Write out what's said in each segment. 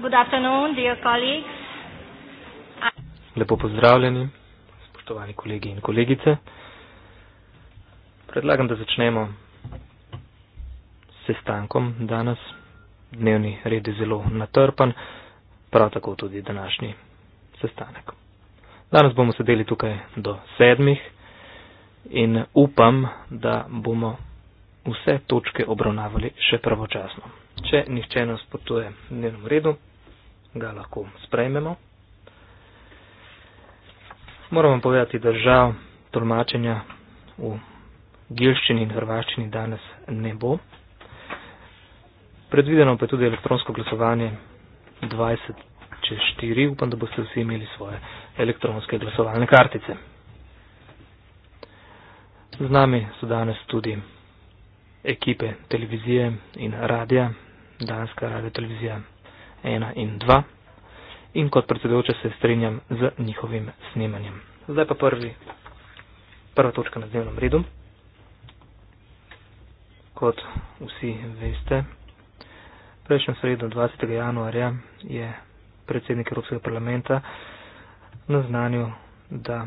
Good afternoon, dear colleagues. Lepo pozdravljeni, spoštovani kolegi in kolegice. Predlagam, da začnemo sestankom danes. Dnevni red je zelo natrpan, prav tako tudi današnji sestanek. Danes bomo sedeli tukaj do sedmih in upam, da bomo vse točke obravnavali še pravočasno. Če nihče nas potuje dnevnem redu, ga lahko sprejmemo. Moramo povedati, da žal tolmačenja v gilščini in hrvaščini danes ne bo. Predvideno pa je tudi elektronsko glasovanje 20 čez 4. Upam, da boste vsi imeli svoje elektronske glasovalne kartice. Z nami so danes tudi ekipe televizije in radija, Danska radio televizija ena in dva. In kot predsedujoče se strinjam z njihovim snemanjem. Zdaj pa prvi, prva točka na dnevnem redu. Kot vsi veste, prejšnjo sredo 20. januarja je predsednik Evropskega parlamenta naznanil, da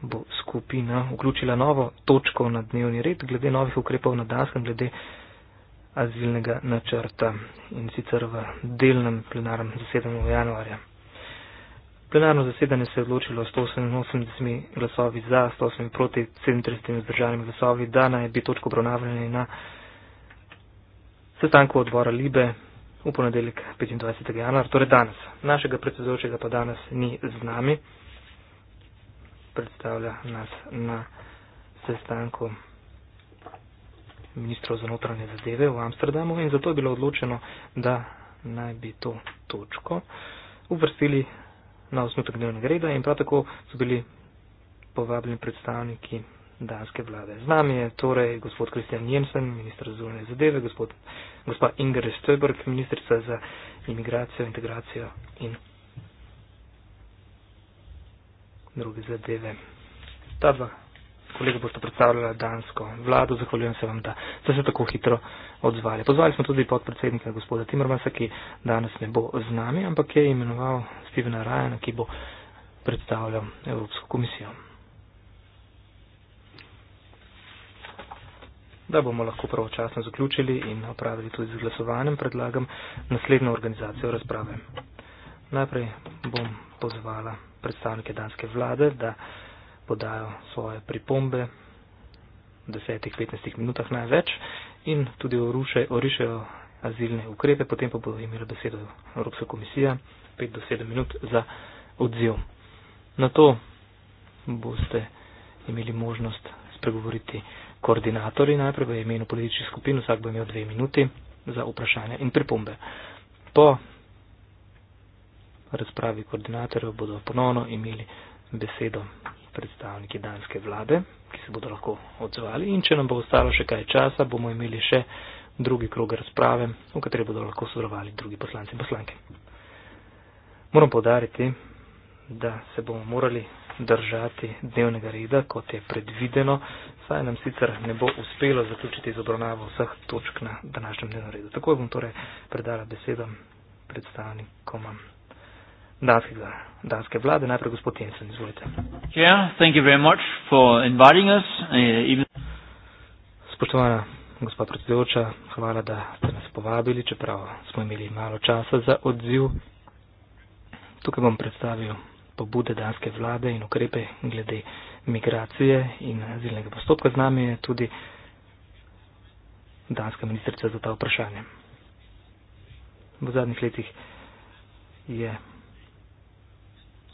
bo skupina vključila novo točko na dnevni red glede novih ukrepov na Danskem, glede azilnega načrta in sicer v delnem plenarnem zasedanju v januarja. Plenarno zasedanje se je odločilo 188 glasovi za, 108 proti, 37 zdržanimi glasovi, da naj bi točko obravnavljali na sestanku odbora Libe v ponedeljek 25. januar, torej danes. Našega predsedujočega pa danes ni z nami, predstavlja nas na sestanku ministrov za notranje zadeve v Amsterdamu in zato je bilo odločeno, da naj bi to točko uvrstili na osnutek dnevnega reda in prav tako so bili povabljeni predstavniki danske vlade. Z nami je torej gospod Kristjan Jensen, ministr za zunanje zadeve, gospod, gospa Inger Stöberg, ministrica za imigracijo, integracijo in druge zadeve. Ta dva kolega boste predstavljala dansko vlado, zahvaljujem se vam, da ste se tako hitro odzvali. Pozvali smo tudi podpredsednika gospoda Timrmasa, ki danes ne bo z nami, ampak je imenoval Stevena Rajana, ki bo predstavljal Evropsko komisijo. Da bomo lahko pravočasno zaključili in opravili tudi z glasovanjem, predlagam naslednjo organizacijo razprave. Najprej bom pozvala predstavnike danske vlade, da podajo svoje pripombe v 10-15 minutah največ in tudi orišajo azilne ukrepe, potem pa bodo imeli besedo Evropska komisija 5 do 7 minut za odziv. Na to boste imeli možnost spregovoriti koordinatorji, najprej v imenu političnih skupin, vsak bo imel dve minuti za vprašanja in pripombe. Po razpravi koordinatorjev bodo ponovno imeli besedo predstavniki danske vlade, ki se bodo lahko odzvali. In če nam bo ostalo še kaj časa, bomo imeli še drugi krog razprave, v kateri bodo lahko sodelovali drugi poslanci in poslanke. Moram podariti, da se bomo morali držati dnevnega reda, kot je predvideno, saj nam sicer ne bo uspelo zaključiti z obravnavo vseh točk na današnjem dnevnem redu. Tako bom torej predala besedo predstavnikom danskega, danske vlade, najprej gospod Jensen, izvolite. Eh, Spoštovana gospod predsedujoča, hvala, da ste nas povabili, čeprav smo imeli malo časa za odziv. Tukaj bom predstavil pobude danske vlade in ukrepe glede migracije in azilnega postopka z nami je tudi danska ministrica za ta vprašanje. V zadnjih letih je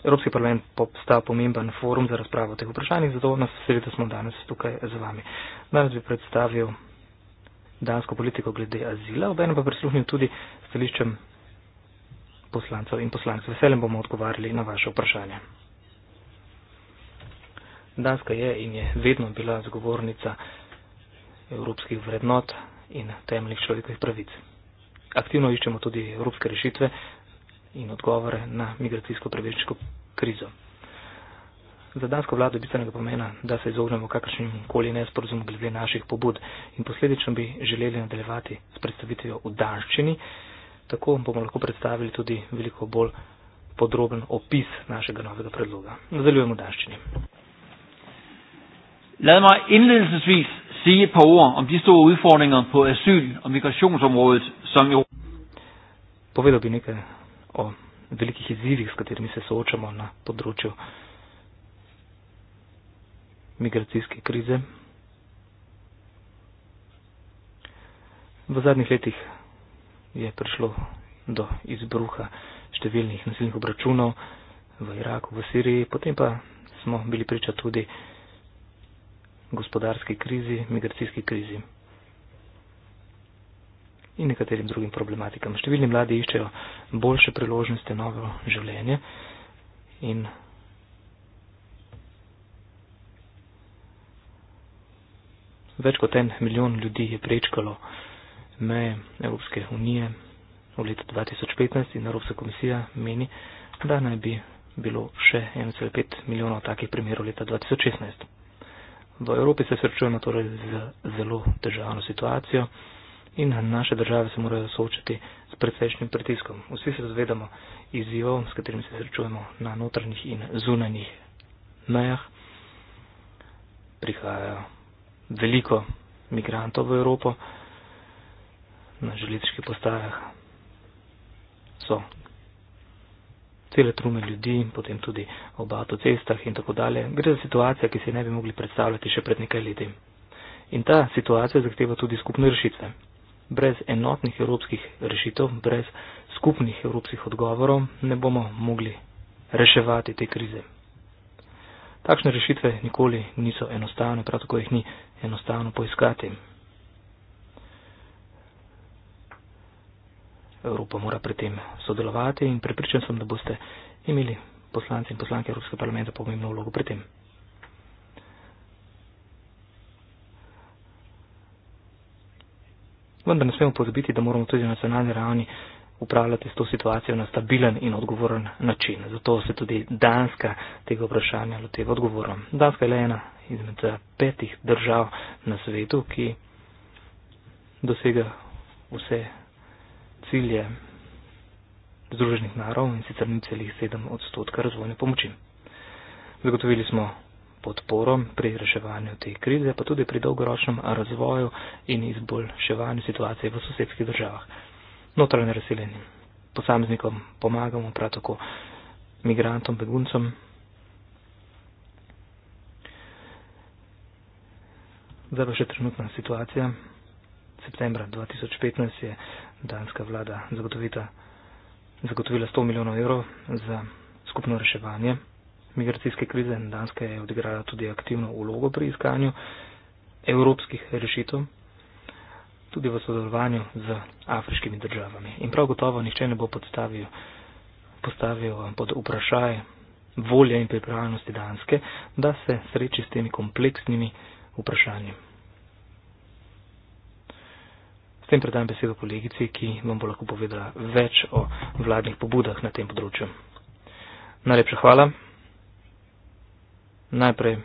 Evropski parlament postal pomemben forum za razpravo teh vprašanj in zato nas veseli, da smo danes tukaj z vami. Danes bi predstavil dansko politiko glede azila, obenem pa prisluhnil tudi stališčem poslancev in poslank. Z veseljem bomo odgovarjali na vaše vprašanje. Danska je in je vedno bila zagovornica evropskih vrednot in temeljih človekovih pravic. Aktivno iščemo tudi evropske rešitve in odgovore na migracijsko-prebežniško krizo. Za dansko vlado je bistvenega pomena, da se izognemo kakršnim koli nesporazumom glede naših pobud in posledično bi želeli nadaljevati s predstavitvijo v danščini. Tako bomo lahko predstavili tudi veliko bolj podroben opis našega novega predloga. Nadaljujemo v danščini. Lad mig indledningsvis sige et par ord om de store udfordringer på asyl- og migrationsområdet, som jo... Povedal bi nekaj o velikih izzivih, s katerimi se soočamo na področju migracijske krize. V zadnjih letih je prišlo do izbruha številnih nasilnih obračunov v Iraku, v Siriji, potem pa smo bili priča tudi gospodarski krizi, migracijski krizi in nekaterim drugim problematikam. Številni mladi iščejo boljše priložnosti, novo življenje in več kot en milijon ljudi je prečkalo meje Evropske unije v letu 2015 in Evropska komisija meni, da naj bi bilo še 1,5 milijonov takih primerov leta 2016. V Evropi se srečujemo torej z zelo težavno situacijo in naše države se morajo soočati s precejšnjim pritiskom. Vsi se zavedamo izzivov, s katerimi se srečujemo na notranjih in zunanjih mejah. Prihajajo veliko migrantov v Evropo, na želitiških postajah so cele trume ljudi, potem tudi ob avtocestah in tako dalje. Gre za situacijo, ki se ne bi mogli predstavljati še pred nekaj leti. In ta situacija zahteva tudi skupne rešitve brez enotnih evropskih rešitev, brez skupnih evropskih odgovorov ne bomo mogli reševati te krize. Takšne rešitve nikoli niso enostavne, prav tako jih ni enostavno poiskati. Evropa mora pri tem sodelovati in prepričan sem, da boste imeli poslanci in poslanke Evropskega parlamenta pomembno vlogo pri tem. vendar ne smemo pozabiti, da moramo tudi na nacionalni ravni upravljati s to situacijo na stabilen in odgovoren način. Zato se tudi Danska tega vprašanja loteva odgovorno. Danska je le ena izmed eh, petih držav na svetu, ki dosega vse cilje združenih narov in sicer 0,7 odstotka razvojne pomoči. Zagotovili smo podporo pri reševanju te krize, pa tudi pri dolgoročnem razvoju in izboljševanju situacije v sosedskih državah. Notranje razseljenje. Posameznikom pomagamo, prav tako migrantom, beguncem. Zdaj pa še trenutna situacija. Septembra 2015 je danska vlada zagotovila 100 milijonov evrov za skupno reševanje migracijske krize. Danska je odigrala tudi aktivno vlogo pri iskanju evropskih rešitev, tudi v sodelovanju z afriškimi državami. In prav gotovo nihče ne bo podstavil, postavil pod vprašaj volje in pripravljenosti Danske, da se sreči s temi kompleksnimi vprašanji. S tem predajam besedo kolegici, ki vam bo lahko povedala več o vladnih pobudah na tem področju. Najlepša hvala. Najprej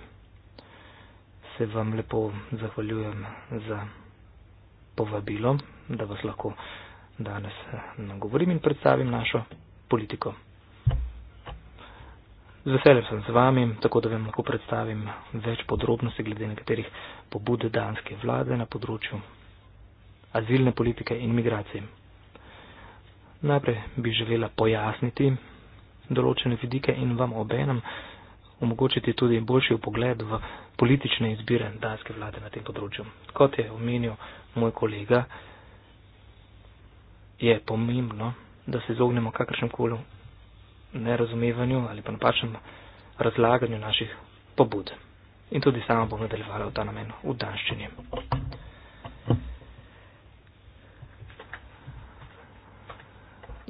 se vam lepo zahvaljujem za povabilo, da vas lahko danes eh, nagovorim in predstavim našo politiko. Z veseljem sem z vami, tako da vam lahko predstavim več podrobnosti glede nekaterih pobud danske vlade na področju azilne politike in migracije. Najprej bi želela pojasniti določene vidike in vam obenem enem omogočiti tudi boljši upogled v politične izbire danske vlade na tem področju. Kot je omenil moj kolega, je pomembno, da se izognemo kakršnem koli nerazumevanju ali pa napačnem razlaganju naših pobud. In tudi sama bom nadaljevala v ta namen v danščini.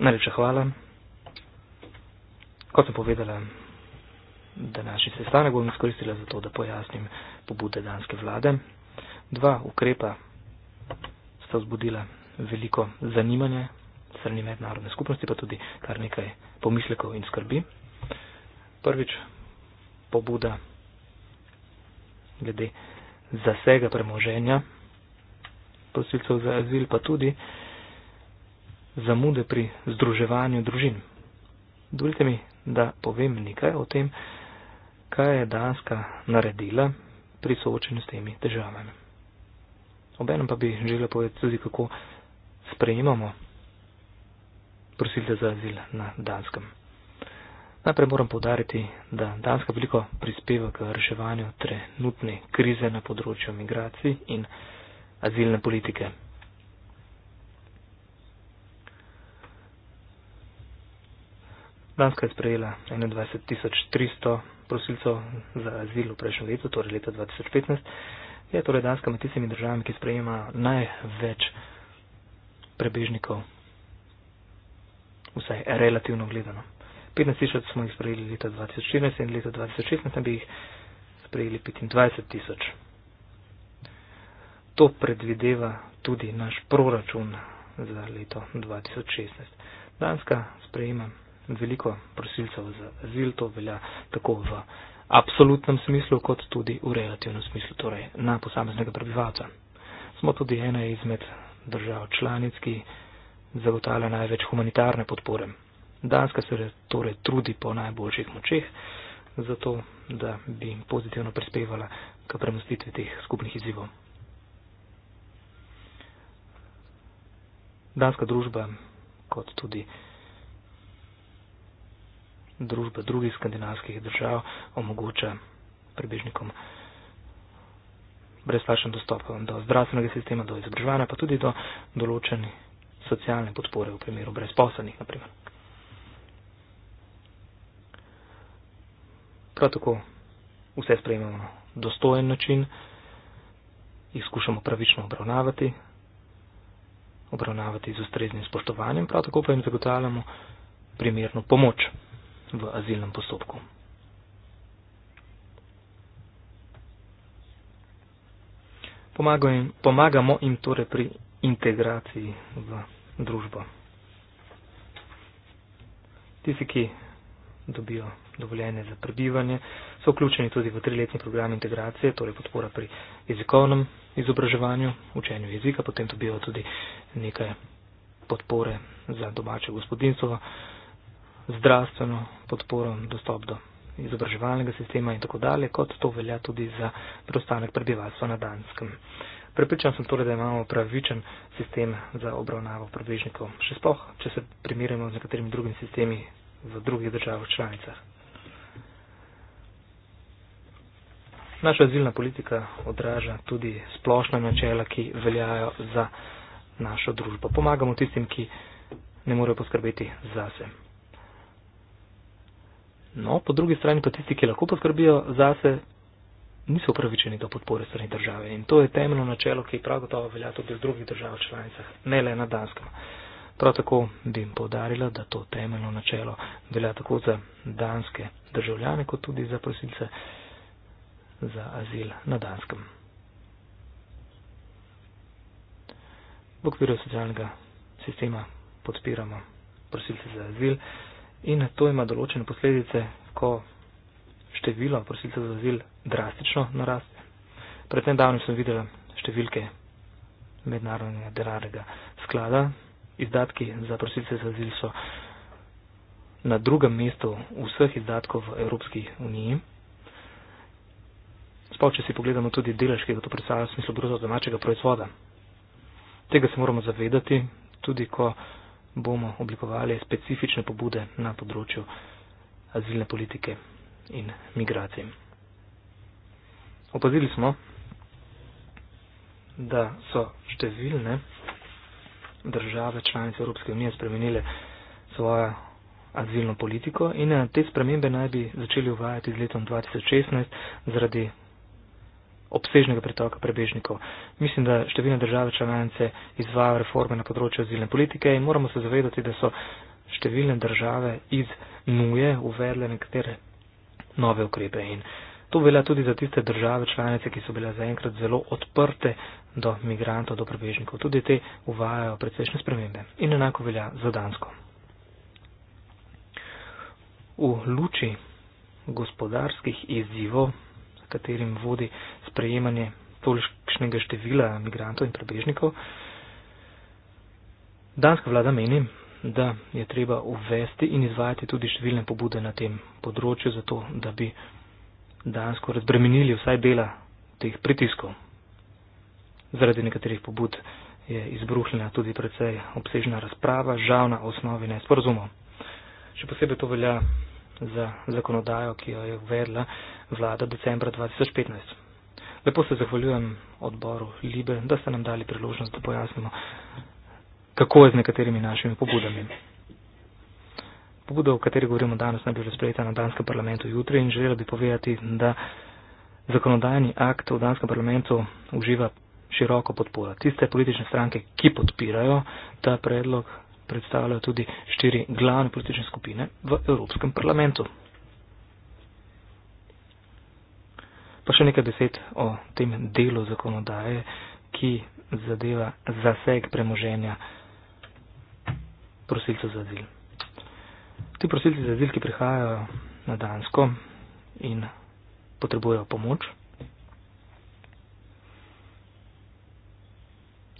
Najlepša hvala. Kot sem povedala, današnji sestanek bom izkoristila za to, da pojasnim pobude danske vlade. Dva ukrepa sta vzbudila veliko zanimanje strani mednarodne skupnosti, pa tudi kar nekaj pomislekov in skrbi. Prvič, pobuda glede zasega premoženja prosilcev za azil, pa tudi zamude pri združevanju družin. Dovolite mi, da povem nekaj o tem, kaj je Danska naredila pri soočenju s temi težavami. Obenem pa bi želela povedati tudi, kako sprejemamo prosilce za azil na Danskem. Najprej moram povdariti, da Danska veliko prispeva k reševanju trenutne krize na področju migracij in azilne politike. Danska je sprejela 21.300 prosilcev za azil v prejšnjem letu, torej leta 2015, je torej Danska med tistimi državami, ki sprejema največ prebežnikov, vsaj relativno gledano. 15 tisoč smo jih sprejeli leta 2014 in leta 2016 bi jih sprejeli 25 tisoč. To predvideva tudi naš proračun za leto 2016. Danska sprejema veliko prosilcev za azil, to velja tako v absolutnem smislu, kot tudi v relativnem smislu, torej na posameznega prebivalca. Smo tudi ena izmed držav članic, ki zagotavlja največ humanitarne podpore. Danska se torej trudi po najboljših močeh, zato da bi pozitivno prispevala k premustitvi teh skupnih izzivov. Danska družba, kot tudi družba drugih skandinavskih držav omogoča prebežnikom brezplačen dostop do zdravstvenega sistema, do izobraževanja, pa tudi do določene socialne podpore v primeru brezposobnih, naprimer. Prav tako vse sprejemamo na dostojen način, jih skušamo pravično obravnavati, obravnavati z ustreznim spoštovanjem, prav tako pa jim zagotavljamo primerno pomoč v azilnem postopku. Pomagamo jim torej pri integraciji v družbo. Tisti, ki dobijo dovoljenje za prebivanje, so vključeni tudi v triletni program integracije, torej podpora pri jezikovnem izobraževanju, učenju jezika, potem dobijo tudi nekaj podpore za domače gospodinstvo, zdravstveno podporo, dostop do izobraževalnega sistema in tako dalje, kot to velja tudi za preostanek prebivalstva na Danskem. Prepričan sem torej, da imamo pravičen sistem za obravnavo prebežnikov, še spoh, če se primerjamo z nekaterimi drugimi sistemi v drugih državah članicah. Naša azilna politika odraža tudi splošna načela, ki veljajo za našo družbo. Pomagamo tistim, ki ne morejo poskrbeti za sebe. No, po drugi strani pa tisti, ki lahko poskrbijo zase, niso upravičeni do podpore strani države. In to je temeljno načelo, ki prav gotovo velja tudi v drugih državah članicah, ne le na Danskem. Prav tako bi jim povdarila, da to temeljno načelo velja tako za danske državljane, kot tudi za prosilce za azil na Danskem. V okviru socialnega sistema podpiramo prosilce za azil. In to ima določene posledice, ko število prosilcev za azil drastično naraste. Pred nedavnim sem videla številke mednarodnega denarnega sklada. Izdatki za prosilce za azil so na drugem mestu vseh izdatkov v Evropski uniji. Sploh, če si pogledamo tudi delež, ki ga to predstavlja v smislu bruto domačega proizvoda. Tega se moramo zavedati, tudi ko bomo oblikovali specifične pobude na področju azilne politike in migracij. Opazili smo, da so številne države članice Evropske unije spremenile svojo azilno politiko in te spremembe naj bi začeli uvajati z letom 2016 zaradi obsežnega pritoka prebežnikov. Mislim, da številne države članice izvajo reforme na področju azilne politike in moramo se zavedati, da so številne države iz nuje uvedle nekatere nove ukrepe. In to velja tudi za tiste države članice, ki so bile zaenkrat zelo odprte do migrantov, do prebežnikov. Tudi te uvajajo precejšnje spremembe. In enako velja za Dansko. V luči gospodarskih izzivov katerim vodi sprejemanje tolikšnega števila migrantov in prebežnikov. Danska vlada meni, da je treba uvesti in izvajati tudi številne pobude na tem področju, zato da bi Dansko razbremenili vsaj dela teh pritiskov. Zaradi nekaterih pobud je izbruhljena tudi precej obsežna razprava, žal na osnovi nesporazumov. Še posebej to velja za zakonodajo, ki jo je uvedla vlada decembra 2015. Lepo se zahvaljujem odboru Libe, da ste nam dali priložnost, da pojasnimo, kako je z nekaterimi našimi pobudami. Pobuda, o kateri govorimo danes, naj bi bila sprejeta na Danskem parlamentu jutri in želela bi povedati, da zakonodajni akt v Danskem parlamentu uživa široko podporo. Tiste politične stranke, ki podpirajo ta predlog, predstavljajo tudi štiri glavne politične skupine v Evropskem parlamentu. Pa še nekaj besed o tem delu zakonodaje, ki zadeva zaseg premoženja prosilcev za zil. Ti prosilci za zil, ki prihajajo na Dansko in potrebujejo pomoč,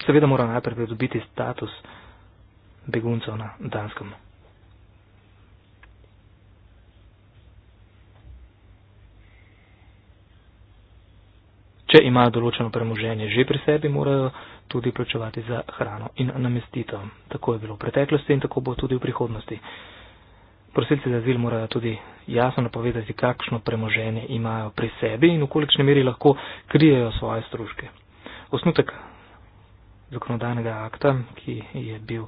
seveda morajo najprej pridobiti status beguncev na Danskem. Če imajo določeno premoženje že pri sebi, morajo tudi plačevati za hrano in namestitev. Tako je bilo v preteklosti in tako bo tudi v prihodnosti. Prosilci za azil morajo tudi jasno napovedati, kakšno premoženje imajo pri sebi in v kolikšni meri lahko krijejo svoje stroške. Osnutek zakonodajnega akta, ki je bil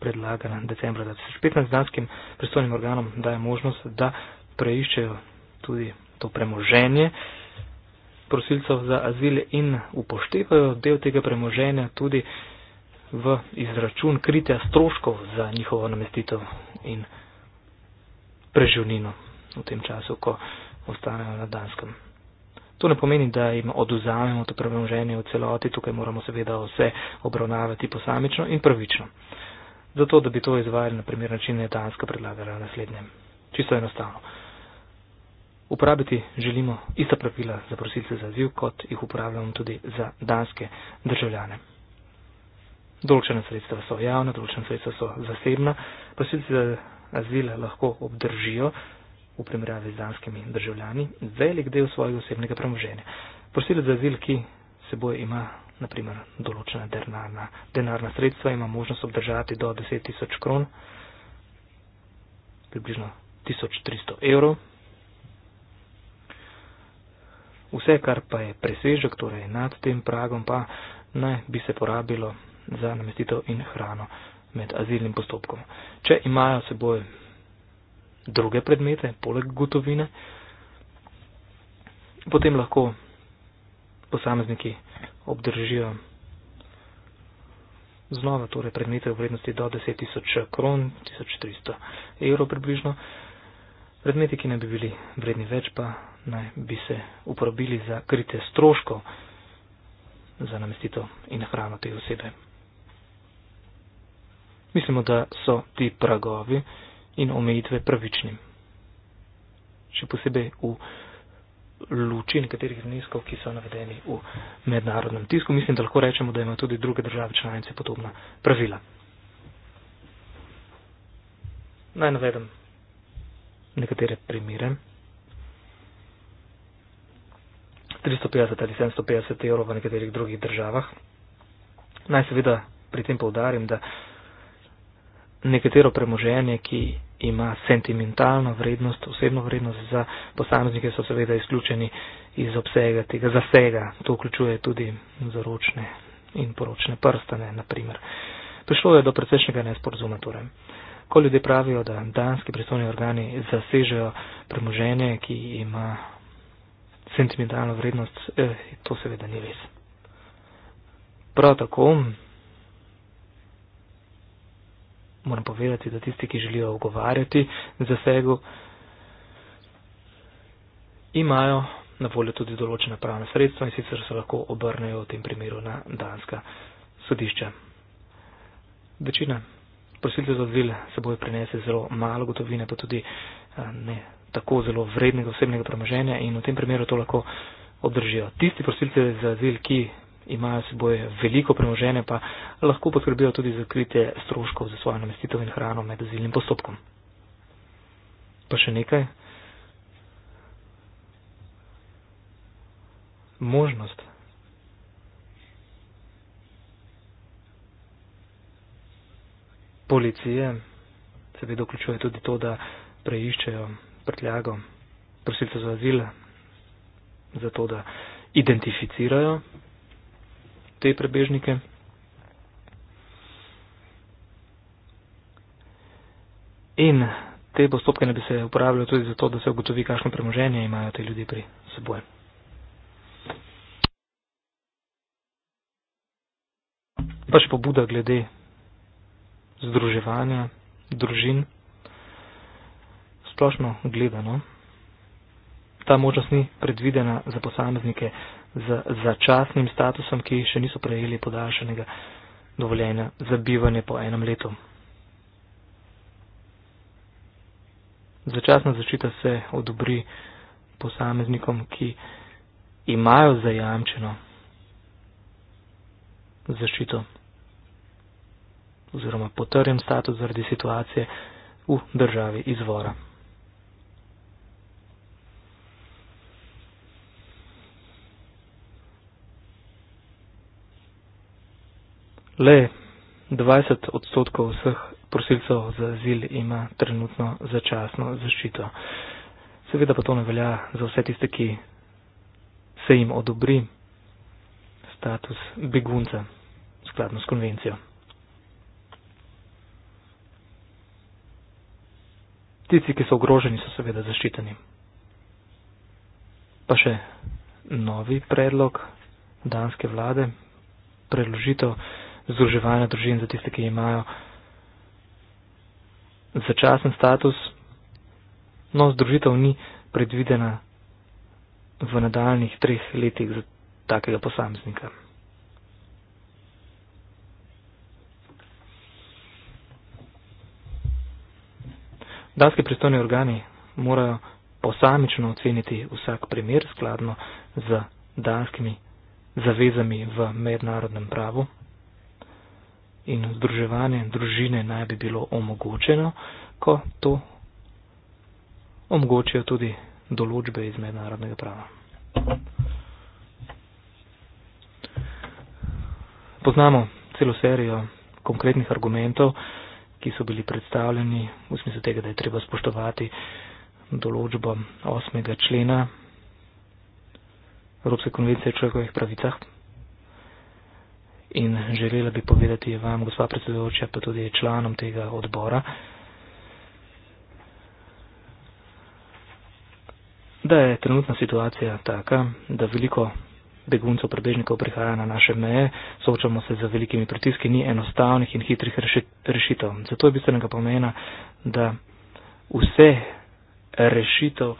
predlagala decembra 2015 danskim pristojnim organom daje možnost, da preiščejo tudi to premoženje prosilcev za azil in upoštevajo del tega premoženja tudi v izračun kritja stroškov za njihovo namestitev in preživnino v tem času, ko ostanejo na danskem. To ne pomeni, da jim oduzamemo to premoženje v celoti, tukaj moramo seveda vse obravnavati posamično in pravično zato da bi to izvajali na primer način, da je Danska predlagala naslednjem. Čisto enostavno. Uporabiti želimo ista pravila za prosilce za azil, kot jih uporabljamo tudi za danske državljane. Določena sredstva so javna, določena sredstva so zasebna. Prosilci za azil lahko obdržijo v primerjavi z danskimi državljani velik del svojega osebnega premoženja. Prosilec za azil, ki seboj ima naprimer določena denarna, denarna sredstva, ima možnost obdržati do 10 tisoč kron, približno 1300 evrov. Vse, kar pa je presežek, torej nad tem pragom, pa naj bi se porabilo za namestitev in hrano med azilnim postopkom. Če imajo seboj druge predmete, poleg gotovine, potem lahko posamezniki obdržijo. Znova torej predmete v vrednosti do 10.000 kron, 1.400 evrov približno. Predmeti, ki ne bi bili vredni več, pa naj bi se uporabili za krite stroško za namestitev in hrano te osebe. Mislimo, da so ti pragovi in omejitve pravični. Še posebej v luči nekaterih zniskov, ki so navedeni v mednarodnem tisku. Mislim, da lahko rečemo, da imajo tudi druge države članice podobna pravila. Naj navedem nekatere primere. 350 ali 750 evrov v nekaterih drugih državah. Naj seveda pri tem povdarim, da nekatero premoženje, ki ima sentimentalno vrednost, osebno vrednost za posameznike, so seveda izključeni iz obsega tega zasega. To vključuje tudi zaročne in poročne prstane, naprimer. Prišlo je do precejšnjega nesporazuma torej. Ko ljudje pravijo, da danski pristojni organi zasežejo premoženje, ki ima sentimentalno vrednost, eh, to seveda ni res. Prav tako moram povedati, da tisti, ki želijo ogovarjati za segu, imajo na voljo tudi določena pravna sredstva in sicer se lahko obrnejo v tem primeru na danska sodišča. Večina prosilcev za azil seboj prinese zelo malo gotovine, pa tudi eh, ne tako zelo vrednega osebnega premoženja in v tem primeru to lahko obdržijo. Tisti prosilci za azil, ki imajo seboj veliko premoženje, pa lahko poskrbijo tudi za kritje stroškov za svojo namestitev in hrano med azilnim postopkom. Pa še nekaj. Možnost. Policije seveda vključuje tudi to, da preiščejo prtljago prosilcev za azil, zato da identificirajo te prebežnike. In te postopke ne bi se uporabljali tudi zato, da se ugotovi, kakšno premoženje imajo te ljudi pri seboj. Pa še pobuda glede združevanja družin, splošno gledano ta možnost ni predvidena za posameznike z začasnim statusom, ki še niso prejeli podaljšanega dovoljenja za bivanje po enem letu. Začasna zaščita se odobri posameznikom, ki imajo zajamčeno zaščito oziroma potrjen status zaradi situacije v državi izvora. le 20 odstotkov vseh prosilcev za azil ima trenutno začasno zaščito. Seveda pa to ne velja za vse tiste, ki se jim odobri status begunca skladno s konvencijo. Tisti, ki so ogroženi, so seveda zaščiteni. Pa še novi predlog danske vlade, predložitev združevanja družin za tiste, ki imajo začasen status, no združitev ni predvidena v nadaljnih treh letih za takega posameznika. Danske pristojne organi morajo posamično oceniti vsak primer skladno z danskimi zavezami v mednarodnem pravu in združevanje družine naj bi bilo omogočeno, ko to omogočijo tudi določbe iz mednarodnega prava. Poznamo celo serijo konkretnih argumentov, ki so bili predstavljeni v smislu tega, da je treba spoštovati določbo 8. člena Evropske konvencije o človekovih pravicah. In želela bi povedati vam, gospa predsedujoča, pa tudi članom tega odbora, da je trenutna situacija taka, da veliko beguncev, prebežnikov prihaja na naše meje, soočamo se z velikimi pritiski, ni enostavnih in hitrih rešitev. Zato je bistvenega pomena, da vse rešitev,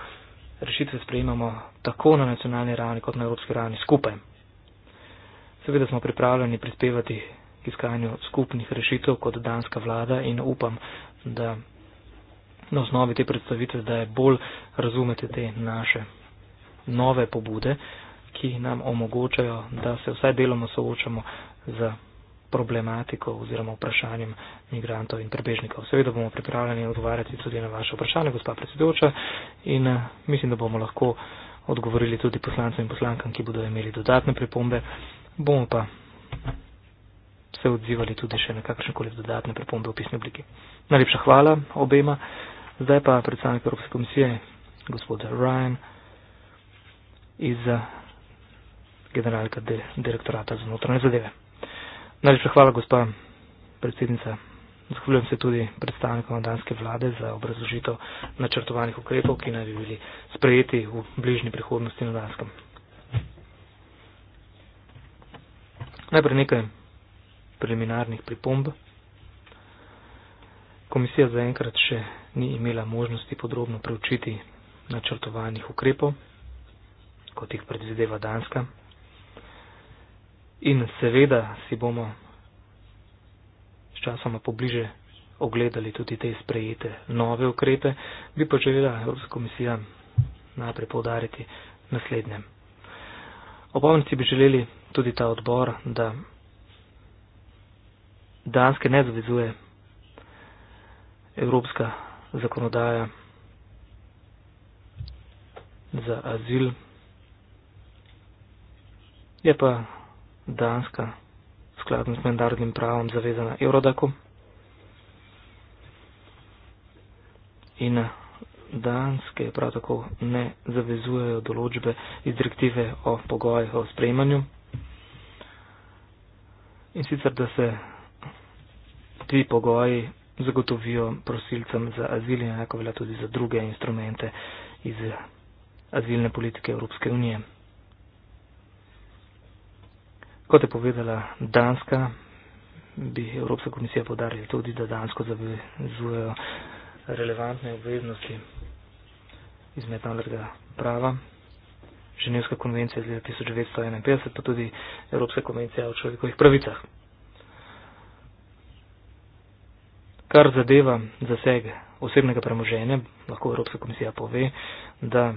rešitve sprejemamo tako na nacionalni ravni kot na evropski ravni skupaj. Seveda smo pripravljeni prispevati k iskanju skupnih rešitev kot danska vlada in upam, da na osnovi te predstavitve, da je bolj razumete te naše nove pobude, ki nam omogočajo, da se vsaj deloma soočamo z problematiko oziroma vprašanjem migrantov in prebežnikov. Seveda bomo pripravljeni odgovarjati tudi na vaše vprašanje, gospa predsedujoča, in eh, mislim, da bomo lahko odgovorili tudi poslancem in poslankam, ki bodo imeli dodatne pripombe. Bomo pa se odzivali tudi še na kakršne koli dodatne pripombe v pisni obliki. Najlepša hvala obema. Zdaj pa predstavnik Evropske komisije, gospod Ryan iz generalka de, direktorata za notranje zadeve. Najlepša hvala, gospa predsednica. Zahvaljujem se tudi predstavnikom danske vlade za obrazložitev načrtovanih ukrepov, ki naj bi bili sprejeti v bližnji prihodnosti na danskem. Najprej nekaj preliminarnih pripomb. Komisija zaenkrat še ni imela možnosti podrobno preučiti načrtovanih ukrepov, kot jih predvideva Danska. In seveda si bomo sčasoma pobliže ogledali tudi te sprejete nove ukrepe, bi pa želela Evropska komisija najprej povdariti naslednje. Opomniti bi želeli tudi ta odbor, da Danske ne zavezuje evropska zakonodaja za azil. Je pa Danska skladno s mednarodnim pravom zavezana Eurodaku. In Danske prav tako ne zavezujejo določbe iz direktive o pogojih o sprejmanju in sicer da se ti pogoji zagotovijo prosilcem za azil in enako velja tudi za druge instrumente iz azilne politike Evropske unije. Kot je povedala Danska, bi Evropska komisija podarila tudi, da Dansko zavezujejo relevantne obveznosti iz mednarodnega prava Ženevska konvencija iz leta 1951, pa tudi Evropska konvencija o človekovih pravicah. Kar zadeva zaseg osebnega premoženja, lahko Evropska komisija pove, da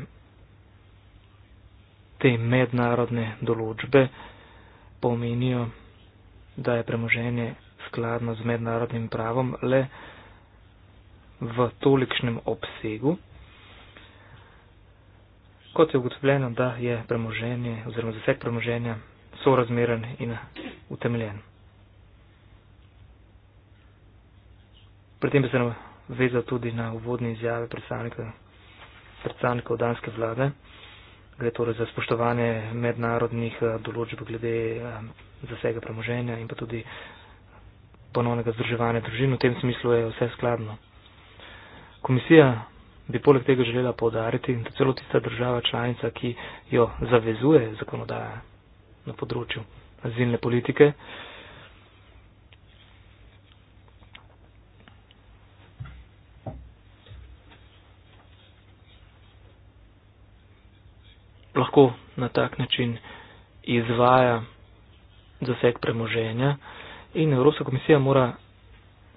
te mednarodne določbe pomenijo, da je premoženje skladno z mednarodnim pravom le v tolikšnem obsegu, kot je ugotovljeno, da je premoženje oziroma zaseg premoženja sorazmeren in utemeljen. Pri tem bi se nam vezal tudi na uvodne izjave predstavnika, predstavnika danske vlade, gre torej za spoštovanje mednarodnih eh, določb glede eh, zasega premoženja in pa tudi ponovnega združevanja družin. V tem smislu je vse skladno. Komisija bi poleg tega želela povdariti in to celo tista država članica, ki jo zavezuje zakonodaja na področju azilne politike. Lahko na tak način izvaja zaseg premoženja in Evropska komisija mora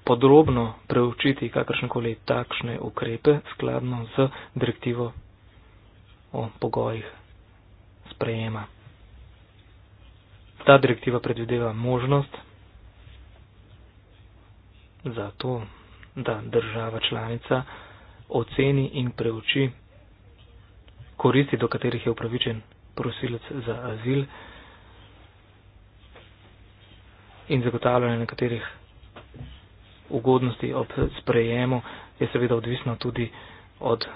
podrobno preučiti kakršnekoli takšne ukrepe skladno z direktivo o pogojih sprejema. Ta direktiva predvideva možnost za to, da država članica oceni in preuči koristi, do katerih je upravičen prosilec za azil in zagotavljanje nekaterih ugodnosti ob sprejemu je seveda odvisno tudi od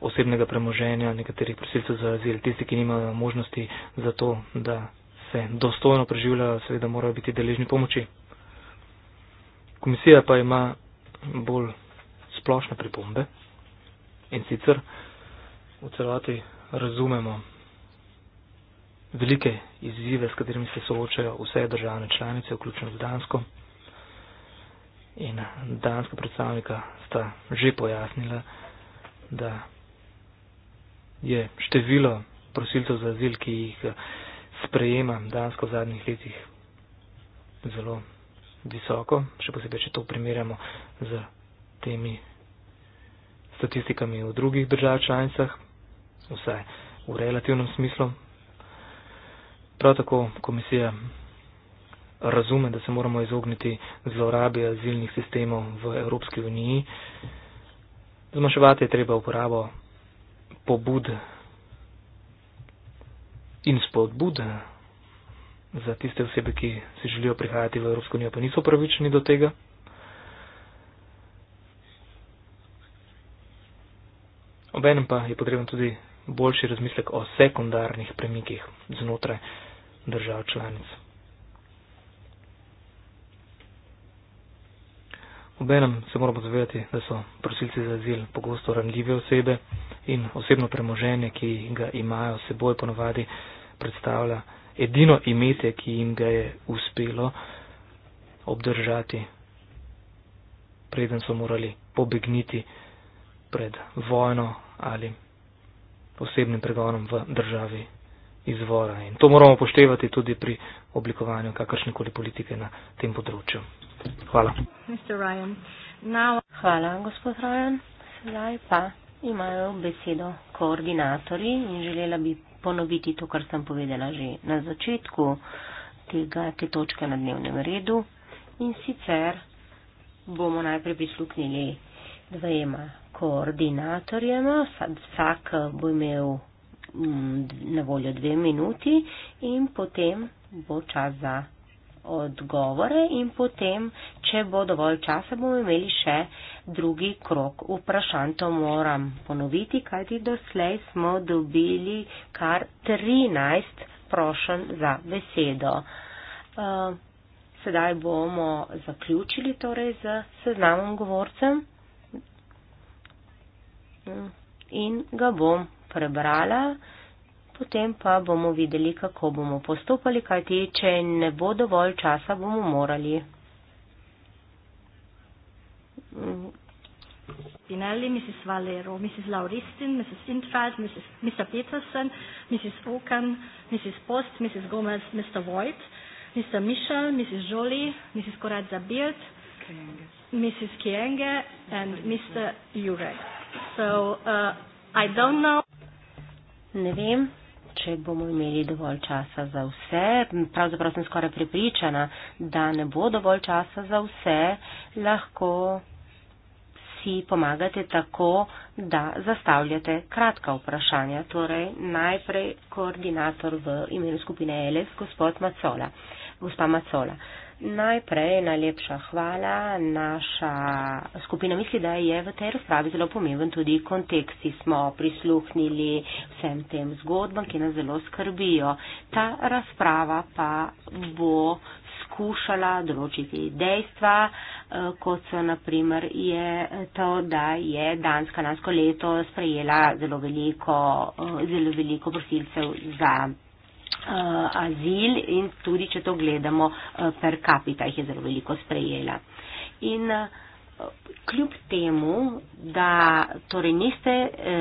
osebnega premoženja nekaterih prosilcev za azil. Tisti, ki nimajo možnosti za to, da se dostojno preživljajo, seveda morajo biti deležni pomoči. Komisija pa ima bolj splošne pripombe in sicer v celoti razumemo velike izzive, s katerimi se soočajo vse državne članice, vključno z Dansko, in danska predstavnika sta že pojasnila, da je število prosilcev za azil, ki jih sprejema dansko v zadnjih letih, zelo visoko, še posebej, če to primerjamo z temi statistikami v drugih držav članicah, vsaj v relativnem smislu. Prav tako komisija razume, da se moramo izogniti zlorabi azilnih sistemov v Evropski uniji. Zmanjševati je treba uporabo pobud in spodbud za tiste osebe, ki se želijo prihajati v Evropsko unijo, pa niso pravični do tega. Obenem pa je potreben tudi boljši razmislek o sekundarnih premikih znotraj držav članic. Obenem se moramo zavedati, da so prosilci za azil pogosto ranljive osebe in osebno premoženje, ki ga imajo seboj, ponovadi predstavlja edino imetje, ki jim ga je uspelo obdržati, preden so morali pobegniti pred vojno ali osebnim pregonom v državi izvora. In to moramo poštevati tudi pri oblikovanju kakršnekoli politike na tem področju. Hvala. Hvala, gospod Rajan. Sedaj pa imajo besedo koordinatori in želela bi ponoviti to, kar sem povedala že na začetku tega, te točke na dnevnem redu. In sicer bomo najprej prisluhnili dvema koordinatorjema, vsak bo imel mm, na voljo dve minuti in potem bo čas za odgovore in potem, če bo dovolj časa, bomo imeli še drugi krok vprašanj. To moram ponoviti, kajti doslej smo dobili kar 13 prošen za besedo. Eh, sedaj bomo zaključili torej z seznamom govorcem mm, in ga bom prebrala potem pa bomo videli, kako bomo postopali, kajti če ne bo dovolj časa, bomo morali. Spinelli, Mrs. Valero, Mrs. Lauristin, Mrs. Intrad, Mrs. Mr. Peterson, Mrs. Oaken, Mrs. Post, Mrs. Gomez, Mr. Voigt, Mr. Michel, Mrs. Jolie, Mrs. Koradza Beard, Mrs. Kienge and Mr. Jurek. So, uh, I don't know. Ne vem, če bomo imeli dovolj časa za vse. Pravzaprav sem skoraj pripričana, da ne bo dovolj časa za vse, lahko si pomagate tako, da zastavljate kratka vprašanja. Torej, najprej koordinator v imenu skupine LS, gospod Macola. Gospa Macola. Najprej najlepša hvala. Naša skupina misli, da je v tej razpravi zelo pomemben tudi kontekst. Smo prisluhnili vsem tem zgodbam, ki nas zelo skrbijo. Ta razprava pa bo skušala določiti dejstva, eh, kot so naprimer je to, da je Danska lansko leto sprejela zelo veliko, eh, zelo veliko prosilcev za uh, azil in tudi, če to gledamo, uh, per capita jih je zelo veliko sprejela. In, uh, kljub temu, da torej niste eh,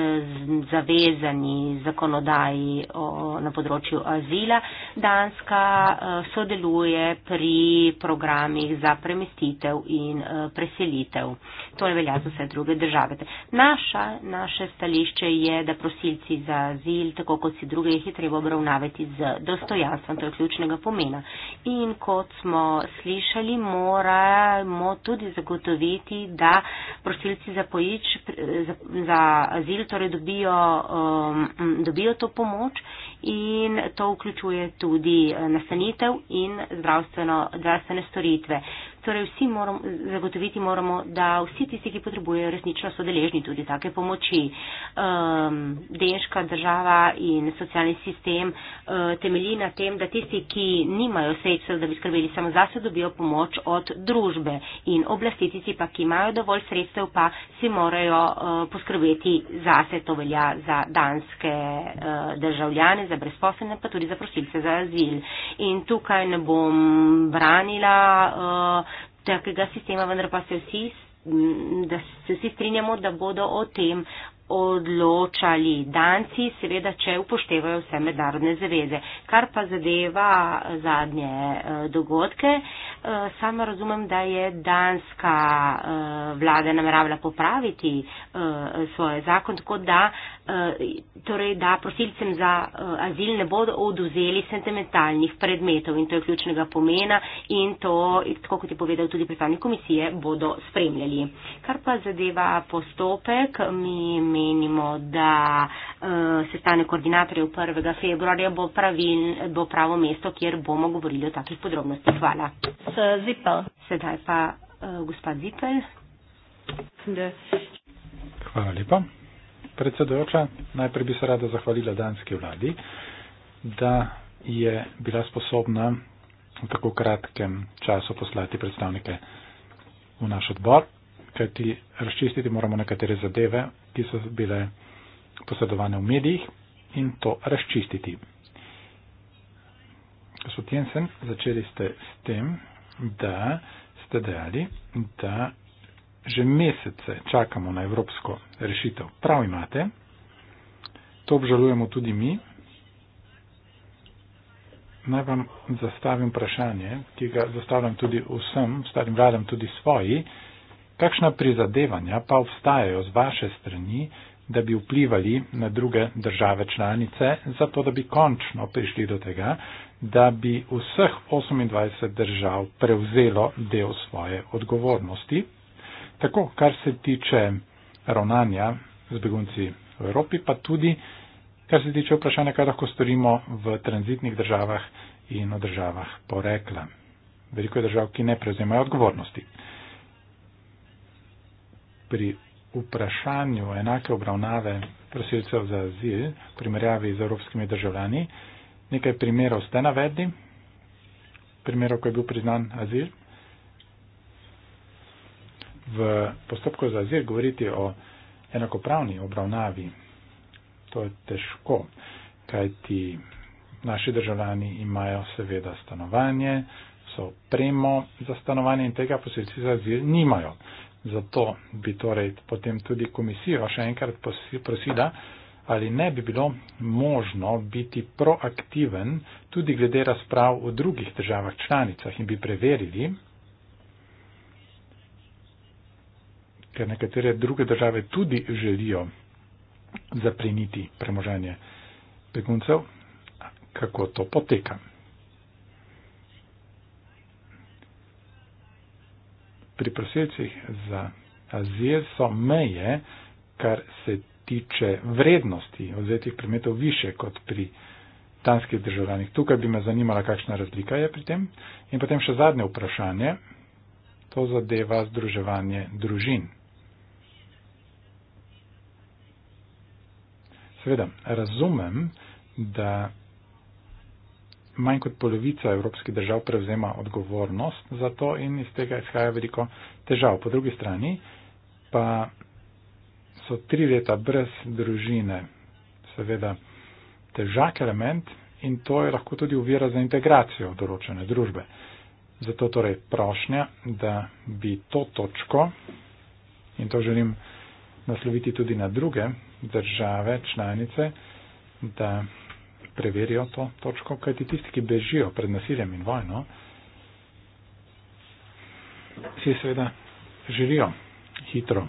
zavezani zakonodaji o, na področju azila, Danska eh, sodeluje pri programih za premestitev in eh, preselitev. To ne velja za vse druge države. Naša, naše stališče je, da prosilci za azil, tako kot si druge, jih je treba obravnavati z dostojanstvom, to je ključnega pomena. In kot smo slišali, moramo tudi zagotoviti pričakovati, da prosilci za pojič, za, za azil, torej dobijo, um, um dobijo to pomoč in to vključuje tudi eh, nastanitev in zdravstveno, zdravstvene storitve. Torej vsi moramo, zagotoviti moramo, da vsi tisti, ki potrebujejo, resnično so deležni tudi take pomoči. Um, ehm, Deniška država in socialni sistem uh, temelji na tem, da tisti, ki nimajo sredstev, da bi skrbeli samo za se, dobijo pomoč od družbe in oblasti tisti, pa, ki imajo dovolj sredstev, pa si morajo uh, poskrbeti za se. To velja za danske uh, državljane, za brezposobne, pa tudi za prosilce za azil. In tukaj ne bom branila. Uh, tega sistema, vendar pa se vsi, da se vsi strinjamo, da bodo o tem odločali danci, seveda, če upoštevajo vse mednarodne zaveze. Kar pa zadeva zadnje eh, dogodke, eh, sama razumem, da je danska eh, vlada nameravala popraviti svoj zakon, tako da, torej, da prosilcem za azil ne bodo oduzeli sentimentalnih predmetov in to je ključnega pomena in to, tako kot je povedal tudi predstavnik komisije, bodo spremljali. Kar pa zadeva postopek, mi, mi menimo, da uh, sestanek koordinatorjev 1. februarja bo, pravil, bo pravo mesto, kjer bomo govorili o takih podrobnostih. Hvala. Sedaj pa uh, gospod Zipel. De. Hvala lepa. Predsedujoča, najprej bi se rada zahvalila danski vladi, da je bila sposobna v tako kratkem času poslati predstavnike v naš odbor, kajti razčistiti moramo nekatere zadeve, ki so bile posredovane v medijih in to razčistiti. Gospod Jensen, začeli ste s tem, da ste dejali, da že mesece čakamo na evropsko rešitev. Prav imate, to obžalujemo tudi mi. Naj vam zastavim vprašanje, ki ga zastavljam tudi vsem, starim vladam, tudi svoji. Kakšna prizadevanja pa obstajajo z vaše strani, da bi vplivali na druge države članice, zato da bi končno prišli do tega, da bi vseh 28 držav prevzelo del svoje odgovornosti? Tako, kar se tiče ravnanja z begunci v Evropi, pa tudi, kar se tiče vprašanja, kaj lahko storimo v tranzitnih državah in v državah porekla. Veliko je držav, ki ne prevzemajo odgovornosti pri vprašanju enake obravnave prosilcev za azil v primerjavi z evropskimi državljani. Nekaj primerov ste navedli, primerov, ko je bil priznan azil. V postopku za azil govoriti o enakopravni obravnavi, to je težko, kajti naši državljani imajo seveda stanovanje, so premo za stanovanje in tega posilci za azil nimajo. Zato bi torej potem tudi komisijo še enkrat prosila, ali ne bi bilo možno biti proaktiven tudi glede razprav v drugih državah članicah in bi preverili, ker nekatere druge države tudi želijo zapreniti premoženje beguncev, kako to poteka. pri prosilcih za azil so meje, kar se tiče vrednosti vzetih predmetov, više kot pri danskih državljanih. Tukaj bi me zanimala, kakšna razlika je pri tem. In potem še zadnje vprašanje. To zadeva združevanje družin. Seveda, razumem, da manj kot polovica evropskih držav prevzema odgovornost za to in iz tega izhaja veliko težav. Po drugi strani pa so tri leta brez družine seveda težak element in to je lahko tudi uvira za integracijo določene družbe. Zato torej prošnja, da bi to točko, in to želim nasloviti tudi na druge države članice, da preverijo to točko, kajti tisti, ki bežijo pred nasiljem in vojno, si seveda želijo hitro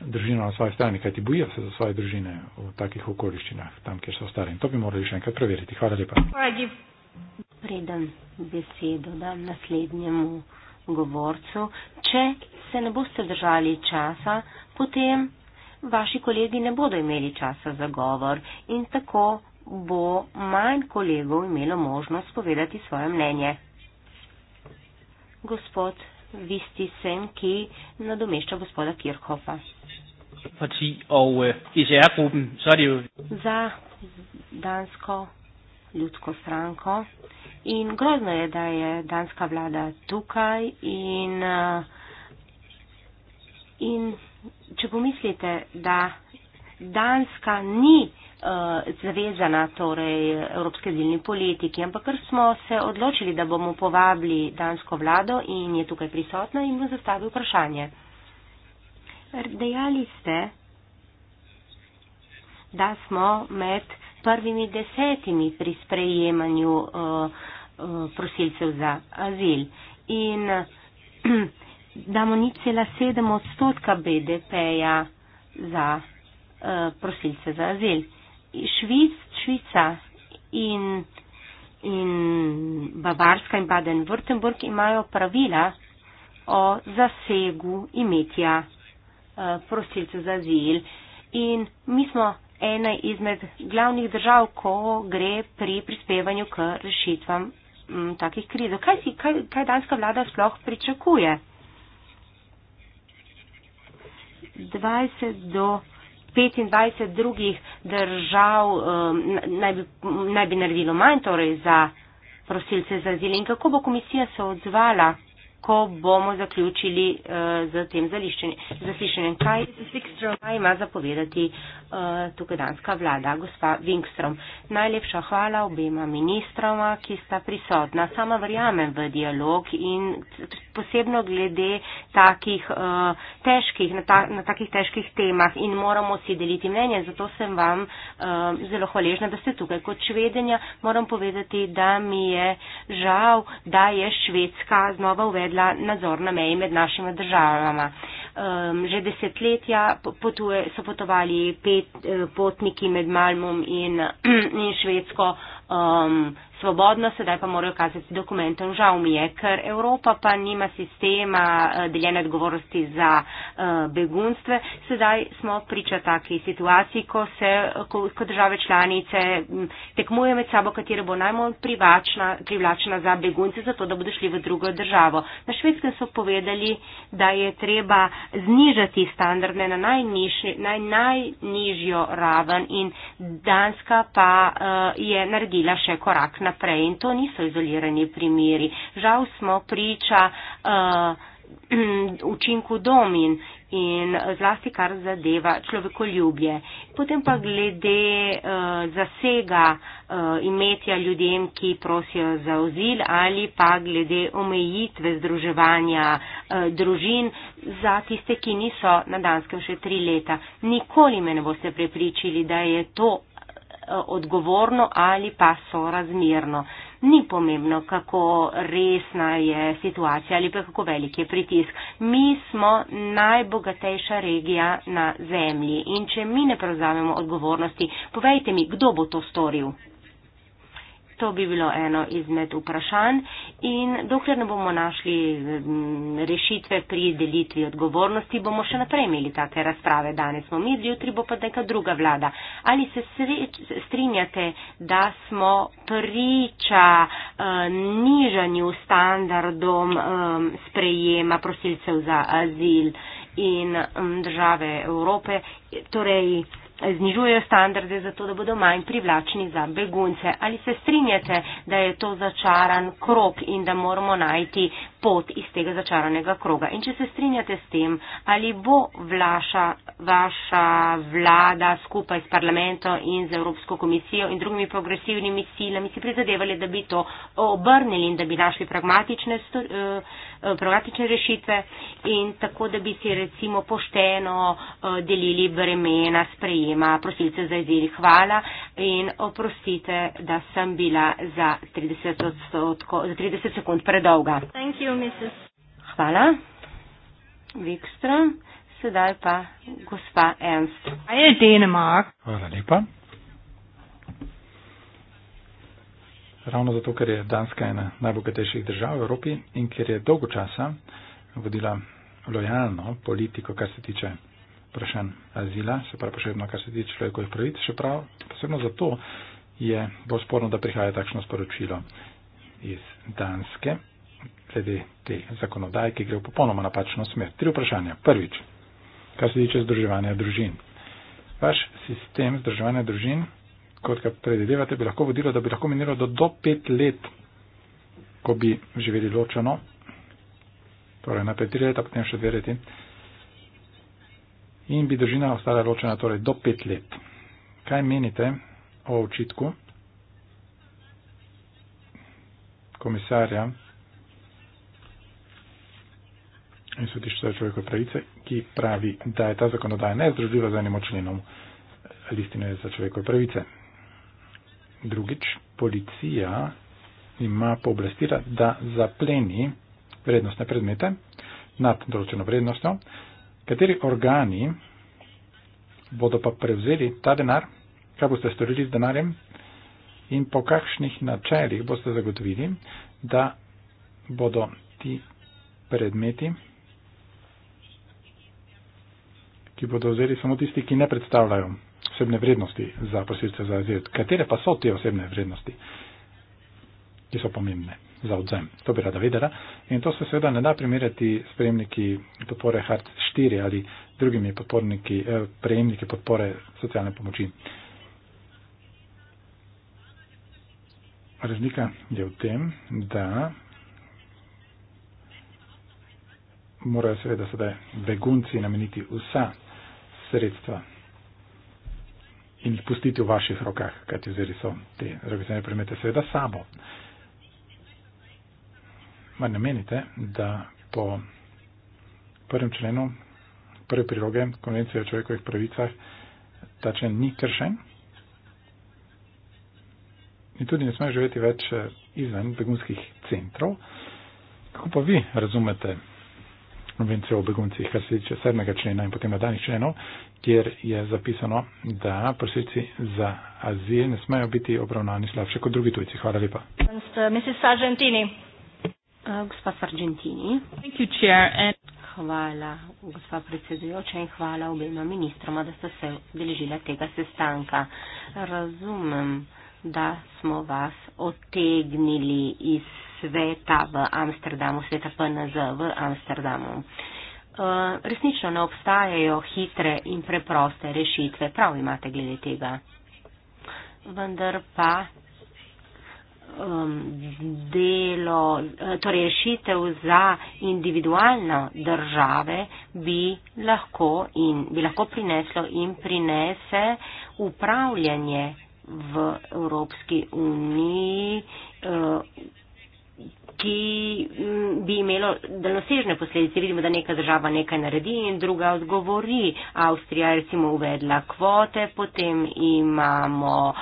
družino na svoji strani, kajti bojijo se za svoje družine v takih okoliščinah, tam, kjer so stare. In to bi morali še enkrat preveriti. Hvala lepa. Predem besedo dam naslednjemu govorcu. Če se ne boste držali časa, potem vaši kolegi ne bodo imeli časa za govor in tako bo manj kolegov imelo možnost povedati svoje mnenje. Gospod Vistisen, ki nadomešča gospoda Kirchhofa. Eh, er Za dansko ljudsko stranko. In grozno je, da je danska vlada tukaj in, eh, in če pomislite, da danska ni. Eh, zavezana torej Evropske zilni politiki, ampak ker smo se odločili, da bomo povabili dansko vlado in je tukaj prisotna in bo zastavil vprašanje. Dejali ste, da smo med prvimi desetimi pri sprejemanju uh, uh, prosilcev za azil in da mu ni cela sedem odstotka BDP-ja za uh, prosilce za azil. Švic, Švica in, in Bavarska in Baden-Württemberg imajo pravila o zasegu imetja eh, prosilcev za azil. In mi smo ena izmed glavnih držav, ko gre pri prispevanju k rešitvam m, mm, takih kriz. Kaj, si, kaj, kaj danska vlada sploh pričakuje? 20 do 25 drugih držav um, naj bi, naj bi naredilo manj torej za prosilce za azil. In kako bo komisija se odzvala ko bomo zaključili uh, z tem zaslišanjem. Kaj ima zapovedati uh, tukaj danska vlada, gospa Winkstrom? Najlepša hvala obema ministroma, ki sta prisotna. Sama verjamem v dialog in posebno glede takih, uh, težkih, na, ta na takih težkih temah in moramo si deliti mnenje. Zato sem vam uh, zelo hvaležna, da ste tukaj. Kot švedenja moram povedati, da mi je žal, da je Švedska znova uvedla uvedla nadzor na meji med našima državama. Že desetletja so potovali pet, eh, potniki med Malmom in, in Švedsko. Um, svobodno, sedaj pa morajo kazati dokumentom. Žal mi je, ker Evropa pa nima sistema eh, deljene odgovornosti za eh, begunstve. Sedaj smo priča taki situaciji, ko se kot ko države članice tekmuje med sabo, katera bo najmanj privlačna za begunce, zato da bodo šli v drugo državo. Na švedskem so povedali, da je treba znižati standarde na naj, najnižjo raven in Danska pa eh, je naredila še korak. Na naprej. In to niso izolirani primeri. Žal smo priča uh, učinku domin in zlasti kar zadeva človekoljubje. Potem pa glede uh, zasega uh, imetja ljudem, ki prosijo za ozil ali pa glede omejitve združevanja uh, družin za tiste, ki niso na Danskem še tri leta. Nikoli me ne boste prepričili, da je to Eh, odgovorno ali pa sorazmerno. Ni pomembno, kako resna je situacija ali pa kako velik je pritisk. Mi smo najbogatejša regija na zemlji in če mi ne prevzamemo odgovornosti, povejte mi, kdo bo to storil. To bi bilo eno izmed vprašanj in dokler ne bomo našli mm, rešitve pri delitvi odgovornosti, bomo še naprej imeli take razprave. Danes smo mi, jutri bo pa neka druga vlada. Ali se strinjate, da smo priča eh, nižanju standardom eh, sprejema prosilcev za azil in eh, države Evrope? Torej, znižujejo standarde, zato da bodo manj privlačni za begunce. Ali se strinjate, da je to začaran krok in da moramo najti pot iz tega začaranega kroga? In če se strinjate s tem, ali bo vlaša, vaša vlada skupaj s parlamentom in z Evropsko komisijo in drugimi progresivnimi silami si prizadevali, da bi to obrnili in da bi našli pragmatične, eh, eh, pragmatične rešitve in tako, da bi si recimo pošteno eh, delili bremena sprejemanja? problema. Prosilce za izdel hvala in oprostite, da sem bila za 30, odstotko, za 30 sekund predolga. You, hvala. Vikstra. Sedaj pa gospa Ernst. Kaj je Denemark? Hvala lepa. Ravno zato, ker je Danska ena najbogatejših držav v Evropi in ker je dolgo časa vodila lojalno politiko, kar se tiče vprašanj azila, se pravi posebno, kar se tiče človekovih pravic, še prav, posebno zato je bolj sporno, da prihaja takšno sporočilo iz Danske, glede te zakonodaje, ki gre v popolnoma napačno smer. Tri vprašanja. Prvič, kar se tiče združevanja družin. Vaš sistem združevanja družin, kot ga predvidevate, bi lahko vodilo, da bi lahko minilo do, do pet let, ko bi živeli ločeno, torej na pet leta, potem še dve leti in bi držina ostala ločena torej do pet let. Kaj menite o očitku komisarja in sodišča človekove pravice, ki pravi, da je ta zakonodaja nezdružljiva z enim členom listine za človekove pravice? Drugič, policija ima pooblastila, da zapleni vrednostne predmete nad določeno vrednostjo, Kateri organi bodo pa prevzeli ta denar, kaj boste storili z denarjem in po kakšnih načelih boste zagotovili, da bodo ti predmeti, ki bodo vzeli samo tisti, ki ne predstavljajo osebne vrednosti za posilce za azil. Katere pa so te osebne vrednosti, ki so pomembne? za odzem. To bi rada vedela. In to se seveda ne da primerjati s prejemniki podpore HART 4 ali drugimi podporniki, eh, prejemniki podpore socialne pomoči. Razlika je v tem, da morajo seveda sedaj begunci nameniti vsa sredstva in jih pustiti v vaših rokah, kajti vzeli so te rokocene premete seveda sabo. Uh, Mar ne menite, da po prvem členu, prve priloge Konvencije o človekovih pravicah, ta člen ni kršen in tudi ne smejo živeti več eh, izven begunskih centrov. Kako pa vi razumete Konvencijo o beguncih, kar se tiče sedmega člena in potem nadaljnih členov, kjer je zapisano, da prosilci za azil ne smejo biti obravnani slabše kot drugi tujci? Hvala lepa. Mrs. Sargentini. Gospa Sargentini. Hvala, gospa predsedujoča in hvala obema ministroma, da ste se deležila tega sestanka. Razumem, da smo vas otegnili iz sveta v Amsterdamu, sveta PNZ v Amsterdamu. Eh, resnično ne obstajajo hitre in preproste rešitve, prav imate glede tega. Vendar pa um, delo, eh, torej rešitev za individualno države bi lahko in bi lahko prineslo in prinese upravljanje v Evropski uniji. Uh, ki mm, bi imelo daljnosežne posledice. Vidimo, da neka država nekaj naredi in druga odgovori. Avstrija je recimo uvedla kvote, potem imamo uh,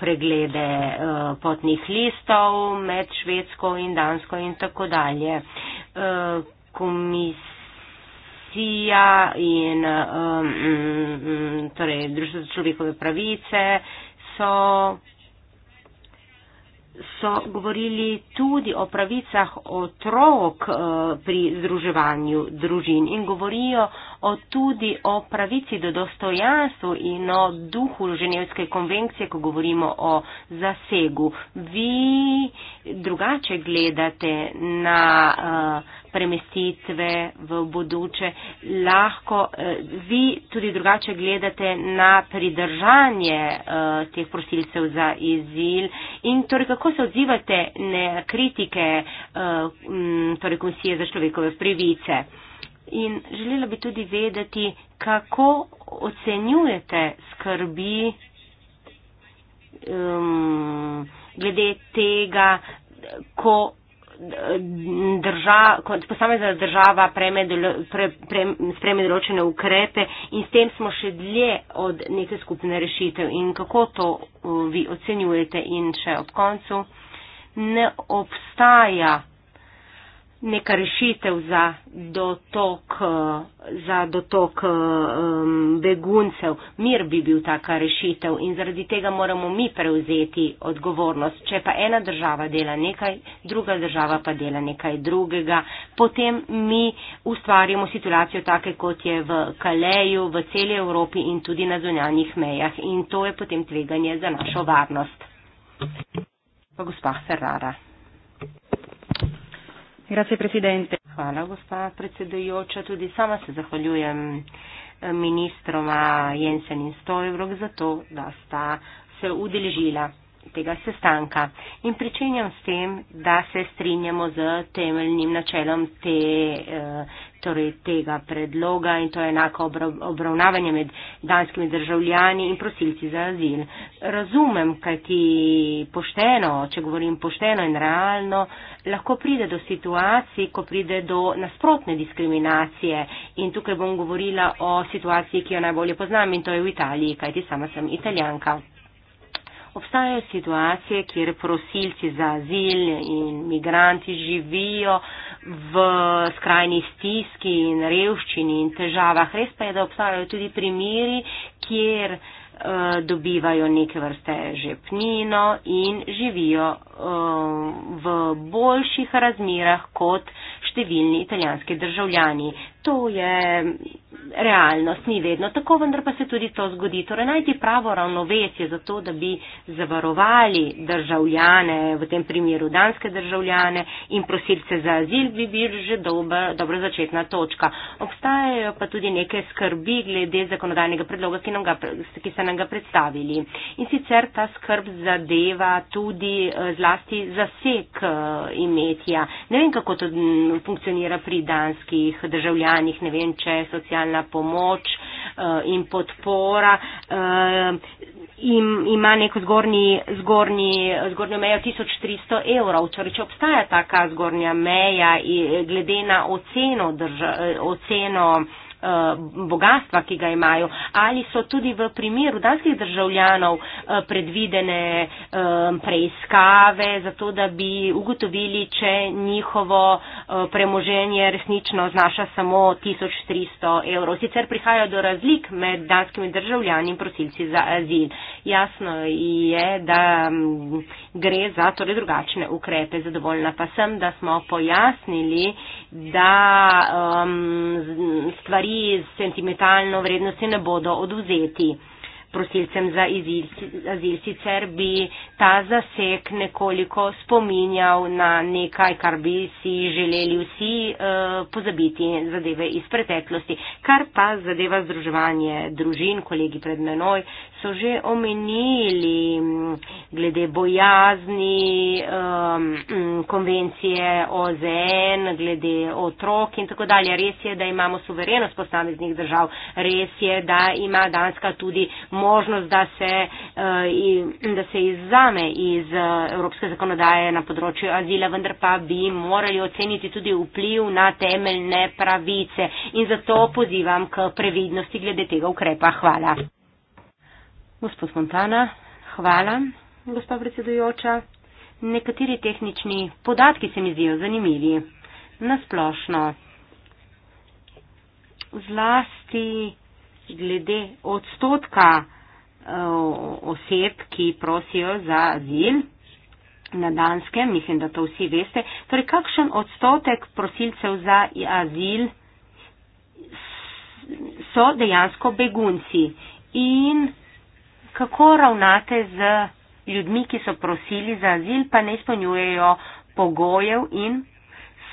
preglede uh, potnih listov med Švedsko in Dansko in tako dalje. Uh, komisija in um, um, torej, Društvo za človekove pravice so so govorili tudi o pravicah otrok eh, pri združevanju družin in govorijo o tudi o pravici do dostojanstva in o duhu Ženevske konvencije, ko govorimo o zasegu. Vi drugače gledate na. Uh, premestitve v buduče. Lahko eh, vi tudi drugače gledate na pridržanje eh, teh prosilcev za izil in torej kako se odzivate na kritike eh, torej Komisije za človekove privice. In želela bi tudi vedeti, kako ocenjujete skrbi um, glede tega, ko država, posamezna država prejme, pre, pre, sprejme določene ukrepe in s tem smo še dlje od neke skupne rešitev. In kako to uh, vi ocenjujete in še ob koncu? Ne obstaja neka rešitev za dotok, eh, za dotok um, beguncev. Mir bi bil taka rešitev in zaradi tega moramo mi prevzeti odgovornost. Če pa ena država dela nekaj, druga država pa dela nekaj drugega, potem mi ustvarjamo situacijo take, kot je v Kaleju, v celi Evropi in tudi na zunanjih mejah in to je potem tveganje za našo varnost. Pa gospa Ferrara. Hvala, gospa predsedujoča. Tudi sama se zahvaljujem eh, ministroma Jensen in Stojevrok za to, da sta se udeležila tega sestanka. In pričenjam s tem, da se strinjamo z temeljnim načelom te, eh, torej tega predloga in to je enako obravnavanje med danskimi državljani in prosilci za azil. Razumem, kaj ti pošteno, če govorim pošteno in realno, lahko pride do situacij, ko pride do nasprotne diskriminacije in tukaj bom govorila o situaciji, ki jo najbolje poznam in to je v Italiji, kaj ti sama sem italijanka. Obstajajo situacije, kjer prosilci za azil in migranti živijo v skrajni stiski in revščini in težavah. Res pa je, da obstajajo tudi primiri, kjer uh, dobivajo neke vrste žepnino in živijo uh, v boljših razmirah kot številni italijanski državljani. To je realnost ni vedno tako, vendar pa se tudi to zgodi. Torej, najti pravo ravnovesje za to, da bi zavarovali državljane, v tem primeru danske državljane in prosilce za azil, bi bil že dobra, dobra začetna točka. Obstajajo pa tudi neke skrbi glede zakonodajnega predloga, ki, ga, ki ste nam ga predstavili. In sicer ta skrb zadeva tudi eh, zlasti zasek eh, imetja. Ne vem, kako to funkcionira pri danskih državljanih, ne vem, če je socialna socialna pomoč eh, in podpora eh, in ima neko zgornji, zgornji, zgornjo mejo 1300 evrov. Torej, če obstaja taka zgornja meja glede na oceno, drža, oceno Eh, bogatstva, ki ga imajo, ali so tudi v primeru danskih državljanov eh, predvidene eh, preiskave, zato da bi ugotovili, če njihovo premoženje resnično znaša samo 1300 evrov. Sicer prihaja do razlik med danskimi državljani in prosilci za azil. Jasno je, da mm, gre za torej drugačne ukrepe. Zadovoljna pa sem, da smo pojasnili, da um, stvari sentimentalno vrednosti ne bodo oduzeti prosilcem za izil, azil. Sicer bi ta zasek nekoliko spominjal na nekaj, kar bi si želeli vsi eh, pozabiti zadeve iz preteklosti. Kar pa zadeva združevanje družin, kolegi pred menoj so že omenili mm, glede bojazni eh, konvencije OZN, glede otrok in tako dalje. Res je, da imamo suverenost posameznih držav. Res je, da ima Danska tudi možnost možnost, da se, eh, da se izzame iz eh, evropske zakonodaje na področju azila, vendar pa bi morali oceniti tudi vpliv na temeljne pravice. In zato pozivam k previdnosti glede tega ukrepa. Hvala. Gospod Montana, hvala, gospod predsedujoča. Nekateri tehnični podatki se mi zdijo zanimivi. Nasplošno. Zlasti glede odstotka eh, oseb, ki prosijo za azil na Danskem, mislim, da to vsi veste. Torej, kakšen odstotek prosilcev za azil so dejansko begunci in kako ravnate z ljudmi, ki so prosili za azil, pa ne izpolnjujejo pogojev in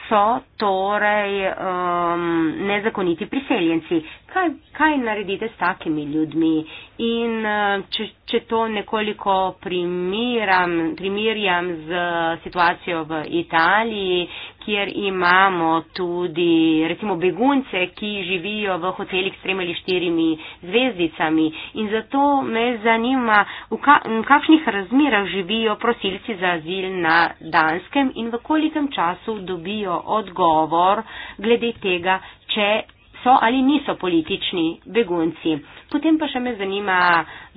so torej um, nezakoniti priseljenci kaj, kaj naredite s takimi ljudmi. In eh, če, če to nekoliko primiram, primirjam z situacijo v Italiji, kjer imamo tudi recimo begunce, ki živijo v hotelih s tremi ali štirimi zvezdicami. In zato me zanima, v, ka, v kakšnih razmerah živijo prosilci za azil na Danskem in v kolikem času dobijo odgovor glede tega, če so ali niso politični begunci. Potem pa še me zanima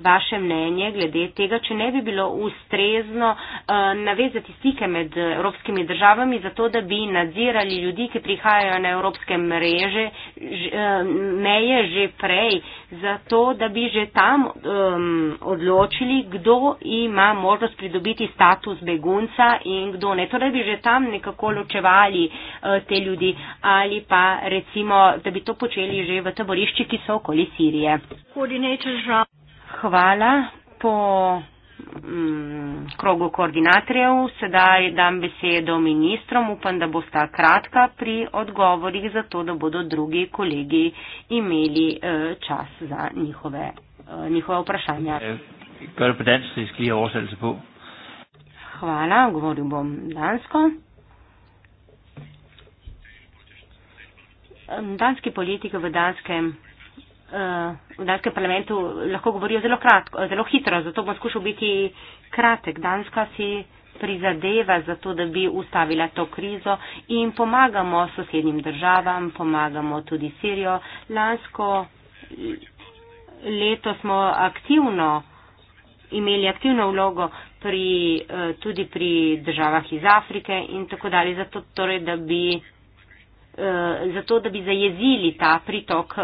vaše mnenje glede tega, če ne bi bilo ustrezno eh, navezati stike med evropskimi državami za to, da bi nadzirali ljudi, ki prihajajo na evropske mreže, eh, meje že prej, za to, da bi že tam ehm, odločili, kdo ima možnost pridobiti status begunca in kdo ne. Torej bi že tam nekako ločevali eh, te ljudi ali pa recimo, da bi to počeli že v taborišči, ki so okoli Sirije. Hvala. Po mm, krogu koordinatorjev sedaj dam besedo ministrom. Upam, da bosta kratka pri odgovorih, zato da bodo drugi kolegi imeli eh, čas za njihove, eh, njihove vprašanja. Ja, Hvala, govoril bom dansko. Danski politik v danskem uh, v Danskem parlamentu lahko govorijo zelo, kratko, eh, zelo hitro, zato bom skušal biti kratek. Danska si prizadeva za to, da bi ustavila to krizo in pomagamo sosednjim državam, pomagamo tudi Sirijo. Lansko eh, leto smo aktivno imeli aktivno vlogo pri, tudi pri državah iz Afrike in tako dalje, zato, torej, da, bi, zato da bi zajezili ta pritok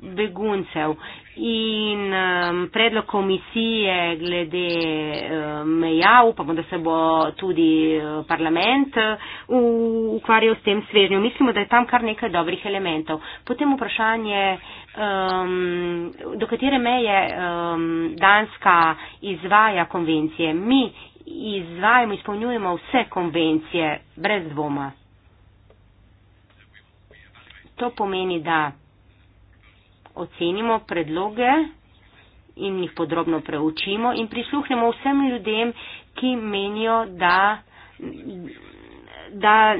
beguncev. In um, predlog komisije glede um, meja, upamo, da se bo tudi uh, parlament uh, ukvarjal s tem svežnju. Mislimo, da je tam kar nekaj dobrih elementov. Potem vprašanje, um, do katere meje um, Danska izvaja konvencije. Mi izvajamo, izpolnjujemo vse konvencije, brez dvoma. To pomeni, da ocenimo predloge in jih podrobno preučimo in prisluhnemo vsem ljudem, ki menijo, da, da,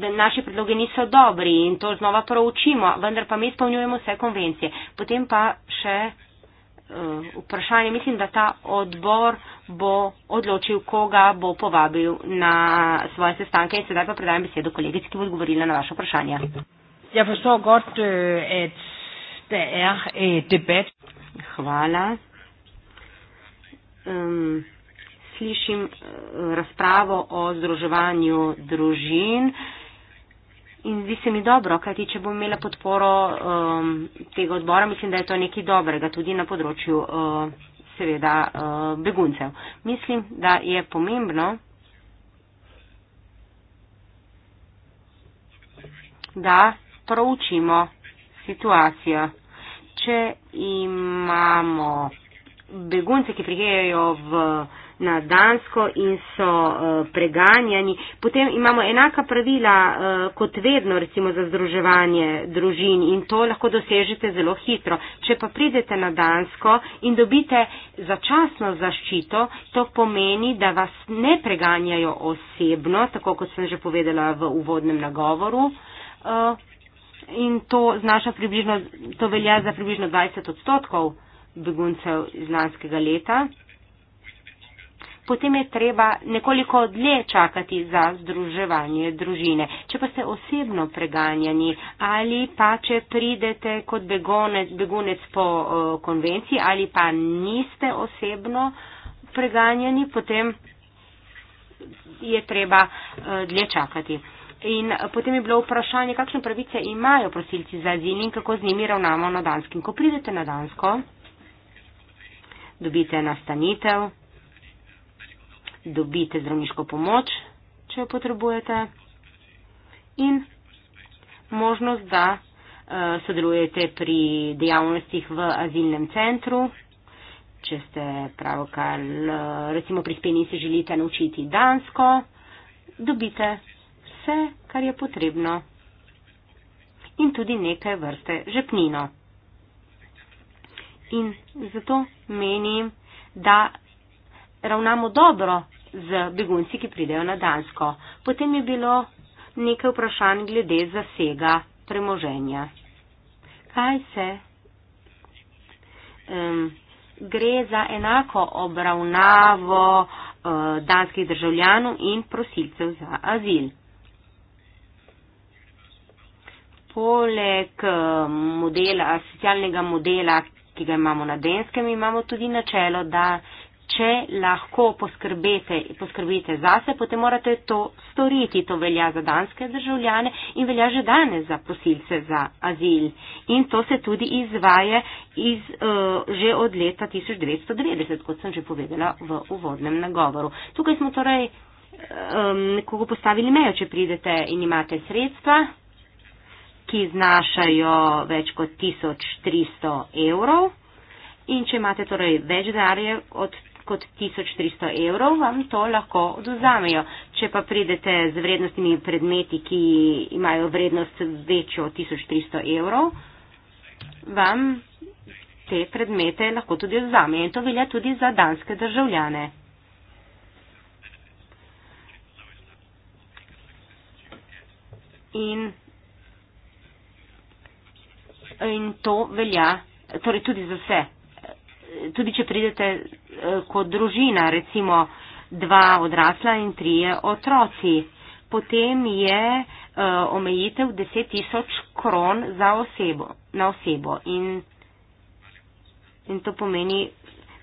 da naši predloge niso dobri in to znova proučimo, vendar pa mi izpolnjujemo vse konvencije. Potem pa še uh, vprašanje, mislim, da ta odbor bo odločil, koga bo povabil na svoje sestanke in sedaj pa predajam besedo kolegici, ki bo odgovorila na vaše vprašanje. Jeg forstår godt, eh, at der RE-Debat. Er, øh, Hvala. Um, slišim eh, razpravo o združevanju družin in zdi se mi dobro, kajti če bom imela podporo um, tega odbora, mislim, da je to nekaj dobrega tudi na področju uh, seveda uh, beguncev. Mislim, da je pomembno, da proučimo situacija. Če imamo begunce, ki prihajajo v, na Dansko in so uh, preganjani, potem imamo enaka pravila uh, kot vedno recimo za združevanje družin in to lahko dosežete zelo hitro. Če pa pridete na Dansko in dobite začasno zaščito, to pomeni, da vas ne preganjajo osebno, tako kot sem že povedala v uvodnem nagovoru. Uh, in to znaša približno, to velja za približno 20 odstotkov beguncev iz lanskega leta. Potem je treba nekoliko dlje čakati za združevanje družine. Če pa ste osebno preganjani ali pa če pridete kot begonec, begunec po uh, konvenciji ali pa niste osebno preganjani, potem je treba uh, dlje čakati. In eh, potem je bilo vprašanje, kakšne pravice imajo prosilci za azil in kako z njimi ravnamo na Danskem. Ko pridete na Dansko, dobite nastanitev, dobite zdravniško pomoč, če jo potrebujete, in možnost, da eh, sodelujete pri dejavnostih v azilnem centru. Če ste pravkar, eh, recimo pri Speni, se želite naučiti dansko, dobite vse, kar je potrebno. In tudi nekaj vrste žepnino. In zato menim, da ravnamo dobro z begunci, ki pridejo na Dansko. Potem je bilo nekaj vprašanj glede zasega premoženja. Kaj se? Um, gre za enako obravnavo uh, danskih državljanov in prosilcev za azil. poleg eh, modela, socialnega modela, ki ga imamo na Denskem, imamo tudi načelo, da če lahko poskrbite, poskrbite zase, potem morate to storiti. To velja za danske državljane in velja že danes za posilce za azil. In to se tudi izvaja iz, uh, že od leta 1990, kot sem že povedala v uvodnem nagovoru. Tukaj smo torej. Um, eh, nekoga postavili mejo, če pridete in imate sredstva, ki znašajo več kot 1300 evrov. In če imate torej več darje od, kot 1300 evrov, vam to lahko oduzamejo. Če pa pridete z vrednostnimi predmeti, ki imajo vrednost večjo od 1300 evrov, vam te predmete lahko tudi oduzamejo. In to velja tudi za danske državljane. In in to velja torej tudi za vse. Tudi če pridete eh, kot družina, recimo dva odrasla in trije otroci, potem je eh, omejitev 10 tisoč kron za osebo, na osebo in, in to pomeni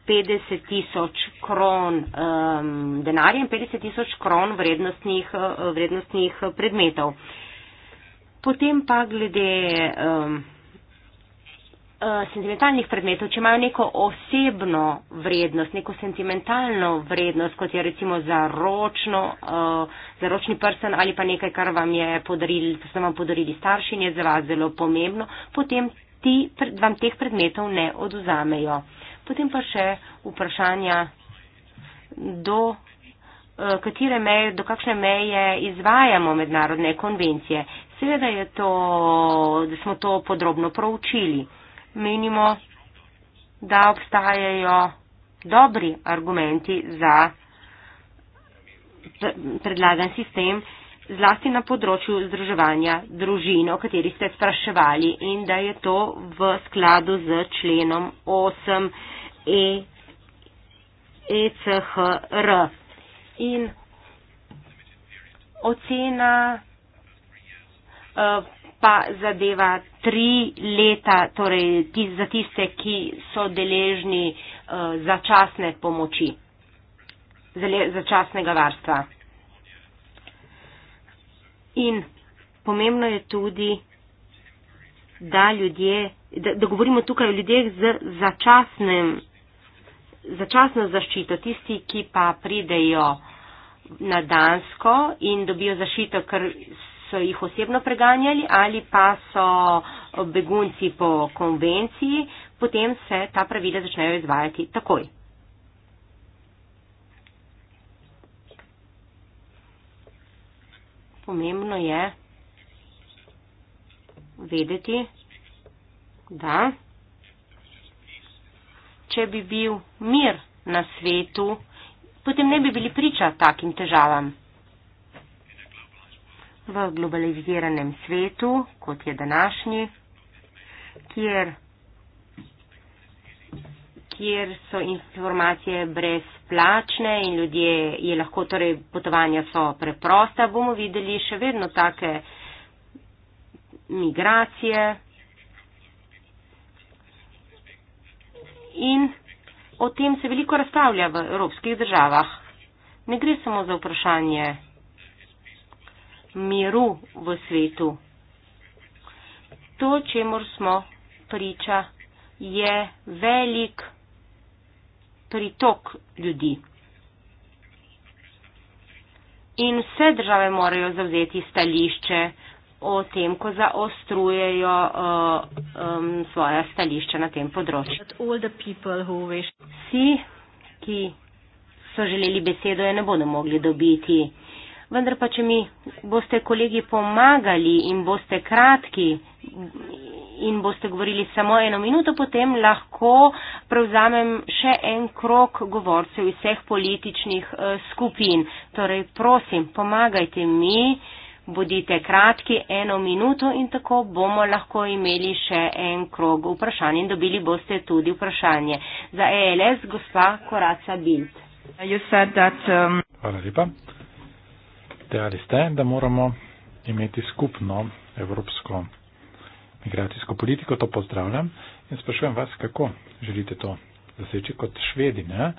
50 tisoč kron um, denarja in 50 tisoč kron vrednostnih, eh, vrednostnih predmetov. Potem pa glede um, Eh, sentimentalnih predmetov, če imajo neko osebno vrednost, neko sentimentalno vrednost, kot je recimo zaročno, uh, zaročni prsten ali pa nekaj, kar vam je podarili, kar so vam podarili starši in je za vas zelo pomembno, potem ti, vam teh predmetov ne oduzamejo. Potem pa še vprašanja, do uh, katere meje, do kakšne meje izvajamo mednarodne konvencije. Seveda je to, da smo to podrobno proučili menimo, da obstajajo dobri argumenti za predlagan sistem, zlasti na področju združevanja družin, o kateri ste spraševali in da je to v skladu z členom 8e ECHR. In ocena uh, pa zadeva tri leta, torej tis, za tiste, ki so deležni uh, začasne pomoči, zale, začasnega varstva. In pomembno je tudi, da ljudje, da, da govorimo tukaj o ljudeh z začasnem, začasno zaščito, tisti, ki pa pridejo na Dansko in dobijo zaščito, ker so jih osebno preganjali ali pa so begunci po konvenciji, potem se ta pravila začnejo izvajati takoj. Pomembno je vedeti, da če bi bil mir na svetu, potem ne bi bili priča takim težavam v globaliziranem svetu, kot je današnji, kjer, kjer so informacije brezplačne in ljudje je lahko, torej potovanja so preprosta, bomo videli še vedno take migracije in o tem se veliko razpravlja v evropskih državah. Ne gre samo za vprašanje miru v svetu. To, čemu smo priča, je velik pritok ljudi. In vse države morajo zavzeti stališče o tem, ko zaostrujejo uh, um, svoja stališča na tem področju. Vsi, ki so želeli besedo, je ne bodo mogli dobiti. Vendar pa, če mi boste kolegi pomagali in boste kratki in boste govorili samo eno minuto, potem lahko prevzamem še en krok govorcev iz vseh političnih uh, skupin. Torej, prosim, pomagajte mi, bodite kratki eno minuto in tako bomo lahko imeli še en krok vprašanj in dobili boste tudi vprašanje. Za ELS, gospa Koraca Bild. Um, Hvala lepa dejali ste, da moramo imeti skupno evropsko migracijsko politiko, to pozdravljam in sprašujem vas, kako želite to zaseči kot švedi, ne?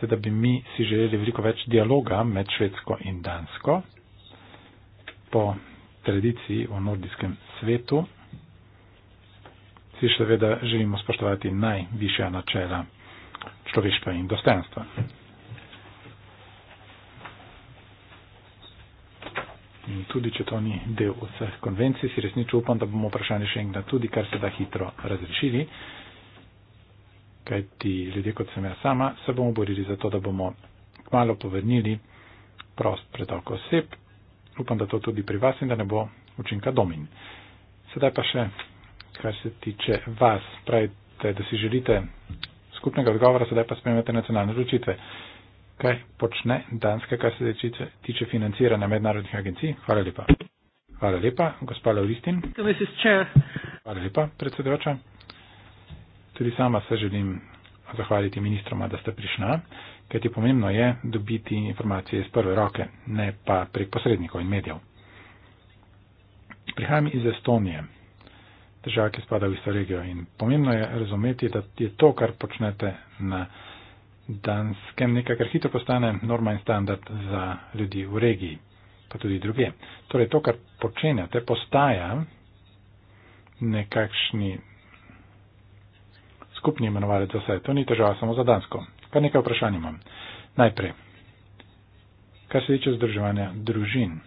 Seveda bi mi si želeli veliko več dialoga med švedsko in dansko po tradiciji v nordijskem svetu. Si seveda želimo spoštovati najvišja načela človeštva in dostojanstva. tudi če to ni del vseh konvencij, si resnično upam, da bomo vprašanje še enkrat tudi kar se da hitro razrešili. Kaj ti ljudje, kot sem jaz sama, se bomo borili za to, da bomo kmalo povrnili prost pretok oseb. Upam, da to tudi pri vas in da ne bo učinka domin. Sedaj pa še, kar se tiče vas, pravite, da si želite skupnega odgovora, sedaj pa spremljate nacionalne ločitve kaj počne Danska, kar se tiče, tiče financiranja mednarodnih agencij. Hvala lepa. Hvala lepa, gospa Lauristin. Hvala lepa, predsedujoča. Tudi sama se želim zahvaliti ministroma, da ste prišla, ker ti pomembno je dobiti informacije iz prve roke, ne pa prek posrednikov in medijev. Prihajam iz Estonije, države, ki spada v isto regijo in pomembno je razumeti, da je to, kar počnete na danskem nekaj, kar hitro postane norma in standard za ljudi v regiji, pa tudi druge. Torej to, kar počenjate, postaja nekakšni skupni imenovalec za vse. To ni težava samo za dansko. Kar nekaj vprašanj imam. Najprej, kar se tiče združevanja družin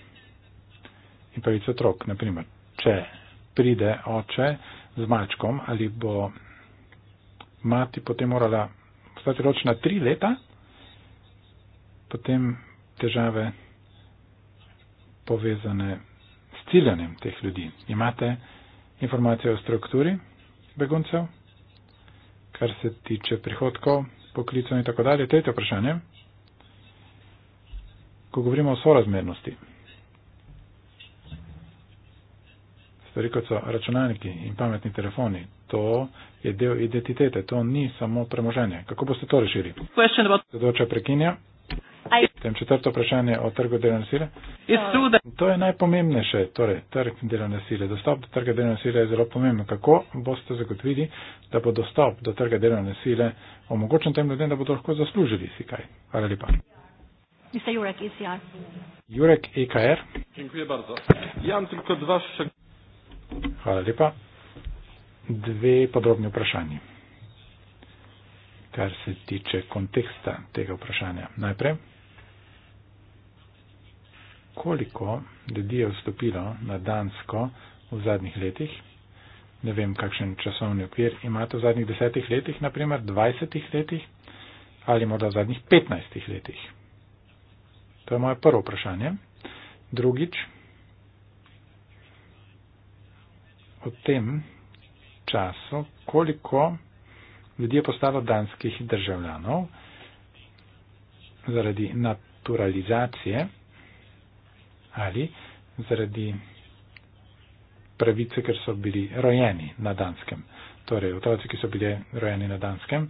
in pa vice otrok, naprimer, če pride oče z mačkom ali bo mati potem morala kratki rok na tri leta, potem težave povezane s ciljanjem teh ljudi. Imate informacije o strukturi beguncev, kar se tiče prihodkov, poklicov in tako dalje. Tretje vprašanje, ko govorimo o sorazmernosti, stvari kot so računalniki in pametni telefoni, to je del identitete, to ni samo premoženje. Kako boste to rešili? Zadoča prekinja. Tem četrto vprašanje o trgu delovne sile. To je najpomembnejše, torej trg delovne sile. Dostop do trga delovne sile je zelo pomembno. Kako boste zagotovili, da bo dostop do trga delovne sile omogočen tem ljudem, da bodo lahko zaslužili si kaj? Hvala lepa. Jurek, EKR. E ja Hvala lepa dve podobni vprašanji, kar se tiče konteksta tega vprašanja. Najprej, koliko ljudi je vstopilo na Dansko v zadnjih letih, ne vem, kakšen časovni okvir imate v zadnjih desetih letih, naprimer dvajsetih letih ali morda v zadnjih petnajstih letih. To je moje prvo vprašanje. Drugič, o tem, času, koliko ljudi je postalo danskih državljanov zaradi naturalizacije ali zaradi pravice, ker so bili rojeni na danskem. Torej, otroci, ki so bili rojeni na danskem,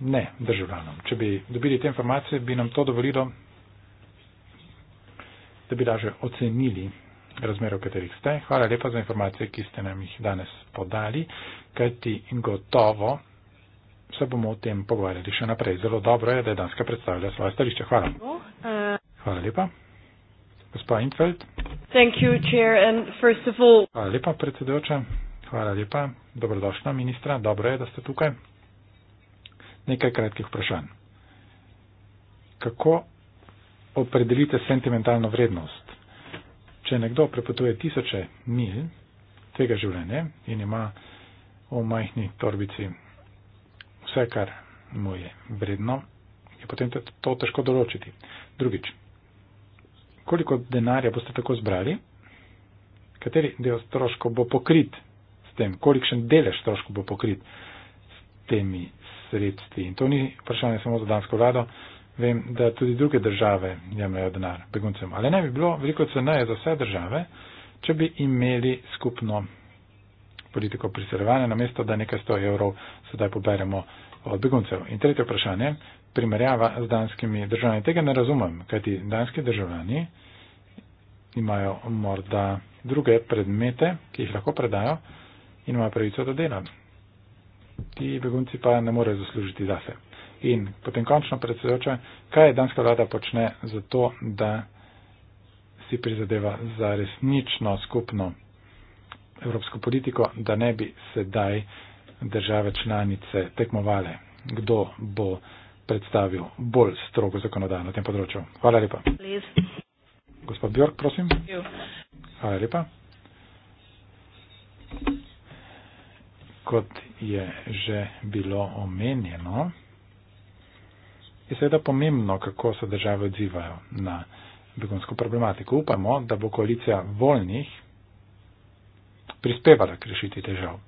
ne državljanom. Če bi dobili te informacije, bi nam to dovolilo, da bi lažje ocenili razmer, v katerih ste. Hvala lepa za informacije, ki ste nam jih danes podali, kajti gotovo se bomo o tem pogovarjali še naprej. Zelo dobro je, da je Danska predstavila svoje stališče. Hvala. Eh. Hvala lepa. Gospod Infeld. Hvala lepa, predsedujoča. Hvala lepa. Dobrodošla, ministra. Dobro je, da ste tukaj. Nekaj kratkih vprašanj. Kako opredelite sentimentalno vrednost? če nekdo prepotuje tisoče mil tega življenja in ima v majhni torbici vse, kar mu je vredno, je potem to težko določiti. Drugič, koliko denarja boste tako zbrali, kateri del stroškov bo pokrit s tem, kolikšen delež stroškov bo pokrit s temi sredstvi. In to ni vprašanje samo za dansko vlado, Vem, da tudi druge države jemljajo denar beguncem, ali ne bi bilo veliko ceneje za vse države, če bi imeli skupno politiko priseljevanja, namesto da nekaj 100 evrov sedaj poberemo od beguncev. In tretje vprašanje, primerjava z danskimi državami. Tega ne razumem, kajti danski državljani imajo morda druge predmete, ki jih lahko predajo in imajo pravico do dela. Ti begunci pa ne morejo zaslužiti zase in potem končno predsedoča, kaj danska vlada počne za to, da si prizadeva za resnično skupno evropsko politiko, da ne bi sedaj države članice tekmovale, kdo bo predstavil bolj strogo zakonodajo na tem področju. Hvala lepa. Please. Gospod Bjork, prosim. Hvala lepa. Kot je že bilo omenjeno, je seveda pomembno, kako se države odzivajo na begunsko problematiko. Upamo, da bo koalicija voljnih prispevala k rešiti težav.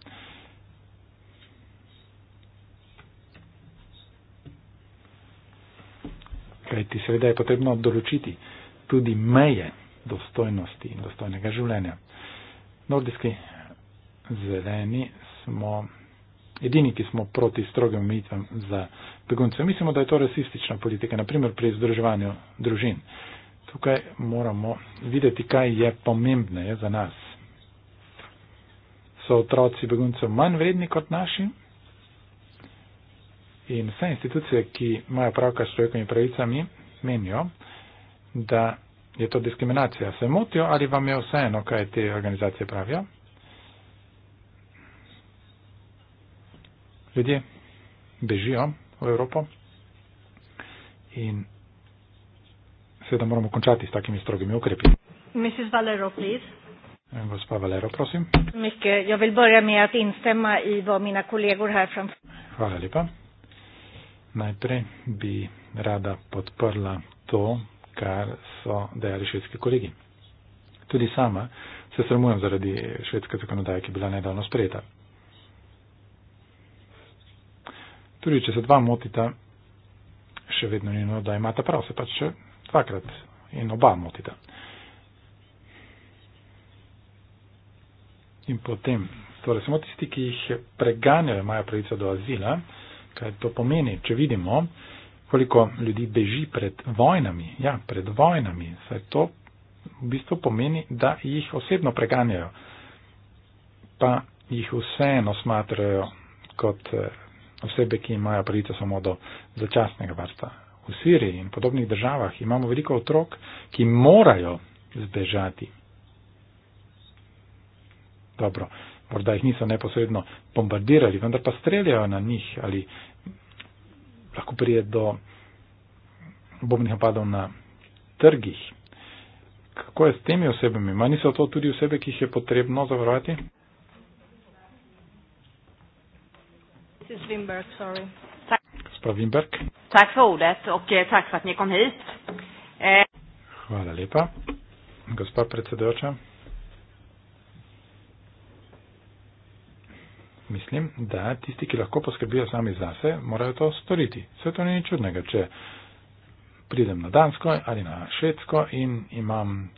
Kajti seveda je potrebno določiti tudi meje dostojnosti in dostojnega življenja. Nordijski zeleni smo edini, ki smo proti strogim omejitvam za begunce. Mislimo, da je to rasistična politika, naprimer pri združevanju družin. Tukaj moramo videti, kaj je pomembneje za nas. So otroci beguncev manj vredni kot naši? In vse institucije, ki imajo pravka s človekovimi pravicami, menijo, da je to diskriminacija. Se motijo ali vam je vseeno, kaj te organizacije pravijo? ljudje bežijo v Evropo in seveda moramo končati s takimi strogimi ukrepi. Mrs. Valero, please. Gospa Valero, prosim. Mikke, jag vill börja med att instämma i vad mina kollegor här från... Hvala lepa. Najprej bi rada podprla to, kar so dejali švedski kolegi. Tudi sama se srmujem zaradi švedske zakonodaje, ki je bila nedavno sprejeta. Tudi če se dva motita, še vedno ni no, da imata prav, se pač dvakrat in oba motita. In potem, torej samo tisti, ki jih preganjajo, imajo pravico do azila, kaj to pomeni, če vidimo, koliko ljudi beži pred vojnami, ja, pred vojnami, saj to v bistvu pomeni, da jih osebno preganjajo, pa jih vseeno smatrajo kot eh, osebe, ki imajo pravico samo do začasnega varstva. V Siriji in podobnih državah imamo veliko otrok, ki morajo zbežati. Dobro, morda jih niso neposredno bombardirali, vendar pa streljajo na njih ali lahko prije do bombnih napadov na trgih. Kako je s temi osebami? Mani so to tudi osebe, ki jih je potrebno zavarovati? is Wimberg, sorry. Tack. Gospod Wimberg. Tack för ordet och eh, tack för att ni kom hit. Eh. Hvala lepa. Gospod predsedoča. Mislim, da tisti, ki lahko poskrbijo sami zase, morajo to storiti. Vse to ni čudnega, če pridem na Dansko ali na Švedsko in imam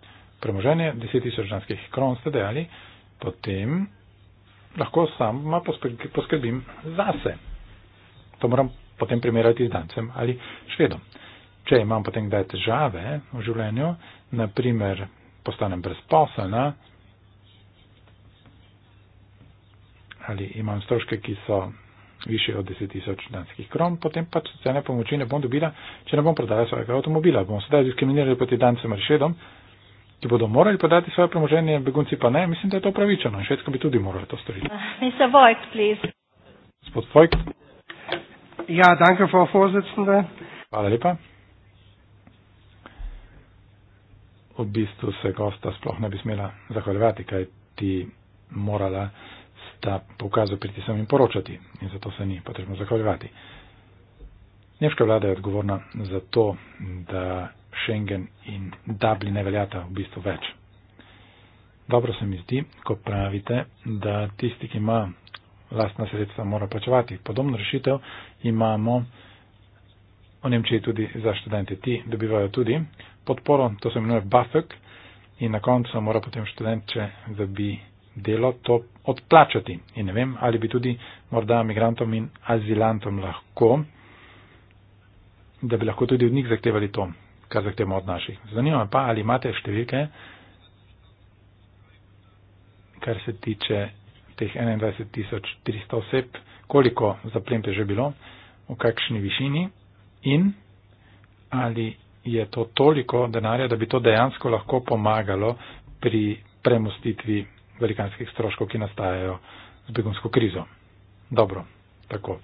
premoženje 10.000 žanskih kron, ste dejali, potem lahko sama poskrbim zase. To moram potem primerjati z Dancem ali Švedom. Če imam potem kdaj težave v življenju, naprimer postanem brezposelna ali imam stroške, ki so više od 10 tisoč danskih kron, potem pač socialne pomoči ne bom dobila, če ne bom prodala svojega avtomobila. Bom sedaj diskriminirala proti Dancem ali Švedom ki bodo morali podati svoje premoženje, begunci pa ne, mislim, da je to pravičeno in švedska bi tudi morala to storiti. Ah, Gospod Vojk. Ja, danke, Frau Vorsitzende. Hvala lepa. V bistvu se gosta sploh ne bi smela zahvaljevati, kaj ti morala sta pokazati priti sem in poročati in zato se ni potrebno zahvaljevati. Nemška vlada je odgovorna za to, da Schengen in Dublin ne veljata v bistvu več. Dobro se mi zdi, ko pravite, da tisti, ki ima lastna sredstva, mora plačevati. Podobno rešitev imamo v Nemčiji tudi za študente. Ti dobivajo tudi podporo, to se imenuje buffek in na koncu mora potem študent, če da bi delo to odplačati. In ne vem, ali bi tudi morda migrantom in azilantom lahko, da bi lahko tudi od njih zahtevali to kar zahtevamo od naših. Zanima me pa, ali imate številke, kar se tiče teh 21.300 oseb, koliko zaplemte že bilo, v kakšni višini in ali je to toliko denarja, da bi to dejansko lahko pomagalo pri premustitvi velikanskih stroškov, ki nastajajo z begunsko krizo. Dobro, tako,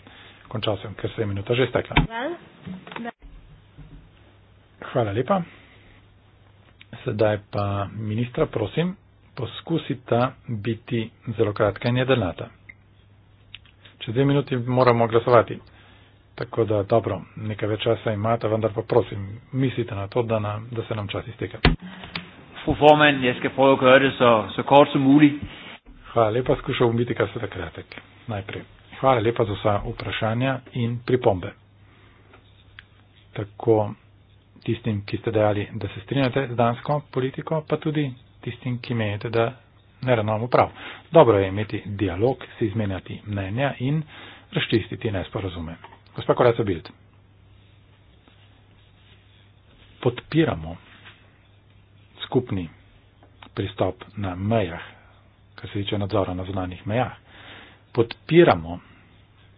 končal sem, ker se je minuta že stekla. Well, Hvala lepa. Sedaj pa ministra prosim, poskusita biti zelo kratka in jedelnata. Čez dve minuti moramo glasovati. Tako da dobro, nekaj več časa imate, vendar pa prosim, mislite na to, da, na, da se nam čas izteka. Hvala lepa, skušal bom biti kar se da kratek. Najprej. Hvala lepa za vsa vprašanja in pripombe. Tako tistim, ki ste dejali, da se strinjate z dansko politiko, pa tudi tistim, ki menite, da ne ravnamo prav. Dobro je imeti dialog, si izmenjati mnenja in raščistiti nesporazume. Gospa Koreca Bild. Podpiramo skupni pristop na mejah, kar se tiče nadzora na zunanjih mejah. Podpiramo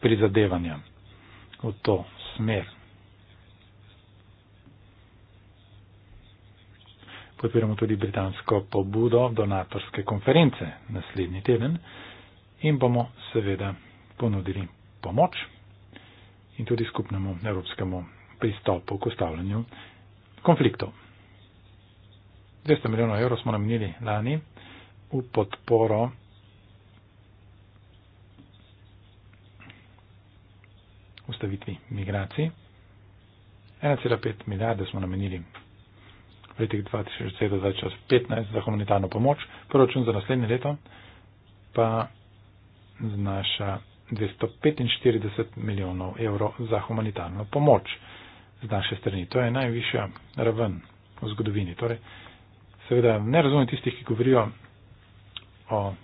prizadevanja v to smer podpiramo tudi britansko pobudo donatorske konference naslednji teden in bomo seveda ponudili pomoč in tudi skupnemu evropskemu pristopu k ustavljanju konfliktov. 200 milijonov evrov smo namenili lani v podporo ustavitvi migracij. 1,5 milijarde smo namenili letih 2007-2015 za humanitarno pomoč, proračun za naslednje leto pa znaša 245 milijonov evrov za humanitarno pomoč z naše strani. To je najvišja raven v zgodovini. Torej, seveda ne razumem tistih, ki govorijo o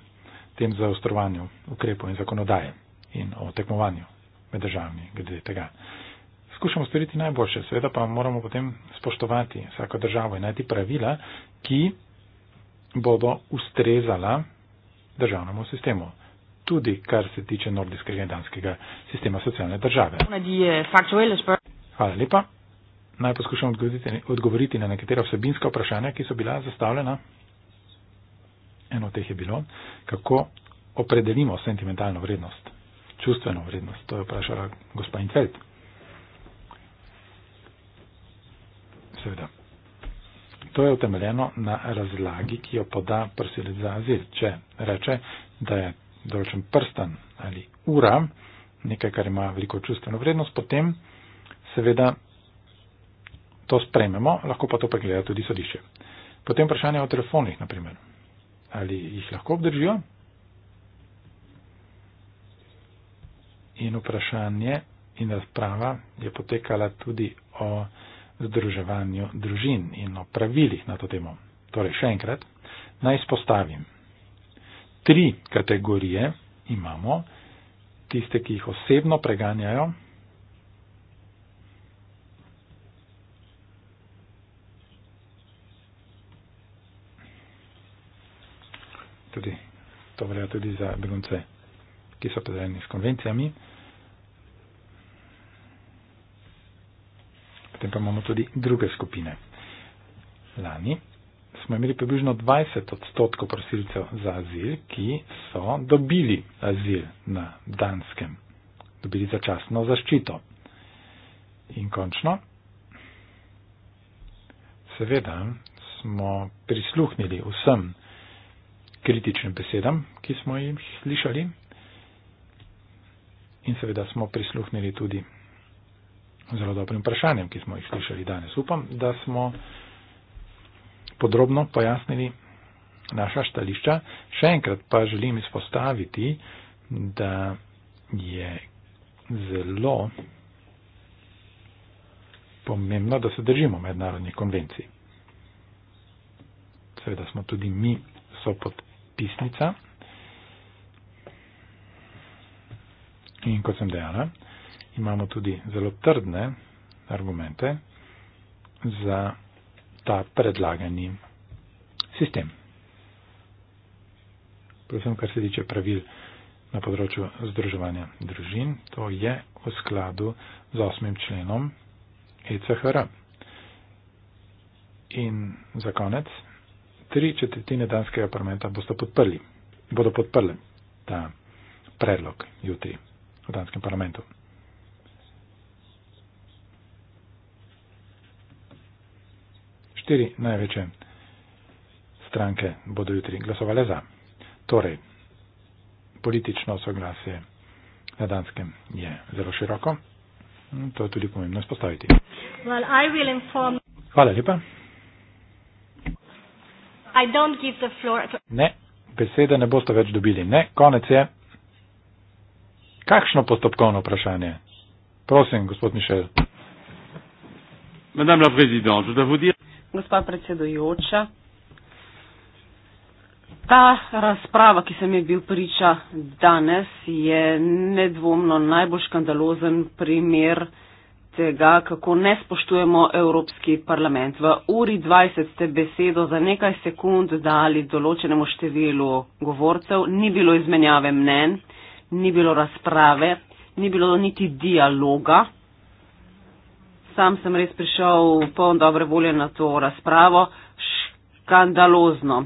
tem zaostrovanju ukrepov in zakonodaje in o tekmovanju med državami glede tega skušamo storiti najboljše, seveda pa moramo potem spoštovati vsako državo in najti pravila, ki bodo ustrezala državnemu sistemu. Tudi kar se tiče nordijskega in danskega sistema socialne države. Hvala lepa. Naj poskušam odgovoriti na nekatera vsebinska vprašanja, ki so bila zastavljena. Eno od teh je bilo, kako opredelimo sentimentalno vrednost, čustveno vrednost. To je vprašala gospa Infeld. seveda. To je utemeljeno na razlagi, ki jo poda prosilec za azil. Če reče, da je določen prstan ali ura nekaj, kar ima veliko čustveno vrednost, potem seveda to sprememo, lahko pa to pregleda tudi sodišče. Potem vprašanje o telefonih, naprimer. Ali jih lahko obdržijo? In vprašanje in razprava je potekala tudi o združevanju družin in o pravilih na to temo. Torej, še enkrat, naj spostavim. Tri kategorije imamo, tiste, ki jih osebno preganjajo, tudi to velja tudi za begunce, ki so predajeni s konvencijami. Potem pa imamo tudi druge skupine. Lani smo imeli približno 20 odstotkov prosilcev za azil, ki so dobili azil na Danskem, dobili začasno zaščito. In končno, seveda smo prisluhnili vsem kritičnim besedam, ki smo jih slišali. In seveda smo prisluhnili tudi zelo dobrim vprašanjem, ki smo jih slišali danes. Upam, da smo podrobno pojasnili naša stališča. Še enkrat pa želim izpostaviti, da je zelo pomembno, da se držimo mednarodnih konvencij. Seveda smo tudi mi so podpisnica. In kot sem dejala, imamo tudi zelo trdne argumente za ta predlagani sistem. Predvsem, kar se tiče pravil na področju združevanja družin, to je v skladu z osmim členom ECHR. In za konec, tri četrtine danskega parlamenta bodo podprli ta predlog jutri v danskem parlamentu. Štiri največje stranke bodo jutri glasovale za. Torej, politično soglasje na Danskem je zelo široko. To je tudi pomembno izpostaviti. Well, Hvala lepa. Ne, besede ne boste več dobili. Ne, konec je. Kakšno postopkovno vprašanje? Prosim, gospod Mišel. Madame la Presidente, je da vodim gospa predsedujoča, ta razprava, ki sem je bil priča danes, je nedvomno najbolj škandalozen primer tega, kako ne spoštujemo Evropski parlament. V uri 20 ste besedo za nekaj sekund dali določenemu številu govorcev, ni bilo izmenjave mnen, ni bilo razprave, ni bilo niti dialoga sam sem res prišel poln dobre volje na to razpravo, škandalozno.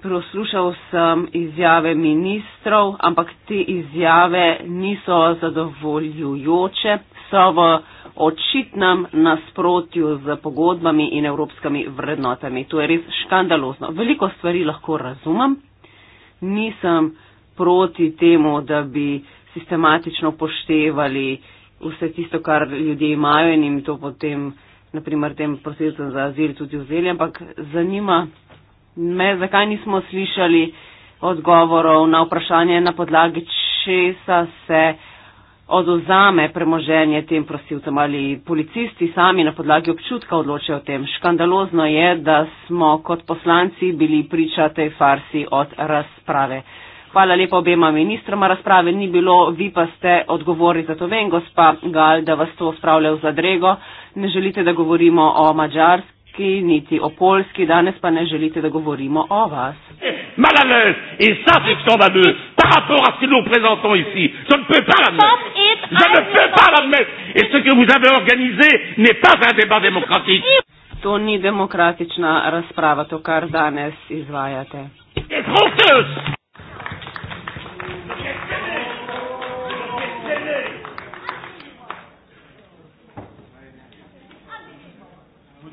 Proslušal sem izjave ministrov, ampak te izjave niso zadovoljujoče, so v očitnem nasprotju z pogodbami in evropskimi vrednotami. To je res škandalozno. Veliko stvari lahko razumem. Nisem proti temu, da bi sistematično poštevali uh, vse tisto, kar ljudje imajo in jim to potem, naprimer, tem prosilcem za azil tudi vzeli. Ampak zanima me, zakaj nismo slišali odgovorov na vprašanje, na podlagi česa se odozame premoženje tem prosilcem ali policisti sami na podlagi občutka odločajo o tem. Škandalozno je, da smo kot poslanci bili priča tej farsi od razprave. Hvala lepa obema ministroma. Razprave ni bilo, vi pa ste odgovorni za to. Vem, gospa Gal, da vas to spravlja v zadrego. Ne želite, da govorimo o Mačarski niti o Polski, danes pa ne želite, da govorimo o vas. To ni demokratična razprava, to, kar danes izvajate.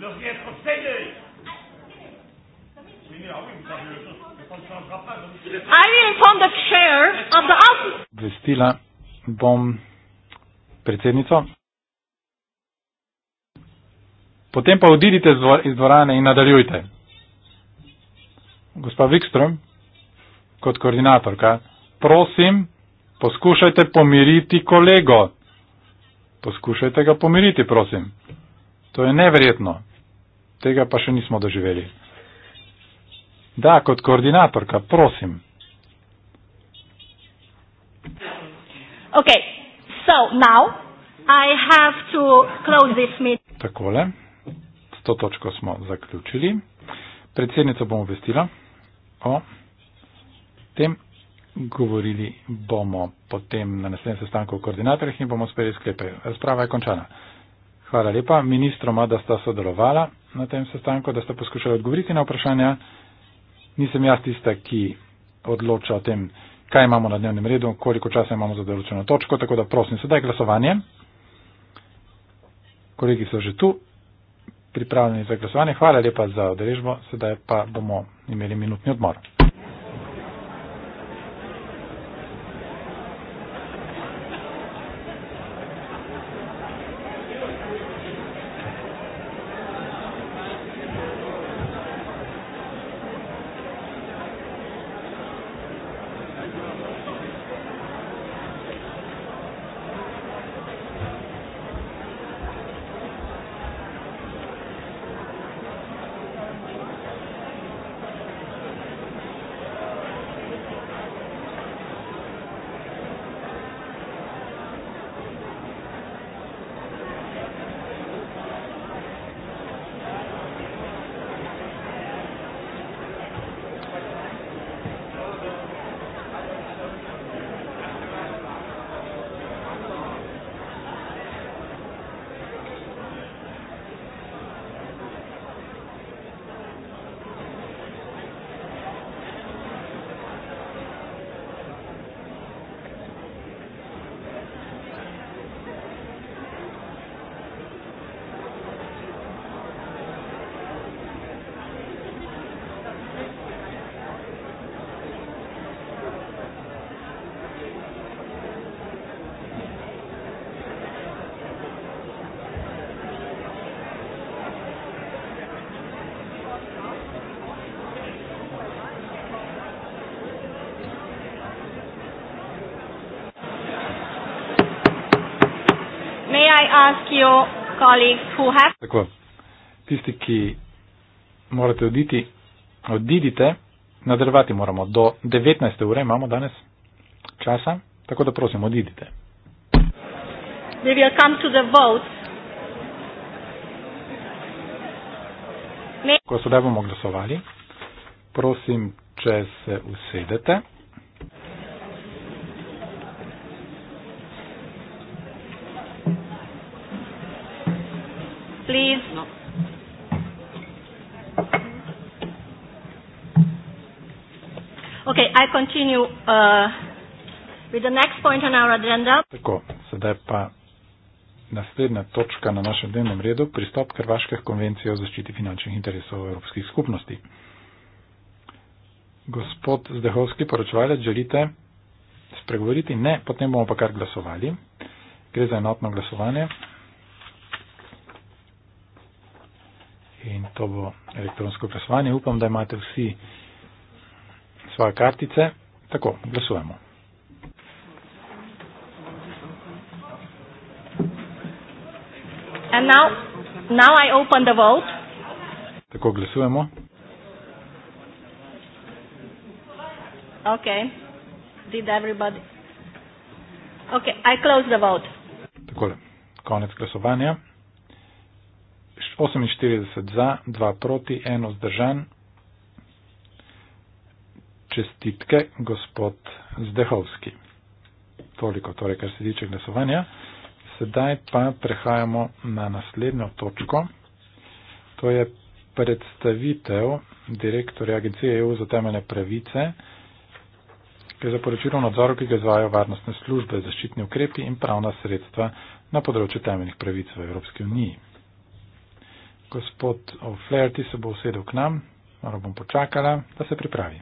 leur dit être scellés. Vestila bom predsednico. Potem pa odidite iz dvorane in nadaljujte. Gospa Wikström, kot koordinatorka, prosim, poskušajte pomiriti kolego. Poskušajte ga pomiriti, prosim. To je neverjetno. Tega pa še nismo doživeli. Da, kot koordinatorka, prosim. Okay. So, Takole, s to točko smo zaključili. Predsednico bomo obvestila o tem. Govorili bomo potem na naslednjem sestanku v koordinatorjih in bomo sprejeli sklepe. Razprava je končana. Hvala lepa ministroma, da sta sodelovala na tem sestanku, da ste poskušali odgovoriti na vprašanja. Nisem jaz tista, ki odloča o tem, kaj imamo na dnevnem redu, koliko časa imamo za določeno točko, tako da prosim, sedaj glasovanje. Kolegi so že tu, pripravljeni za glasovanje. Hvala lepa za odrežbo, sedaj pa bomo imeli minutni odmor. Tako, tisti, ki morate oditi, odidite, nadaljevati moramo. Do 19. ure imamo danes časa, tako da prosim, odidite. They will come to the vote. Ko sedaj bomo glasovali, prosim, če se usedete. continue uh, with the next point on our agenda. Tako, sedaj pa naslednja točka na našem dnevnem redu, pristop Hrvaške konvencije o zaščiti finančnih interesov Evropskih skupnosti. Gospod Zdehovski, poročevalec, želite spregovoriti? Ne, potem bomo pa kar glasovali. Gre za enotno glasovanje. In to bo elektronsko glasovanje. Upam, da imate vsi svoje kartice. Tako, glasujemo. And now, now I open the vote. Tako, glasujemo. Okay. Did everybody? Okay, I close the vote. Takole, konec glasovanja. 48 za, 2 proti, 1 zdržan čestitke, gospod Zdehovski. Toliko torej, kar se tiče glasovanja. Sedaj pa prehajamo na naslednjo točko. To je predstavitev direktorja Agencije EU za temeljne pravice, ki je zaporočilo nadzor, ki ga izvajo varnostne službe, zaščitni ukrepi in pravna sredstva na področju temeljnih pravic v Evropski uniji. Gospod O'Flaherty se bo usedel k nam, malo bom počakala, da se pripravi.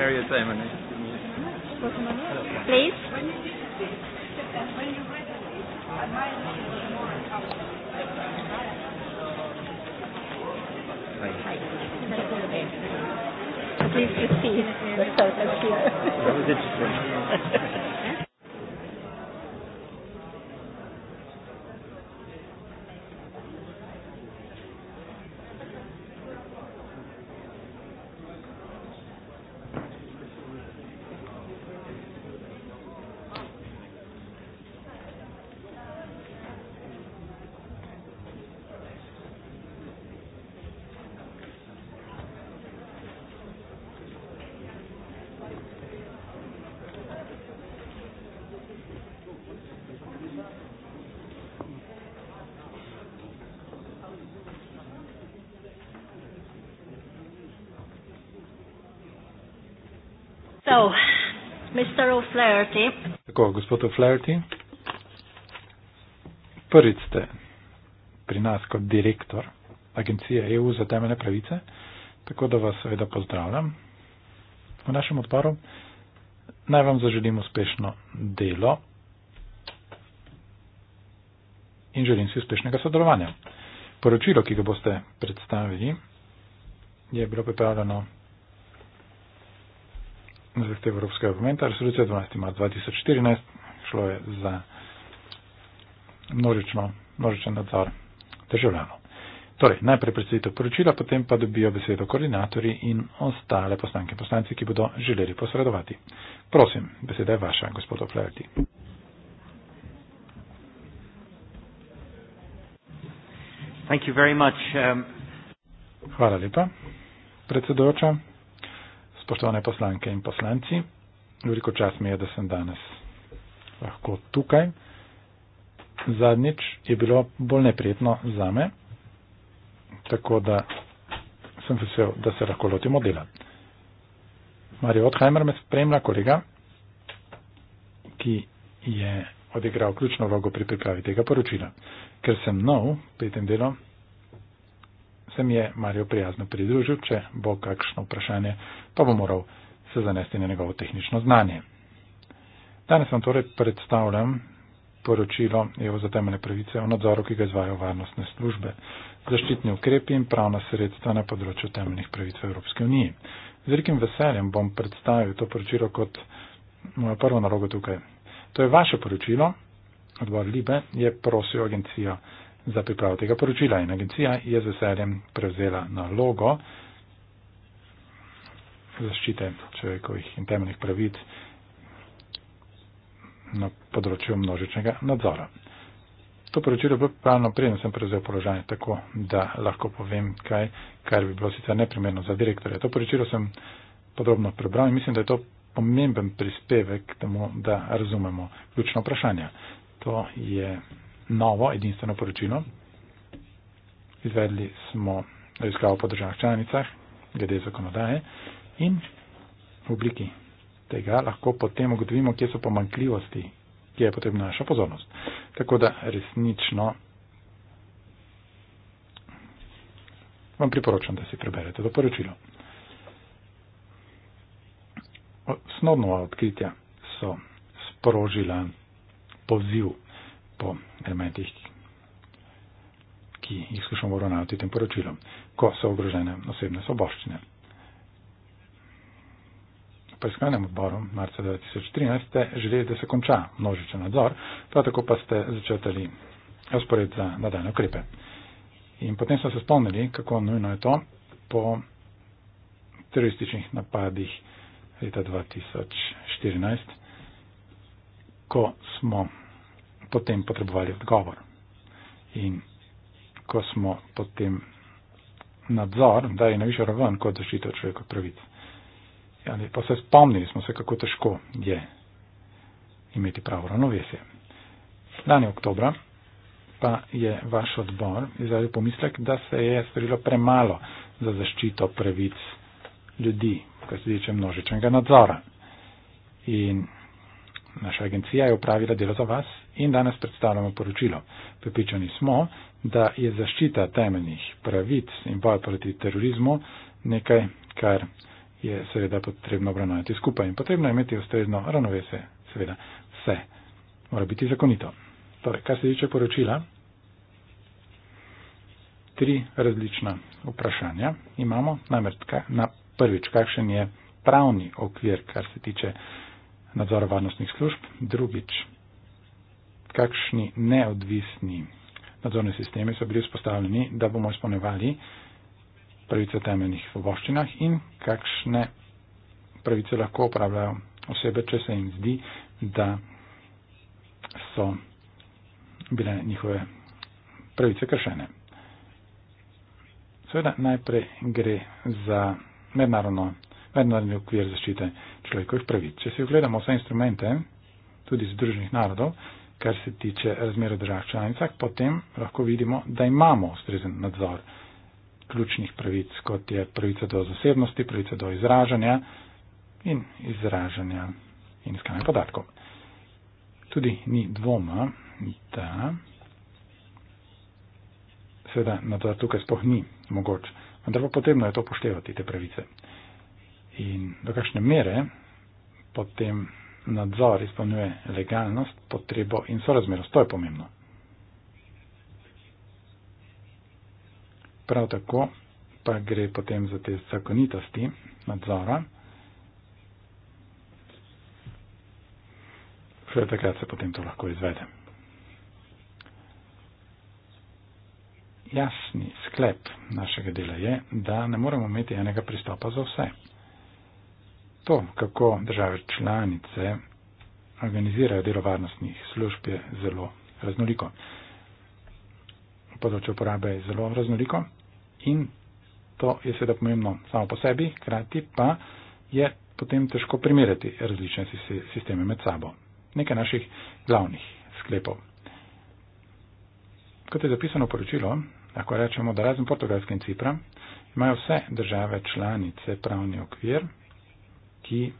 Mary is Simon. Please. Please proceed. The south of here. That was interesting. Mr. O'Flaherty. Tako, gospod O'Flaherty. Prvič ste pri nas kot direktor Agencije EU za temeljne pravice, tako da vas seveda pozdravljam v našem odboru. Naj vam zaželim uspešno delo in želim si uspešnega sodelovanja. Poročilo, ki ga boste predstavili, je bilo pripravljeno na zahtev Evropskega parlamenta, resolucija 12. marca 2014, šlo je za množično, množičen nadzor državljanov. Torej, najprej predstavitev poročila, potem pa dobijo besedo koordinatorji in ostale poslanke in poslanci, ki bodo želeli posredovati. Prosim, beseda je vaša, gospod Oplerti. Um, Hvala lepa, predsedujoča spoštovane poslanke in poslanci, veliko čas mi je, da sem danes lahko tukaj. Zadnjič je bilo bolj neprijetno za me, tako da sem vesel, da se lahko lotimo dela. Marijo Otheimer me spremlja, kolega, ki je odigral ključno vlogo pri pripravi tega poročila. Ker sem nov pri tem delu, se mi je Mario prijazno pridružil, če bo kakšno vprašanje, pa bo moral se zanesti na njegovo tehnično znanje. Danes vam torej predstavljam poročilo EU za temeljne pravice o nadzoru, ki ga izvajo varnostne službe, zaščitni ukrepi in pravna sredstva na področju temeljnih pravic v Evropski uniji. Z velikim veseljem bom predstavil to poročilo kot mojo prvo nalogo tukaj. To je vaše poročilo, odbor Libe je prosil agencijo za pripravo tega poročila in agencija je z veseljem prevzela nalogo zaščite človekovih in temeljnih pravic na področju množičnega nadzora. To poročilo je pravno prije, da sem prevzel položaj tako, da lahko povem kaj, kar bi bilo sicer neprimerno za direktorja. To poročilo sem podrobno prebral in mislim, da je to pomemben prispevek k temu, da razumemo ključno vprašanje. To je novo edinstveno poročilo. Izvedli smo raziskavo po državah članicah glede zakonodaje in v obliki tega lahko potem ugotovimo, kje so pomankljivosti, kje je potrebna naša pozornost. Tako da resnično vam priporočam, da si preberete to poročilo. Snovno odkritja so sprožila poziv po elementih, ki jih skušamo ravnati tem poročilom, ko so ogrožene osebne soboščine. Po iskanem odboru marca 2013 ste želeli, da se konča množičen nadzor, prav tako pa ste začrtali razpored za nadaljne ukrepe. In potem so se spomnili, kako nujno je to po terorističnih napadih leta 2014, ko smo potem potrebovali odgovor. In ko smo potem nadzor dali na višjo raven kot zaščito človekov pravic, ja, pa se spomnili smo se, kako težko je imeti pravo ravnovesje. Lani oktobra pa je vaš odbor izrazil pomislek, da se je storilo premalo za zaščito pravic ljudi, kar se tiče množičnega nadzora. In Naša agencija je upravila delo za vas in danes predstavljamo poročilo. Pripričani smo, da je zaščita temeljnih pravic in boj proti terorizmu nekaj, kar je seveda potrebno obravnavati skupaj in potrebno je imeti ustrezno ravnovese, seveda vse. Mora biti zakonito. Torej, kar se tiče poročila, tri različna vprašanja imamo. Namreč, na prvič, kakšen je pravni okvir, kar se tiče nadzora varnostnih služb, drugič, kakšni neodvisni nadzorni sistemi so bili vzpostavljeni, da bomo izpolnevali pravice v temeljnih voščinah in kakšne pravice lahko upravljajo osebe, če se jim zdi, da so bile njihove pravice kršene. Seveda najprej gre za mednarodno mednarodni okvir zaščite človekovih pravic. Če si ogledamo vse instrumente, tudi Združenih narodov, kar se tiče razmere držav članicah, potem lahko vidimo, da imamo ustrezen nadzor ključnih pravic, kot je pravica do zasebnosti, pravica do izražanja in izražanja in iskanja podatkov. Tudi ni dvoma, da seveda nadzor tukaj spoh ni mogoč, vendar pa potrebno je to poštevati, te pravice in do kakšne mere potem nadzor izpolnjuje legalnost, potrebo in sorazmerost. To je pomembno. Prav tako pa gre potem za te zakonitosti nadzora. Še takrat se potem to lahko izvede. Jasni sklep našega dela je, da ne moremo imeti enega pristopa za vse. To, kako države članice organizirajo delo varnostnih služb, je zelo raznoliko. Področje uporabe je zelo raznoliko in to je seveda pomembno samo po sebi, krati pa je potem težko primerjati različne sisteme med sabo. Nekaj naših glavnih sklepov. Kot je zapisano poročilo, lahko rečemo, da razen Portugalske in Cipra imajo vse države članice pravni okvir, ki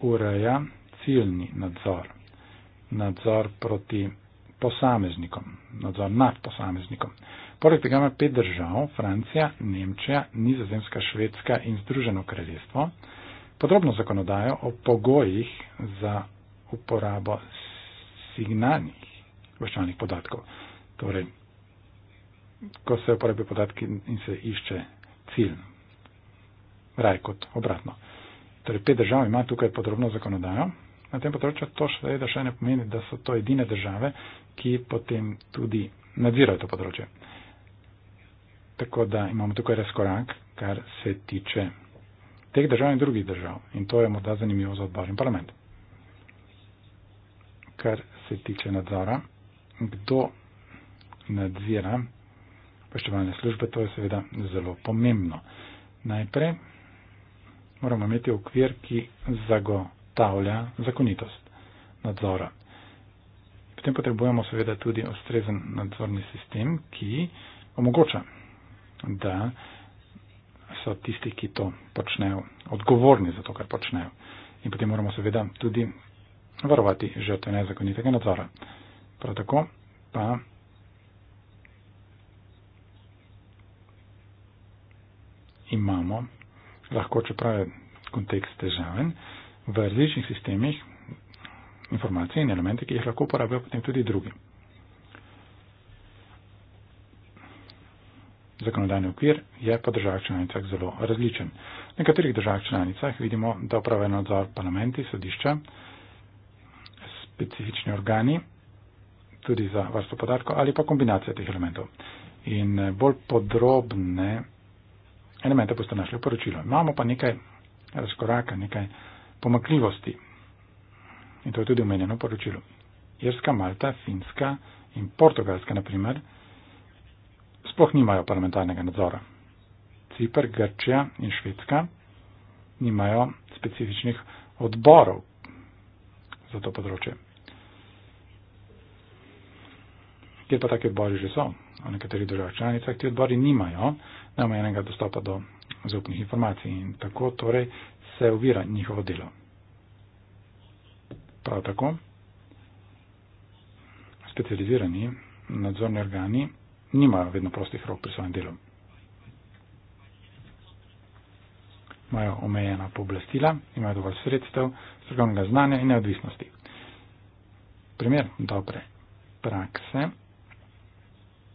ureja ciljni nadzor, nadzor proti posameznikom, nadzor nad posameznikom. Poleg tega ima pet držav, Francija, Nemčija, Nizozemska, Švedska in Združeno kraljestvo, podrobno zakonodajo o pogojih za uporabo signalnih obveščevalnih podatkov. Torej, ko se uporabijo podatki in se išče cilj. Raj kot obratno torej pet držav ima tukaj podrobno zakonodajo. Na tem področju to seveda še ne pomeni, da so to edine države, ki potem tudi nadzirajo to področje. Tako da imamo tukaj razkorak, kar se tiče teh držav in drugih držav. In to je morda zanimivo za odbor in parlament. Kar se tiče nadzora, kdo nadzira poštevalne službe, to je seveda zelo pomembno. Najprej moramo imeti okvir, ki zagotavlja zakonitost nadzora. Potem potrebujemo seveda tudi ustrezen nadzorni sistem, ki omogoča, da so tisti, ki to počnejo, odgovorni za to, kar počnejo. In potem moramo seveda tudi varovati žrtve nezakonitega nadzora. Prav tako pa imamo lahko, čeprav je kontekst težaven, v različnih sistemih informacije in elemente, ki jih lahko uporabljajo potem tudi drugi. Zakonodajni okvir je po državah članicah zelo različen. V nekaterih državah članicah vidimo, da upravljajo nadzor parlamenti, sodišča, specifični organi, tudi za varstvo podatkov ali pa kombinacija teh elementov. In eh, bolj podrobne elemente boste našli v poročilu. Imamo pa nekaj razkoraka, nekaj pomakljivosti. In to je tudi omenjeno v poročilu. Irska, Malta, Finska in Portugalska, naprimer, sploh nimajo parlamentarnega nadzora. Cipr, Grčija in Švedska nimajo specifičnih odborov za to področje. Kje pa take odbori že so? V nekaterih državah članicah ti odbori nimajo neomejenega dostopa do zaupnih informacij in tako torej se uvira njihovo delo. Prav tako specializirani nadzorni organi nimajo vedno prostih rok pri svojem delu. Imajo omejena pooblastila, imajo dovolj sredstev, strokovnega znanja in neodvisnosti. Primer dobre prakse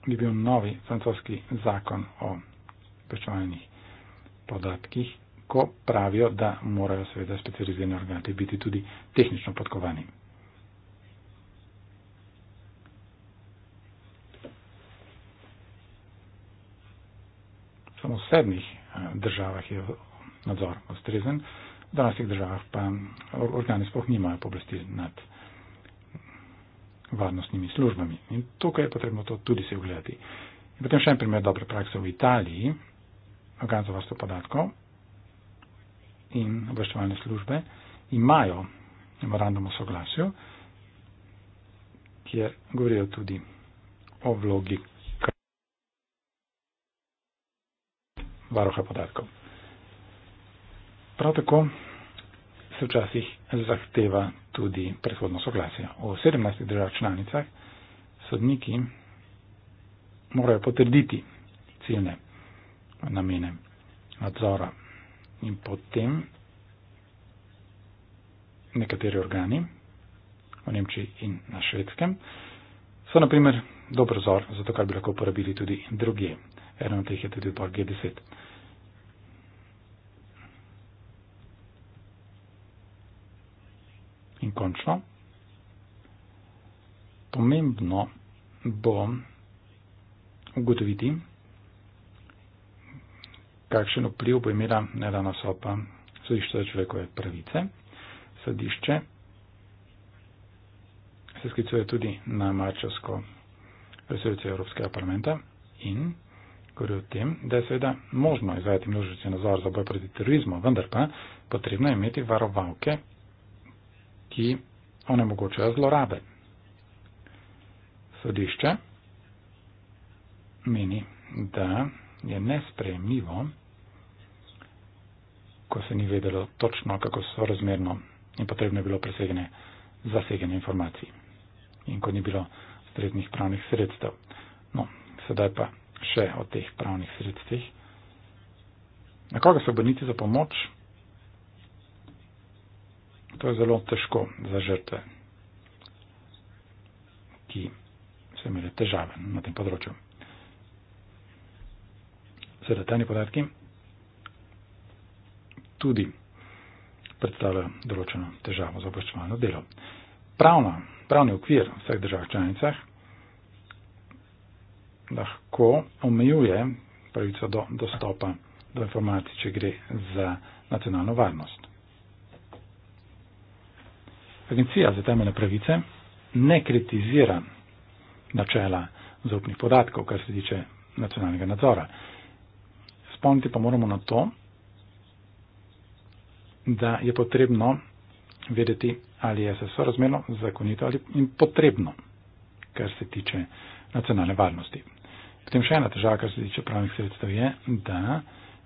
bi bil novi francoski zakon o specialnih podatkih, ko pravijo, da morajo seveda specializirani organi biti tudi tehnično podkovani. Samo v sedmih eh, državah je nadzor ustrezen, v današnjih državah pa organi sploh nimajo pooblasti nad varnostnimi službami. In tukaj je potrebno to tudi se ogledati. In potem še en primer dobre prakse v Italiji, organ za varstvo podatkov in obveščevalne službe imajo memorandum o soglasju, kjer govorijo tudi o vlogi varoha podatkov. Prav tako se včasih zahteva tudi predhodno soglasje. V 17 držav članicah sodniki morajo potrditi ciljne namene nadzora. In potem nekateri organi v Nemčiji in na švedskem so naprimer dober vzor za to, kar bi lahko uporabili tudi drugi. Eden od teh je tudi odbor G10. In končno, pomembno bo ugotoviti, kakšen vpliv bo imela nedavna sopa sodišča za človekove pravice. Sodišče se sklicuje tudi na marčevsko resolucijo Evropskega parlamenta in govori o tem, da je seveda možno izvajati množični nazor za boj proti terorizmu, vendar pa potrebno je imeti varovalke, ki onemogočajo zlorabe. Sodišče meni, da je nespremljivo, ko se ni vedelo točno, kako so razmerno in potrebno je bilo presegne zaseganje informacij in ko ni bilo strednih pravnih sredstev. No, sedaj pa še o teh pravnih sredstvih. Na koga se obrniti za pomoč? To je zelo težko za žrtve, ki so imeli težave na tem področju. Sedaj, tajni podatki tudi predstavlja določeno težavo za obveščevalno delo. Pravna, pravni okvir v vseh državah članicah lahko omejuje pravico do dostopa do informacij, če gre za nacionalno varnost. Agencija za temeljne pravice ne kritizira načela zaupnih podatkov, kar se tiče nacionalnega nadzora. Spomniti pa moramo na to, da je potrebno vedeti, ali je se sorazmerno, zakonito ali potrebno, kar se tiče nacionalne varnosti. Potem še ena težava, kar se tiče pravnih sredstev, je, da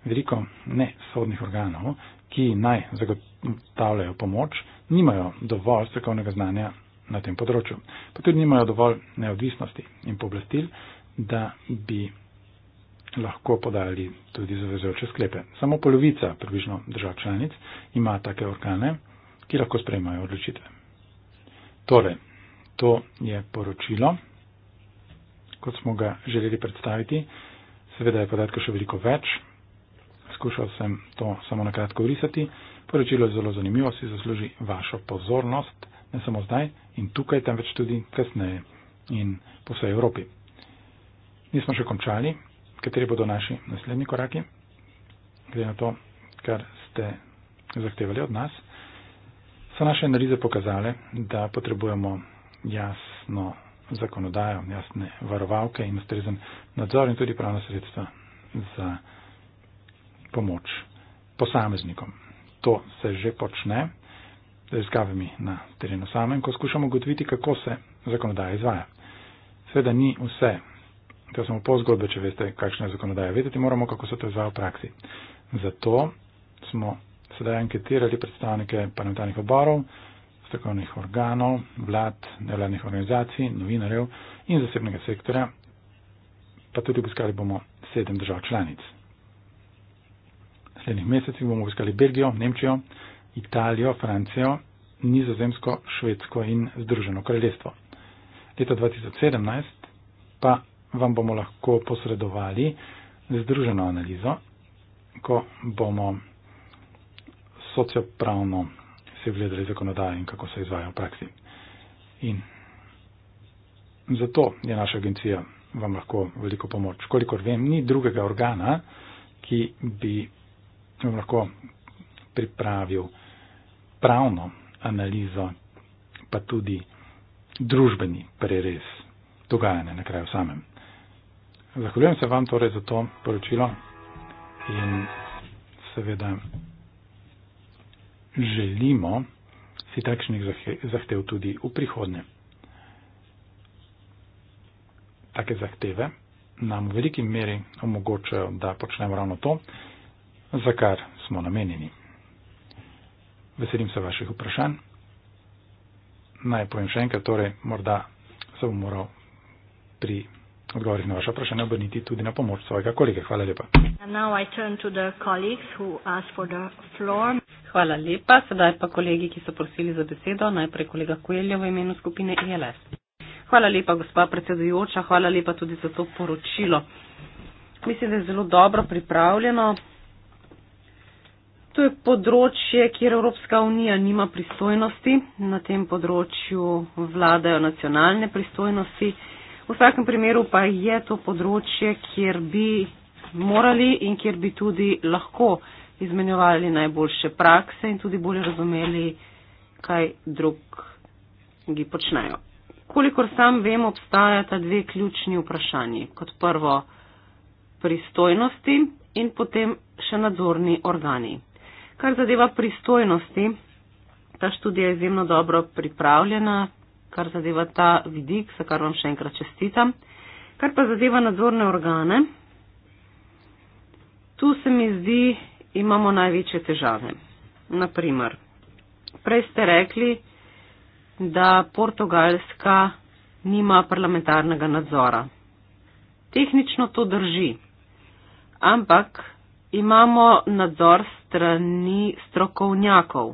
veliko nesodnih organov, ki naj zagotavljajo pomoč, nimajo dovolj strokovnega znanja na tem področju, pa tudi nimajo dovolj neodvisnosti in pooblastil, da bi lahko podali tudi zavezujoče sklepe. Samo polovica približno držav članic ima take organe, ki lahko sprejmajo odločitve. Torej, to je poročilo, kot smo ga želeli predstaviti. Seveda je podatka še veliko več. Skušal sem to samo na kratko urisati. Poročilo je zelo zanimivo, si zasluži vašo pozornost, ne samo zdaj in tukaj, temveč tudi kasneje in po vsej Evropi. Nismo še končali, kateri bodo naši naslednji koraki, glede na to, kar ste zahtevali od nas, so naše analize pokazale, da potrebujemo jasno zakonodajo, jasne varovalke in ustrezen nadzor in tudi pravna sredstva za pomoč posameznikom. To se že počne z raziskavami na terenu samem, ko skušamo ugotoviti, kako se zakonodaja izvaja. Sveda ni vse To je samo pol zgodbe, če veste, kakšna je zakonodaja. Vedeti moramo, kako se to izvaja v praksi. Zato smo sedaj anketirali predstavnike parlamentarnih oborov, strokovnih organov, vlad, nevladnih organizacij, novinarjev in zasebnega sektora, pa tudi obiskali bomo sedem držav članic. V naslednjih mesecih bomo obiskali Belgijo, Nemčijo, Italijo, Francijo, Nizozemsko, Švedsko in Združeno kraljestvo. Leta 2017 pa vam bomo lahko posredovali združeno analizo, ko bomo sociopravno se gledali zakonodaje in kako se izvaja v praksi. In zato je naša agencija vam lahko veliko pomoč. Kolikor vem, ni drugega organa, ki bi vam lahko pripravil pravno analizo, pa tudi družbeni prerez dogajanja na kraju samem. Zahvaljujem se vam torej za to poročilo in seveda želimo si takšnih zahtev tudi v prihodnje. Take zahteve nam v veliki meri omogočajo, da počnemo ravno to, za kar smo namenjeni. Veselim se vaših vprašanj. Naj povem še enkrat, torej morda se bom moral pri odgovoriti na vaše vprašanje, obrniti tudi na pomoč svojega kolege. Hvala lepa. Hvala lepa. Sedaj pa kolegi, ki so prosili za besedo. Najprej kolega Kujeljo v imenu skupine ILS. E Hvala lepa, gospa predsedujoča. Hvala lepa tudi za to poročilo. Mislim, da je zelo dobro pripravljeno. To je področje, kjer Evropska unija nima pristojnosti. Na tem področju vladajo nacionalne pristojnosti. V vsakem primeru pa je to področje, kjer bi morali in kjer bi tudi lahko izmenjovali najboljše prakse in tudi bolje razumeli, kaj drugi počnejo. Kolikor sam vem, obstajata dve ključni vprašanji. Kot prvo, pristojnosti in potem še nadzorni organi. Kar zadeva pristojnosti, ta študija je izjemno dobro pripravljena, kar zadeva ta vidik, za kar vam še enkrat čestitam. Kar pa zadeva nadzorne organe, tu se mi zdi, imamo največje težave. Naprimer, prej ste rekli, da Portugalska nima parlamentarnega nadzora. Tehnično to drži, ampak imamo nadzor strani strokovnjakov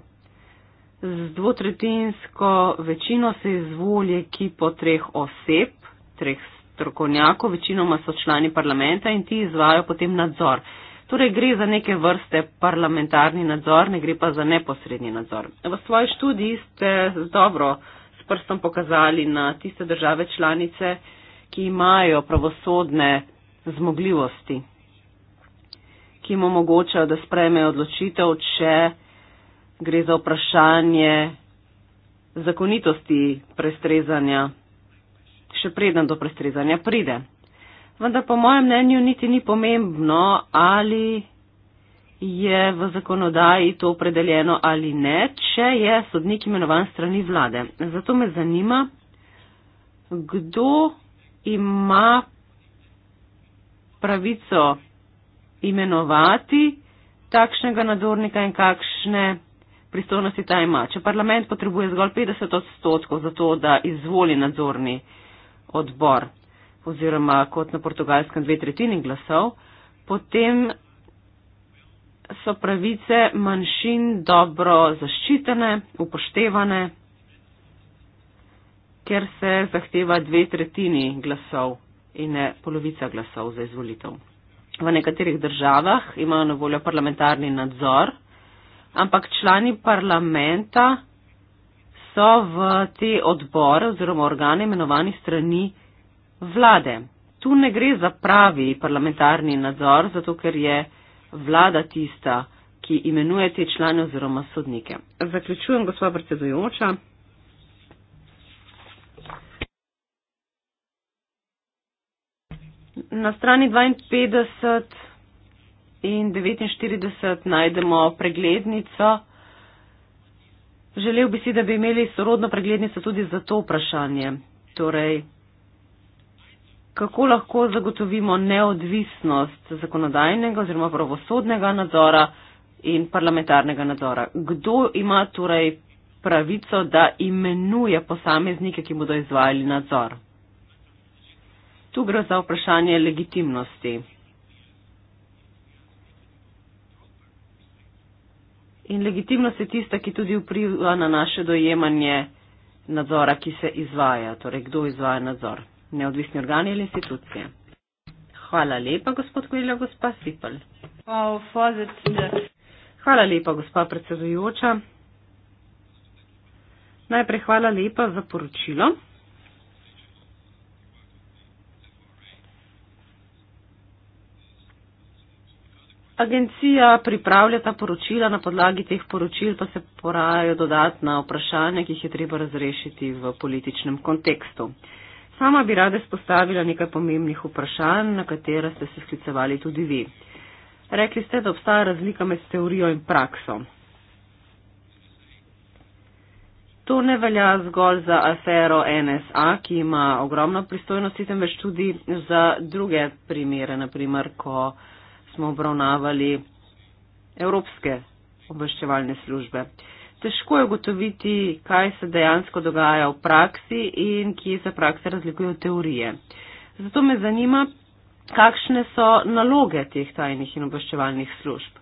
z dvotretinsko večino se izvoli ekipo treh oseb, treh strokovnjakov, večinoma so člani parlamenta in ti izvajo potem nadzor. Torej gre za neke vrste parlamentarni nadzor, ne gre pa za neposredni nadzor. V svoji študiji ste dobro s prstom pokazali na tiste države članice, ki imajo pravosodne zmogljivosti, ki jim omogočajo, da sprejmejo odločitev, če gre za vprašanje zakonitosti prestrezanja, še preden do prestrezanja pride. Vendar po mojem mnenju niti ni pomembno, ali je v zakonodaji to opredeljeno ali ne, če je sodnik imenovan strani vlade. Zato me zanima, kdo ima pravico imenovati takšnega nadzornika in kakšne pristojnosti ta ima. Če parlament potrebuje zgolj 50 odstotkov za to, da izvoli nadzorni odbor oziroma kot na portugalskem dve tretjini glasov, potem so pravice manjšin dobro zaščitene, upoštevane, ker se zahteva dve tretjini glasov in ne polovica glasov za izvolitev. V nekaterih državah imajo na voljo parlamentarni nadzor, ampak člani parlamenta so v te odbore oziroma organe imenovani strani vlade. Tu ne gre za pravi parlamentarni nadzor, zato ker je vlada tista, ki imenuje te člane oziroma sodnike. Zaključujem, gospod predsedujoča. Na strani 52 in 49 najdemo preglednico. Želel bi si, da bi imeli sorodno preglednico tudi za to vprašanje. Torej, kako lahko zagotovimo neodvisnost zakonodajnega oziroma pravosodnega nadzora in parlamentarnega nadzora? Kdo ima torej pravico, da imenuje posameznike, ki bodo izvajali nadzor? Tu gre za vprašanje legitimnosti. In legitimnost je tista, ki tudi vpliva na naše dojemanje nadzora, ki se izvaja. Torej, kdo izvaja nadzor? Neodvisni organi ali institucije? Hvala lepa, gospod Kojila, gospa Sipel. Hvala lepa, gospa predsedujoča. Najprej hvala lepa za poročilo. agencija pripravlja ta poročila, na podlagi teh poročil pa se porajajo dodatna vprašanja, ki jih je treba razrešiti v političnem kontekstu. Sama bi rada spostavila nekaj pomembnih vprašanj, na katera ste se sklicevali tudi vi. Rekli ste, da obstaja razlika med teorijo in prakso. To ne velja zgolj za afero NSA, ki ima ogromno pristojnosti, temveč tudi za druge primere, naprimer, ko uh, smo obravnavali evropske obveščevalne službe. Težko je ugotoviti, kaj se dejansko dogaja v praksi in kje se prakse razlikujejo teorije. Zato me zanima, kakšne so naloge teh tajnih in obveščevalnih služb.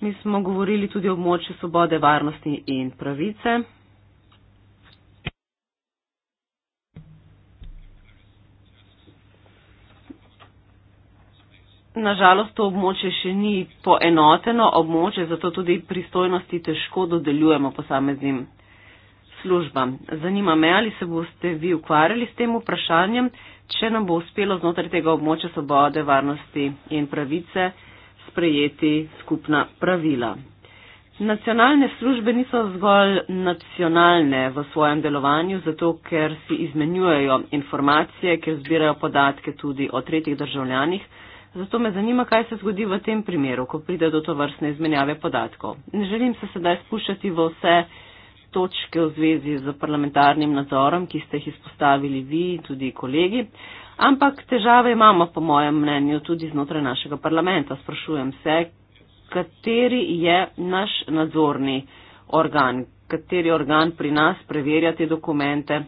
Mi smo govorili tudi o območju svobode, varnosti in pravice. Nažalost, to območje še ni poenoteno območje, zato tudi pristojnosti težko dodeljujemo posameznim službam. Zanima me, ali se boste vi ukvarjali s tem vprašanjem, če nam bo uspelo znotraj tega območja svobode, varnosti in pravice sprejeti skupna pravila. Nacionalne službe niso zgolj nacionalne v svojem delovanju, zato ker si izmenjujejo informacije, ker zbirajo podatke tudi o tretjih državljanih Zato me zanima, kaj se zgodi v tem primeru, ko pride do to vrstne izmenjave podatkov. Ne želim se sedaj spuščati v vse točke v zvezi z parlamentarnim nadzorom, ki ste jih izpostavili vi in tudi kolegi, ampak težave imamo, po mojem mnenju, tudi znotraj našega parlamenta. Sprašujem se, kateri je naš nadzorni organ, kateri organ pri nas preverja te dokumente,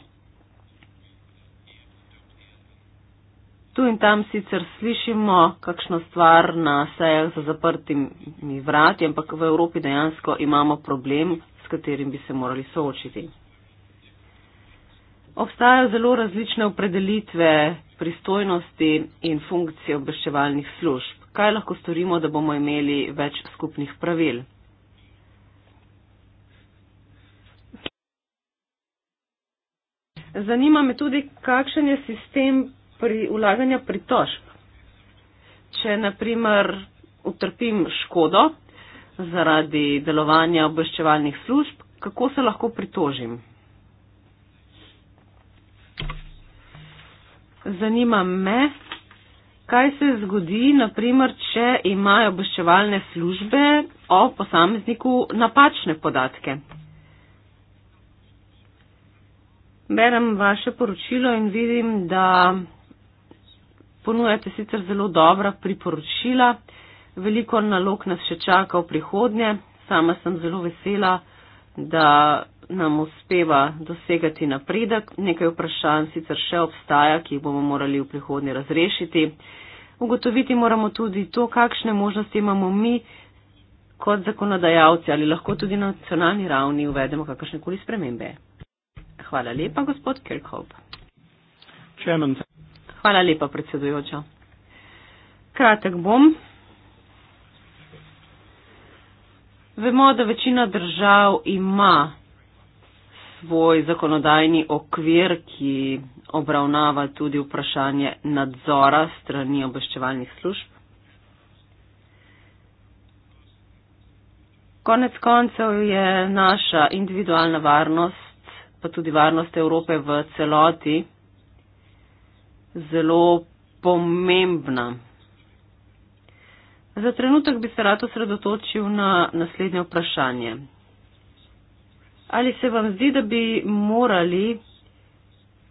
Tu in tam sicer slišimo kakšno stvar na sejah za zaprtimi vrati, ampak v Evropi dejansko imamo problem, s katerim bi se morali soočiti. Obstajajo zelo različne opredelitve pristojnosti in funkcije obveščevalnih služb. Kaj lahko storimo, da bomo imeli več skupnih pravil? Zanima me tudi, kakšen je sistem pri ulaganju pritožb. Če naprimer utrpim škodo zaradi delovanja obveščevalnih služb, kako se lahko pritožim? Zanima me, kaj se zgodi, naprimer, če imajo obveščevalne službe o posamezniku napačne podatke. Berem vaše poročilo in vidim, da ponujate sicer zelo dobra priporočila, veliko nalog nas še čaka v prihodnje. Sama sem zelo vesela, da nam uspeva dosegati napredek. Nekaj vprašanj sicer še obstaja, ki jih bomo morali v prihodnje razrešiti. Ugotoviti moramo tudi to, kakšne možnosti imamo mi kot zakonodajalci ali lahko tudi na nacionalni ravni uvedemo kakršne koli spremembe. Hvala lepa, gospod Kirkhope. Chairman. Hvala lepa, predsedujoča. Kratek bom. Vemo, da večina držav ima svoj zakonodajni okvir, ki obravnava tudi vprašanje nadzora strani obveščevalnih služb. Konec koncev je naša individualna varnost, pa tudi varnost Evrope v celoti, zelo pomembna. Za trenutek bi se rad osredotočil na naslednje vprašanje. Ali se vam zdi, da bi morali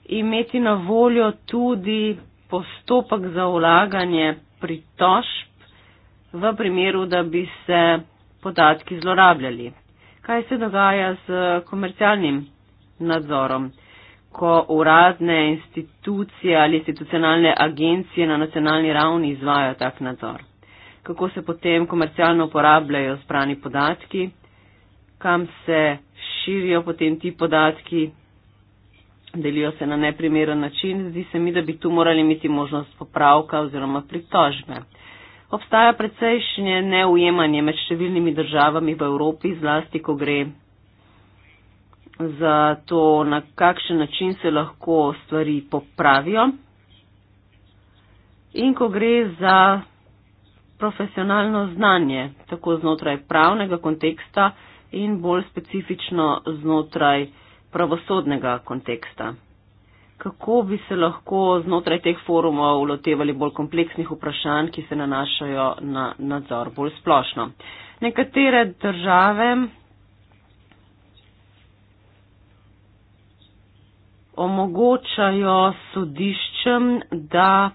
imeti na voljo tudi postopek za ulaganje pritožb v primeru, da bi se podatki zlorabljali? Kaj se dogaja z komercialnim nadzorom? ko uradne institucije ali institucionalne agencije na nacionalni ravni izvajo tak nadzor? Kako se potem komercialno uporabljajo sprani podatki? Kam se širijo potem ti podatki? Delijo se na neprimeren način? Zdi se mi, da bi tu morali imeti možnost popravka oziroma pritožbe. Obstaja precejšnje neujemanje med številnimi državami v Evropi, zlasti ko gre za to, na kakšen način se lahko stvari popravijo. In ko gre za profesionalno znanje, tako znotraj pravnega konteksta in bolj specifično znotraj pravosodnega konteksta. Kako bi se lahko znotraj teh forumov lotevali bolj kompleksnih vprašanj, ki se nanašajo na nadzor bolj splošno? Nekatere države omogočajo sodiščem, da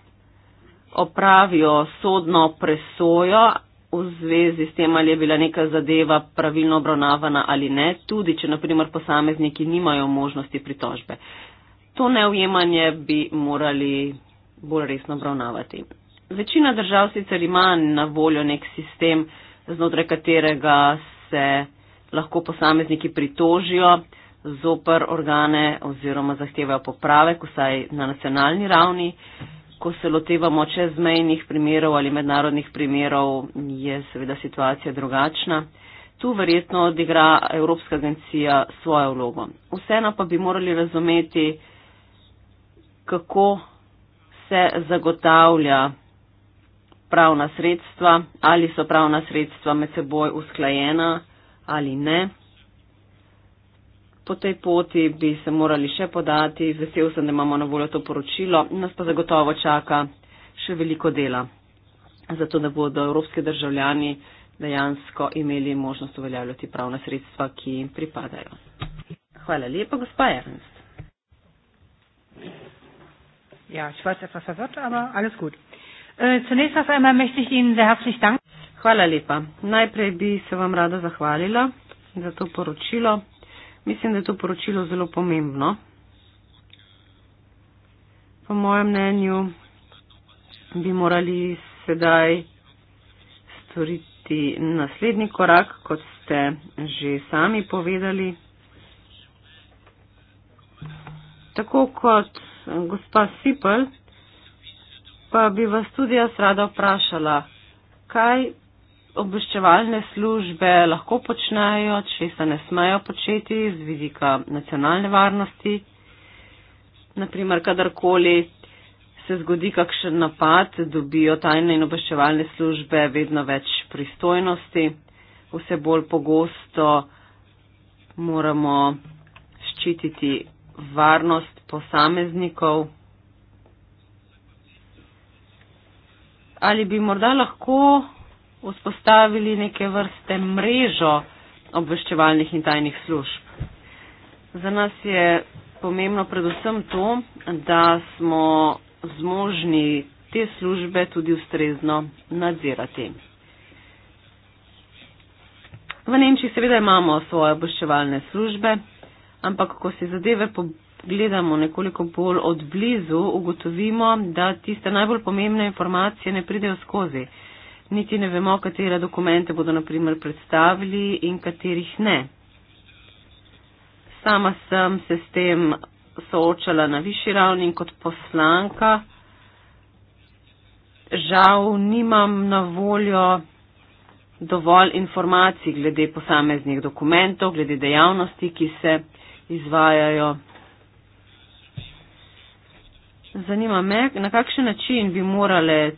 opravijo sodno presojo v zvezi s tem, ali je bila neka zadeva pravilno obravnavana ali ne, tudi če naprimer posamezniki nimajo možnosti pritožbe. To neujemanje bi morali bolj resno obravnavati. Večina držav sicer ima na voljo nek sistem, znotraj katerega se lahko posamezniki pritožijo zopr organe oziroma zahtevajo popravek, vsaj na nacionalni ravni. Ko se lotevamo čezmejnih primerov ali mednarodnih primerov, je seveda situacija drugačna. Tu verjetno odigra Evropska agencija svojo vlogo. Vseeno pa bi morali razumeti, kako se zagotavlja pravna sredstva, ali so pravna sredstva med seboj usklajena ali ne po tej poti bi se morali še podati. Vesel sem, da imamo na voljo to poročilo. Nas pa zagotovo čaka še veliko dela, zato da bodo evropski državljani dejansko imeli možnost uveljavljati pravna sredstva, ki jim pripadajo. Hvala lepa, gospa Ernst. Ja, švarce pa se zato, ampak vse skupaj. Zunaj pa imam mestih in zahvalih dank. Hvala lepa. Najprej bi se vam rada zahvalila za to poročilo. Mislim, da je to poročilo zelo pomembno. Po mojem mnenju bi morali sedaj storiti naslednji korak, kot ste že sami povedali. Tako kot gospa Sipel, pa bi vas tudi jaz rada vprašala, kaj obveščevalne službe lahko počnejo, če se ne smejo početi z vidika nacionalne varnosti. Naprimer, kadarkoli se zgodi kakšen napad, dobijo tajne in obveščevalne službe vedno več pristojnosti. Vse bolj pogosto moramo ščititi varnost posameznikov. Ali bi morda lahko vzpostavili neke vrste mrežo obveščevalnih in tajnih služb. Za nas je pomembno predvsem to, da smo zmožni te službe tudi ustrezno nadzirati. V Nemčiji seveda imamo svoje obveščevalne službe, ampak ko si zadeve pogledamo nekoliko bolj od blizu, ugotovimo, da tiste najbolj pomembne informacije ne pridejo skozi niti ne vemo, katere dokumente bodo naprimer predstavili in katerih ne. Sama sem se s tem soočala na višji ravni kot poslanka. Žal nimam na voljo dovolj informacij glede posameznih dokumentov, glede dejavnosti, ki se izvajajo. Zanima me, na kakšen način bi morale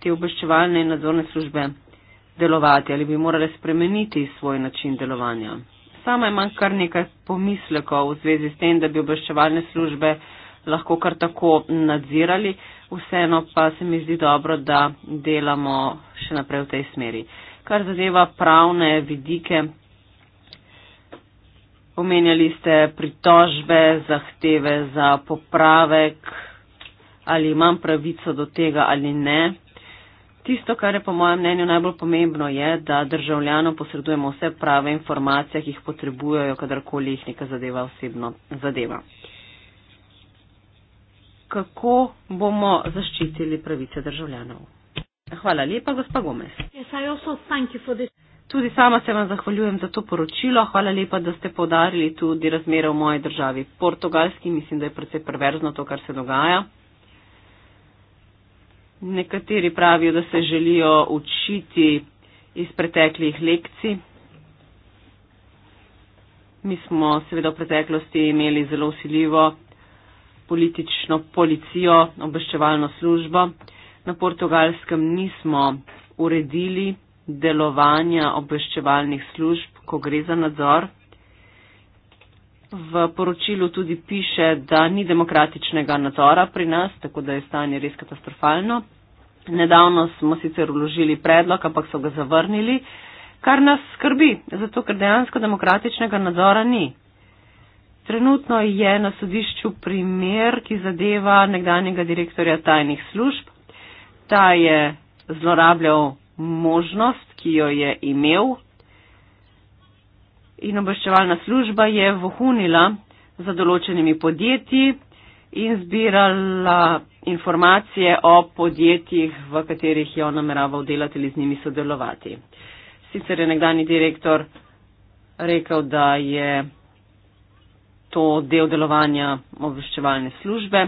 te obveščevalne in nadzorne službe delovati ali bi morale spremeniti svoj način delovanja. Sama imam kar nekaj pomislekov v zvezi s tem, da bi obveščevalne službe lahko kar tako nadzirali, vseeno pa se mi zdi dobro, da delamo še naprej v tej smeri. Kar zadeva pravne vidike, omenjali ste pritožbe, zahteve za popravek, ali imam pravico do tega ali ne, Tisto, kar je po mojem mnenju najbolj pomembno, je, da državljanom posredujemo vse prave informacije, ki jih potrebujejo, kadarkoli jih neka zadeva osebno zadeva. Kako bomo zaščitili pravice državljanov? Hvala lepa, gospa Gomez. Tudi sama se vam zahvaljujem za to poročilo. Hvala lepa, da ste podarili tudi razmere v moji državi. Portugalski mislim, da je predvsej perverzno to, kar se dogaja. Nekateri pravijo, da se želijo učiti iz preteklih lekcij. Mi smo seveda v preteklosti imeli zelo usiljivo politično policijo, obveščevalno službo. Na portugalskem nismo uredili delovanja obveščevalnih služb, ko gre za nadzor. V poročilu tudi piše, da ni demokratičnega nadzora pri nas, tako da je stanje res katastrofalno. Nedavno smo sicer uložili predlog, ampak so ga zavrnili, kar nas skrbi, zato ker dejansko demokratičnega nadzora ni. Trenutno je na sodišču primer, ki zadeva nekdanjega direktorja tajnih služb. Ta je zlorabljal možnost, ki jo je imel in obveščevalna služba je vohunila za določenimi podjetji in zbirala informacije o podjetjih, v katerih je on nameraval delati ali z njimi sodelovati. Sicer je nekdani direktor rekel, da je to del delovanja obveščevalne službe,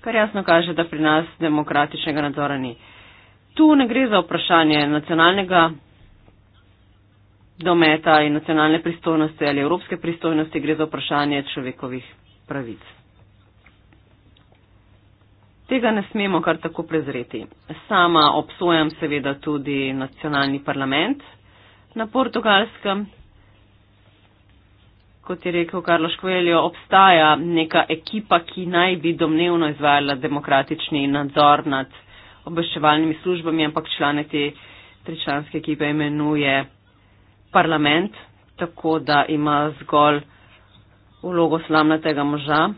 kar jasno kaže, da pri nas demokratičnega nadzora ni. Tu ne gre za vprašanje nacionalnega dometa in nacionalne pristojnosti ali evropske pristojnosti, gre za vprašanje človekovih pravic. Tega ne smemo kar tako prezreti. Sama obsojam seveda tudi nacionalni parlament na portugalskem. Kot je rekel Karloš Kveljo, obstaja neka ekipa, ki naj bi domnevno izvajala demokratični nadzor nad obveščevalnimi službami, ampak člane te tričlanske ekipe imenuje parlament, tako da ima zgolj vlogo slamnatega moža.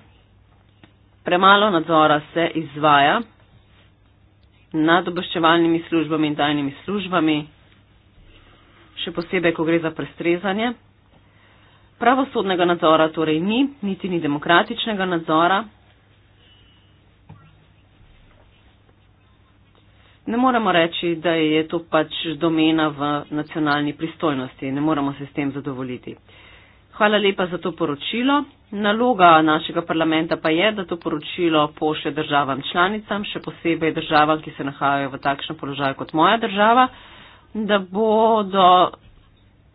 Premalo nadzora se izvaja nad obveščevalnimi službami in tajnimi službami, še posebej, ko gre za prestrezanje. Pravosodnega nadzora torej ni, niti ni demokratičnega nadzora, ne moremo reči, da je to pač domena v nacionalni pristojnosti. Ne moremo se s tem zadovoljiti. Hvala lepa za to poročilo. Naloga našega parlamenta pa je, da to poročilo pošlje državam članicam, še posebej državam, ki se nahajajo v takšnem položaju kot moja država, da bodo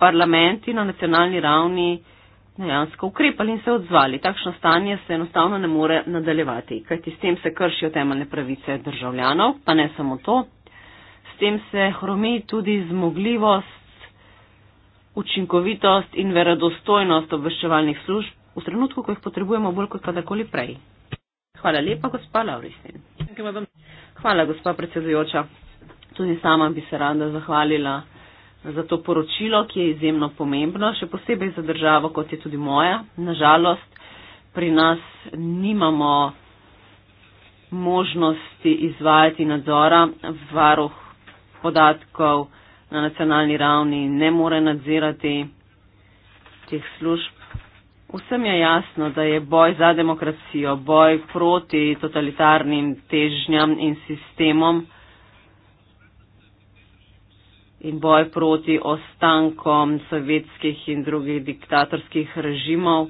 parlamenti na nacionalni ravni dejansko ukrepali in se odzvali. Takšno stanje se enostavno ne more nadaljevati, kajti s tem se kršijo temeljne pravice državljanov, pa ne samo to. S tem se hromi tudi zmogljivost, učinkovitost in verodostojnost obveščevalnih služb v trenutku, ko jih potrebujemo bolj kot kadarkoli prej. Hvala lepa, gospa Lauristin. Hvala, gospa predsedujoča. Tudi sama bi se rada zahvalila za to poročilo, ki je izjemno pomembno, še posebej za državo, kot je tudi moja. Nažalost, pri nas nimamo možnosti izvajati nadzora, varuh podatkov na nacionalni ravni ne more nadzirati teh služb. Vsem je jasno, da je boj za demokracijo, boj proti totalitarnim težnjam in sistemom, in boj proti ostankom sovjetskih in drugih diktatorskih režimov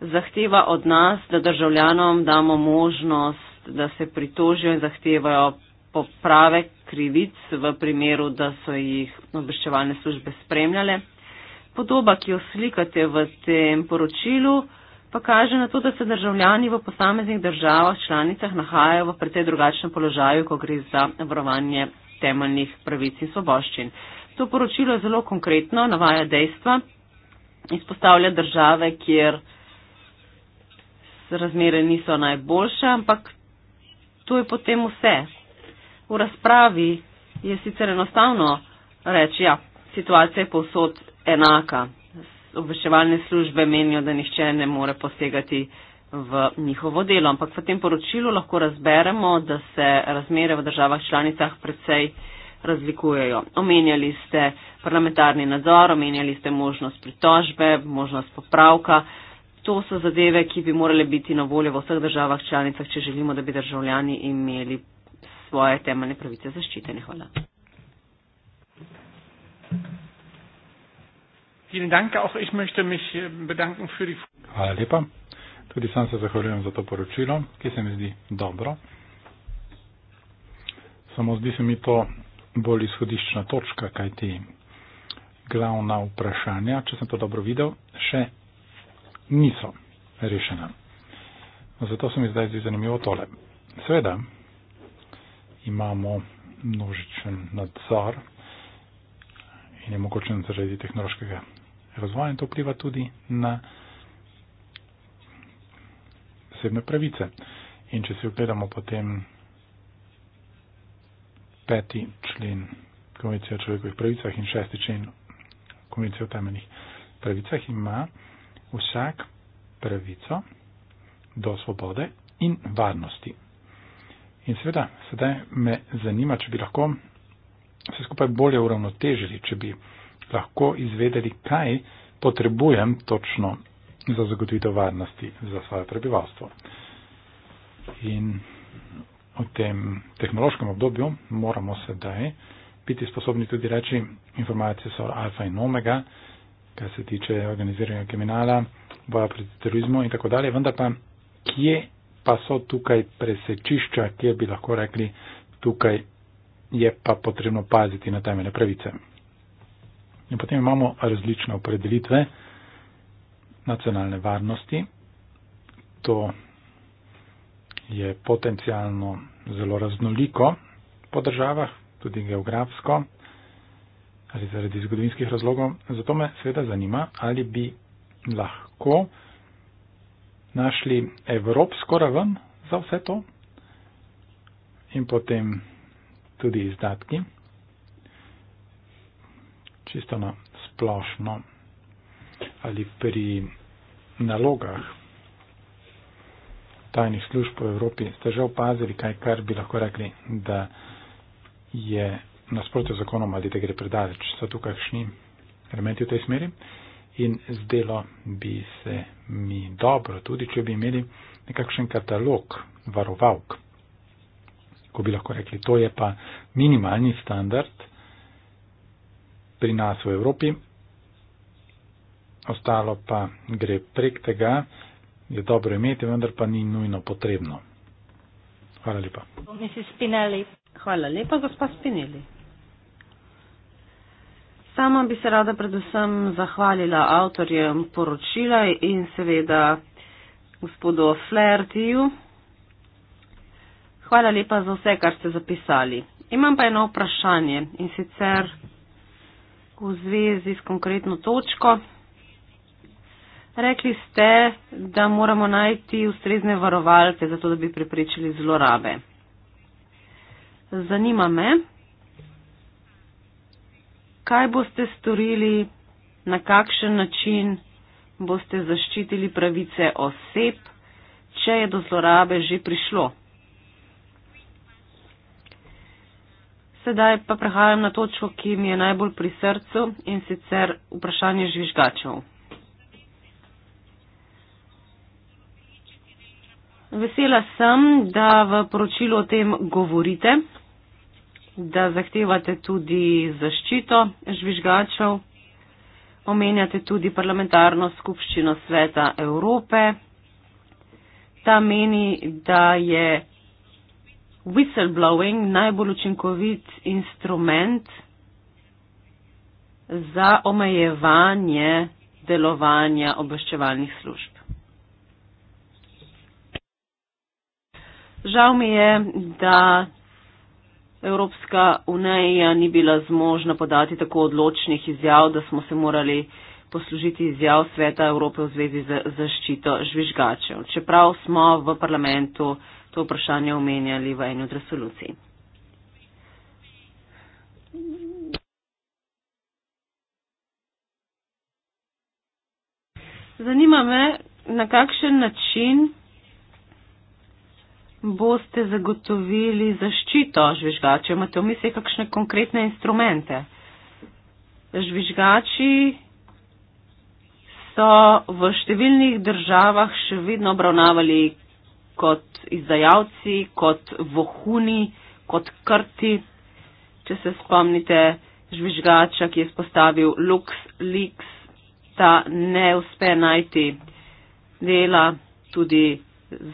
zahteva od nas, da državljanom damo možnost, da se pritožijo in zahtevajo poprave krivic v primeru, da so jih obveščevalne službe spremljale. Podoba, ki jo slikate v tem poročilu, pa kaže na to, da se državljani v posameznih državah, članicah nahajajo v precej drugačnem položaju, ko gre za varovanje temeljnih pravic in svoboščin. To poročilo je zelo konkretno, navaja dejstva, izpostavlja države, kjer razmere niso najboljše, ampak to je potem vse. V razpravi je sicer enostavno reči, ja, situacija je povsod enaka. Obveščevalne službe menijo, da nihče ne more posegati v njihovo delo. Ampak v tem poročilu lahko razberemo, da se razmere v državah članicah precej razlikujejo. Omenjali ste parlamentarni nadzor, omenjali ste možnost pritožbe, možnost popravka. To so zadeve, ki bi morale biti na voljo v vseh državah članicah, če želimo, da bi državljani imeli svoje temeljne pravice zaščitene. Hvala. Äh, Hvala lepa. Tudi sam se zahvaljujem za to poročilo, ki se mi zdi dobro. Samo zdi se mi to bolj izhodiščna točka, kaj ti glavna vprašanja, če sem to dobro videl, še niso rešena. Zato se mi zdaj zdi zanimivo tole. Sveda imamo množičen nadzor in je mogoče zaradi tehnološkega razvoja in to vpliva tudi na osebne pravice. In če si ogledamo potem peti člen Konvencije o človekovih pravicah in šesti člen Konvencije o temeljnih pravicah, ima vsak pravico do svobode in varnosti. In seveda, sedaj me zanima, če bi lahko vse skupaj bolje uravnotežili, če bi lahko izvedeli, kaj potrebujem točno za zagotovitev varnosti za svoje prebivalstvo. In v tem tehnološkem obdobju moramo sedaj biti sposobni tudi reči, informacije so alfa in omega, kar se tiče organiziranja kriminala, boja proti terorizmu in tako dalje, vendar pa kje pa so tukaj presečišča, kje bi lahko rekli, tukaj je pa potrebno paziti na temeljne pravice. In potem imamo različne opredelitve, nacionalne varnosti. To je potencijalno zelo raznoliko po državah, tudi geografsko ali zaradi zgodovinskih razlogov. Zato me seveda zanima, ali bi lahko našli evropsko raven za vse to in potem tudi izdatki. Čisto na splošno ali pri nalogah tajnih služb po Evropi, ste že opazili kaj, kar bi lahko rekli, da je nasprotje zakonom ali da gre predaleč. So tu kakšni elementi v tej smeri? In zdelo bi se mi dobro, tudi če bi imeli nekakšen katalog varovalk, ko bi lahko rekli, to je pa minimalni standard pri nas v Evropi, ostalo pa gre prek tega, je dobro imeti, vendar pa ni nujno potrebno. Hvala lepa. Hvala lepa, gospa Spinelli. Sama bi se rada predvsem zahvalila avtorjem poročila in seveda gospodu Flertiju. Hvala lepa za vse, kar ste zapisali. Imam pa eno vprašanje in sicer v zvezi s konkretno točko. Rekli ste, da moramo najti ustrezne varovalke za to, da bi preprečili zlorabe. Zanima me, kaj boste storili, na kakšen način boste zaščitili pravice oseb, če je do zlorabe že prišlo. Sedaj pa prehajam na točko, ki mi je najbolj pri srcu in sicer vprašanje žvižgačev. Vesela sem, da v poročilu o tem govorite, da zahtevate tudi zaščito žvižgačev, omenjate tudi parlamentarno skupščino sveta Evrope. Ta meni, da je whistleblowing najbolj učinkovit instrument za omejevanje delovanja obveščevalnih služb. Žal mi je, da Evropska unija ni bila zmožna podati tako odločnih izjav, da smo se morali poslužiti izjav Sveta Evrope v zvezi z zaščito žvižgačev. Čeprav smo v parlamentu to vprašanje omenjali v eni od resolucij. Zanima me, na kakšen način boste zagotovili zaščito žvižgače? Imate v mislih kakšne konkretne instrumente? Žvižgači so v številnih državah še vedno obravnavali kot izdajalci, kot vohuni, kot krti. Če se spomnite žvižgača, ki je spostavil Lux Leaks, ta ne uspe najti dela tudi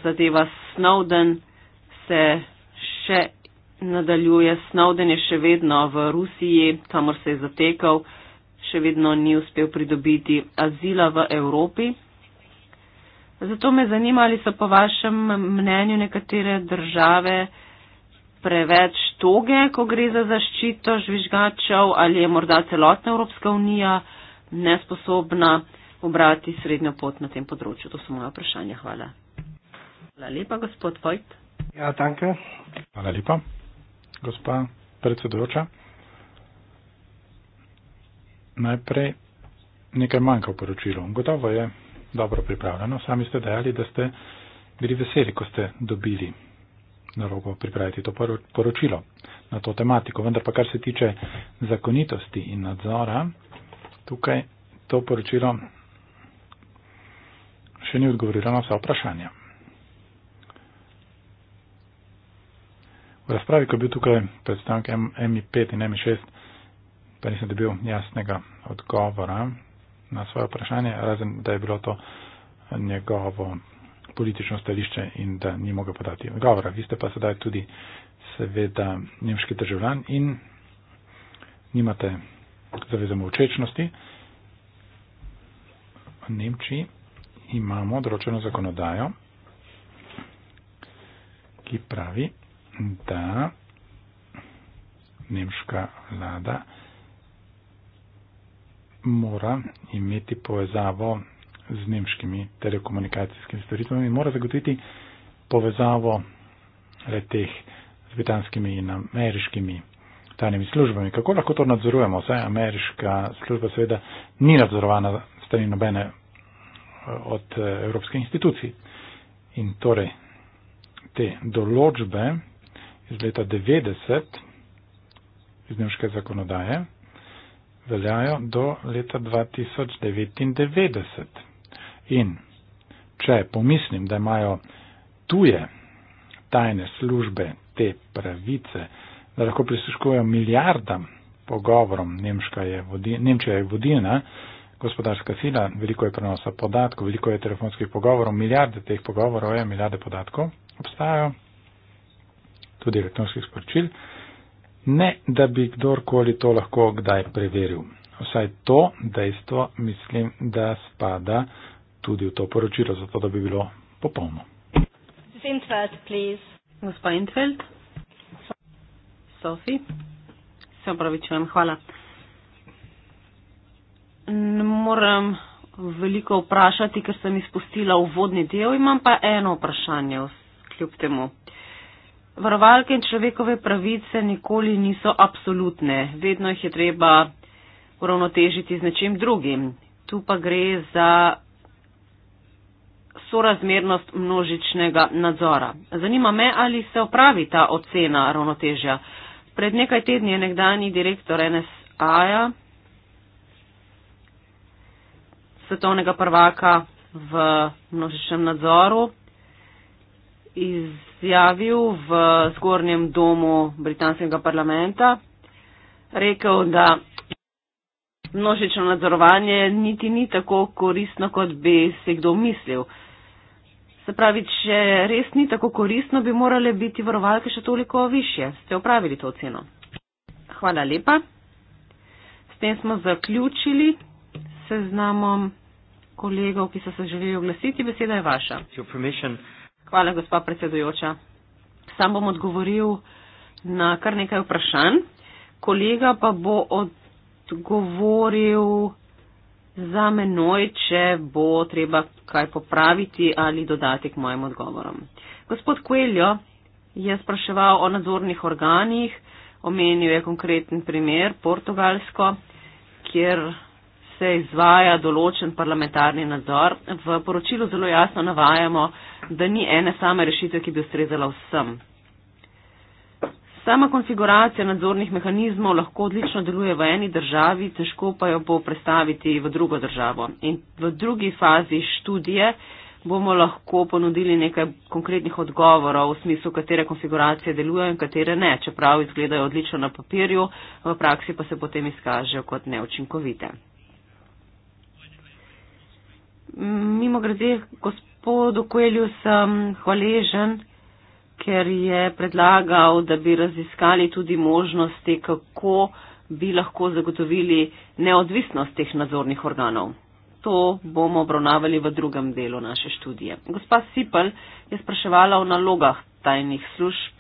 zadeva Snowden se še nadaljuje. Snowden je še vedno v Rusiji, kamor se je zatekal, še vedno ni uspel pridobiti azila v Evropi. Zato me zanima, ali so po vašem mnenju nekatere države preveč toge, ko gre za zaščito žvižgačev, ali je morda celotna Evropska unija nesposobna obrati srednjo pot na tem področju. To so moje vprašanje. Hvala. Hvala lepa, gospod Vojt. Ja, danke. Hvala lepa, gospa predsedujoča. Najprej nekaj manjka v poročilu. Gotovo je dobro pripravljeno. Sami ste dejali, da ste bili veseli, ko ste dobili nalogo pripraviti to poročilo na to tematiko. Vendar pa kar se tiče zakonitosti in nadzora, tukaj to poročilo še ni odgovorilo na vsa vprašanja. V razpravi, ko je bil tukaj predstavnik MI5 in MI6, pa nisem dobil jasnega odgovora na svoje vprašanje, razen da je bilo to njegovo politično stališče in da ni mogel podati odgovora. Vi ste pa sedaj tudi seveda nemški državljan in nimate zaveze močečnosti. V Nemčiji imamo določeno zakonodajo, ki pravi, da nemška vlada mora imeti povezavo z nemškimi telekomunikacijskimi storitvami, mora zagotoviti povezavo letih z britanskimi in ameriškimi tajnimi službami. Kako lahko to nadzorujemo? Vse ameriška služba seveda ni nadzorovana strani nobene eh, od eh, evropskih institucij. In torej te določbe, iz leta 90 iz nemške zakonodaje veljajo do leta 2099. In če pomislim, da imajo tuje tajne službe te pravice, da lahko prisluškujejo milijardam pogovorom, je vodi, Nemčija je vodilna gospodarska sila, veliko je prenosa podatkov, veliko je telefonskih pogovorov, milijarde teh pogovorov je, ja, milijarde podatkov obstajajo tudi elektronskih sporočil, ne da bi kdorkoli to lahko kdaj preveril. Vsaj to dejstvo mislim, da spada tudi v to poročilo, zato da bi bilo popolno. Intfeld, Gospod Intfeld, Sofi, se opravičujem, hvala. N moram veliko vprašati, ker sem izpustila uvodni del, imam pa eno vprašanje, kljub temu varovalke in človekove pravice nikoli niso absolutne, vedno jih je treba uravnotežiti z nečim drugim. Tu pa gre za sorazmernost množičnega nadzora. Zanima me, ali se opravi ta ocena ravnotežja. Pred nekaj tedni je nekdani direktor NSA-ja, svetovnega prvaka v množičnem nadzoru, iz izjavil v zgornjem domu britanskega parlamenta, rekel, da množično nadzorovanje niti ni tako koristno, kot bi se kdo mislil. Se pravi, če res ni tako koristno, bi morale biti varovalke še toliko više. Ste upravili to oceno? Hvala lepa. S tem smo zaključili seznamom kolegov, ki so se želeli oglasiti. Beseda je vaša. Hvala, gospa predsedujoča. Sam bom odgovoril na kar nekaj vprašanj, kolega pa bo odgovoril za menoj, če bo treba kaj popraviti ali dodati k mojim odgovorom. Gospod Kueljo je spraševal o nadzornih organih, omenil je konkreten primer Portugalsko, kjer se izvaja določen parlamentarni nadzor. V poročilu zelo jasno navajamo, da ni ene same rešitve, ki bi ustrezala vsem. Sama konfiguracija nadzornih mehanizmov lahko odlično deluje v eni državi, težko pa jo bo predstaviti v drugo državo. In v drugi fazi študije bomo lahko ponudili nekaj konkretnih odgovorov v smislu, katere konfiguracije delujejo in katere ne, čeprav izgledajo odlično na papirju, v praksi pa se potem izkažejo kot neučinkovite. Mimo grede, gospodu Koelju sem hvaležen, ker je predlagal, da bi raziskali tudi možnosti, kako bi lahko zagotovili neodvisnost teh nadzornih organov. To bomo obravnavali v drugem delu naše študije. Gospa Sipel je spraševala o nalogah tajnih služb,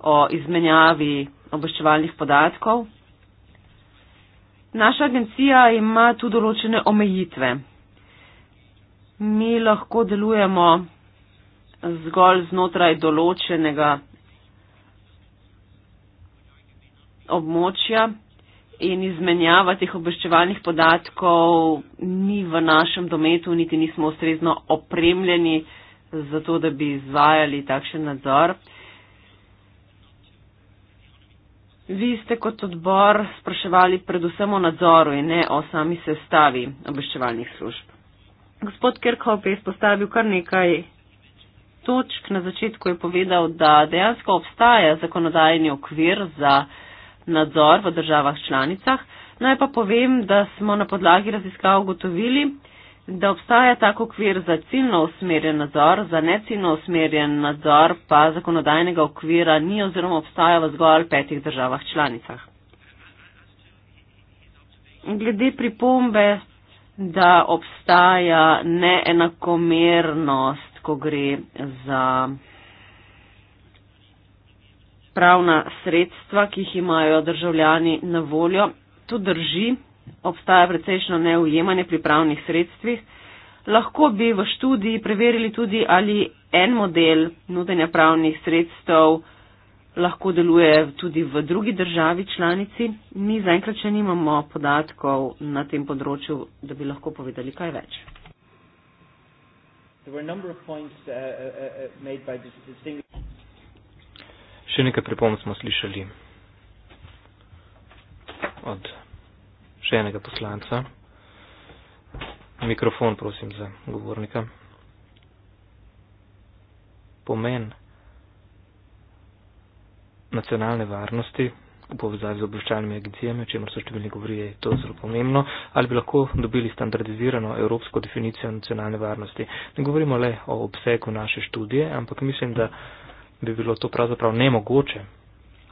o izmenjavi obveščevalnih podatkov. Naša agencija ima tu določene omejitve mi lahko delujemo zgolj znotraj določenega območja in izmenjava teh obveščevalnih podatkov ni v našem dometu, niti nismo ustrezno opremljeni za to, da bi izvajali takšen nadzor. Vi ste kot odbor spraševali predvsem o nadzoru in ne o sami sestavi obveščevalnih služb gospod Kirkhoff je izpostavil kar nekaj točk. Na začetku je povedal, da dejansko obstaja zakonodajni okvir za nadzor v državah članicah. Naj pa povem, da smo na podlagi raziskav ugotovili, da obstaja tako okvir za ciljno usmerjen nadzor, za neciljno usmerjen nadzor pa zakonodajnega okvira ni oziroma obstaja v zgolj petih državah članicah. Glede pripombe da obstaja neenakomernost, ko gre za pravna sredstva, ki jih imajo državljani na voljo. To drži, obstaja precejšno neujemanje pri pravnih sredstvih. Lahko bi v študiji preverili tudi, ali en model nudenja pravnih sredstev lahko deluje tudi v drugi državi članici. Mi zaenkrat še nimamo podatkov na tem področju, da bi lahko povedali kaj več. Uh, uh, uh, še nekaj pripomb smo slišali od še enega poslanca. Mikrofon, prosim, za govornika. Pomen nacionalne varnosti v povezavi z obveščalnimi agencijami, o čemer so številni govorili, je to zelo pomembno, ali bi lahko dobili standardizirano evropsko definicijo nacionalne varnosti. Ne govorimo le o obsegu naše študije, ampak mislim, da bi bilo to pravzaprav nemogoče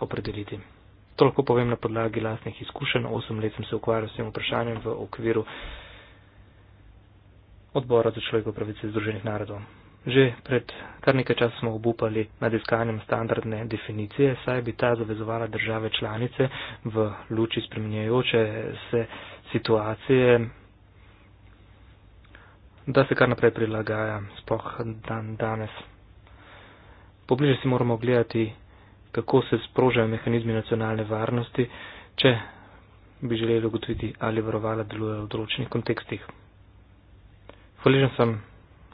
opredeliti. To lahko povem na podlagi lastnih izkušenj. Osem let sem se ukvarjal s tem vprašanjem v okviru odbora za človekove pravice Združenih narodov. Že pred kar nekaj časa smo obupali nad iskanjem standardne definicije, saj bi ta zavezovala države članice v luči spremenjajoče se situacije, da se kar naprej prilagaja, spoh dan danes. Pobliže si moramo gledati, kako se sprožajo mehanizmi nacionalne varnosti, če bi želeli ugotoviti, ali varovala deluje v določenih kontekstih. Hvaležen sem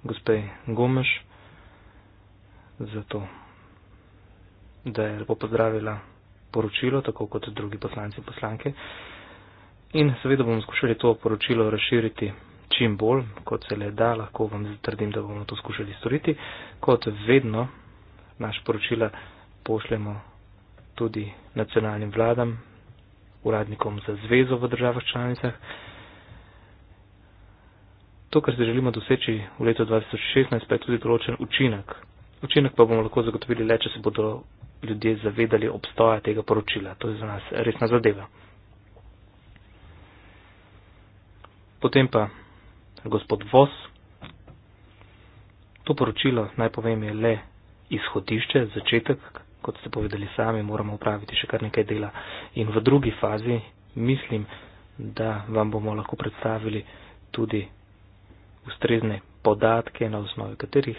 gospe Gomeš za to, da je lepo pozdravila poročilo, tako kot drugi poslanci in poslanke. In seveda bomo skušali to poročilo razširiti čim bolj, kot se le da, lahko vam zatrdim, da bomo to skušali storiti. Kot vedno, naš poročila pošljemo tudi nacionalnim vladam, uradnikom za zvezo v državah članicah. To, kar se želimo doseči v letu 2016, pa je tudi določen učinek. Učinek pa bomo lahko zagotovili le, če se bodo ljudje zavedali obstoja tega poročila. To je za nas resna zadeva. Potem pa gospod Vos. To poročilo, naj povem, je le izhodišče, začetek, kot ste povedali sami, moramo upraviti še kar nekaj dela. In v drugi fazi mislim, da vam bomo lahko predstavili tudi ustrezne podatke, na osnovi katerih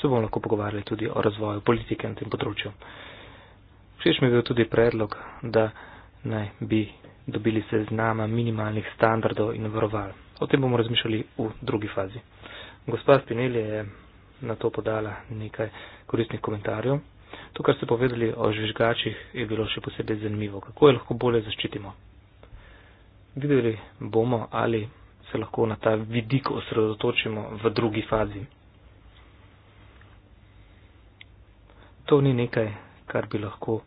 se bomo lahko pogovarjali tudi o razvoju politike na tem področju. Všeč mi je bil tudi predlog, da naj bi dobili seznama minimalnih standardov in varoval. O tem bomo razmišljali v drugi fazi. Gospa Spinelli je na to podala nekaj koristnih komentarjev. To, kar ste povedali o žvižgačih, je bilo še posebej zanimivo. Kako jo lahko bolje zaščitimo? Videli bomo, ali se lahko na ta vidik osredotočimo v drugi fazi. To ni nekaj, kar bi lahko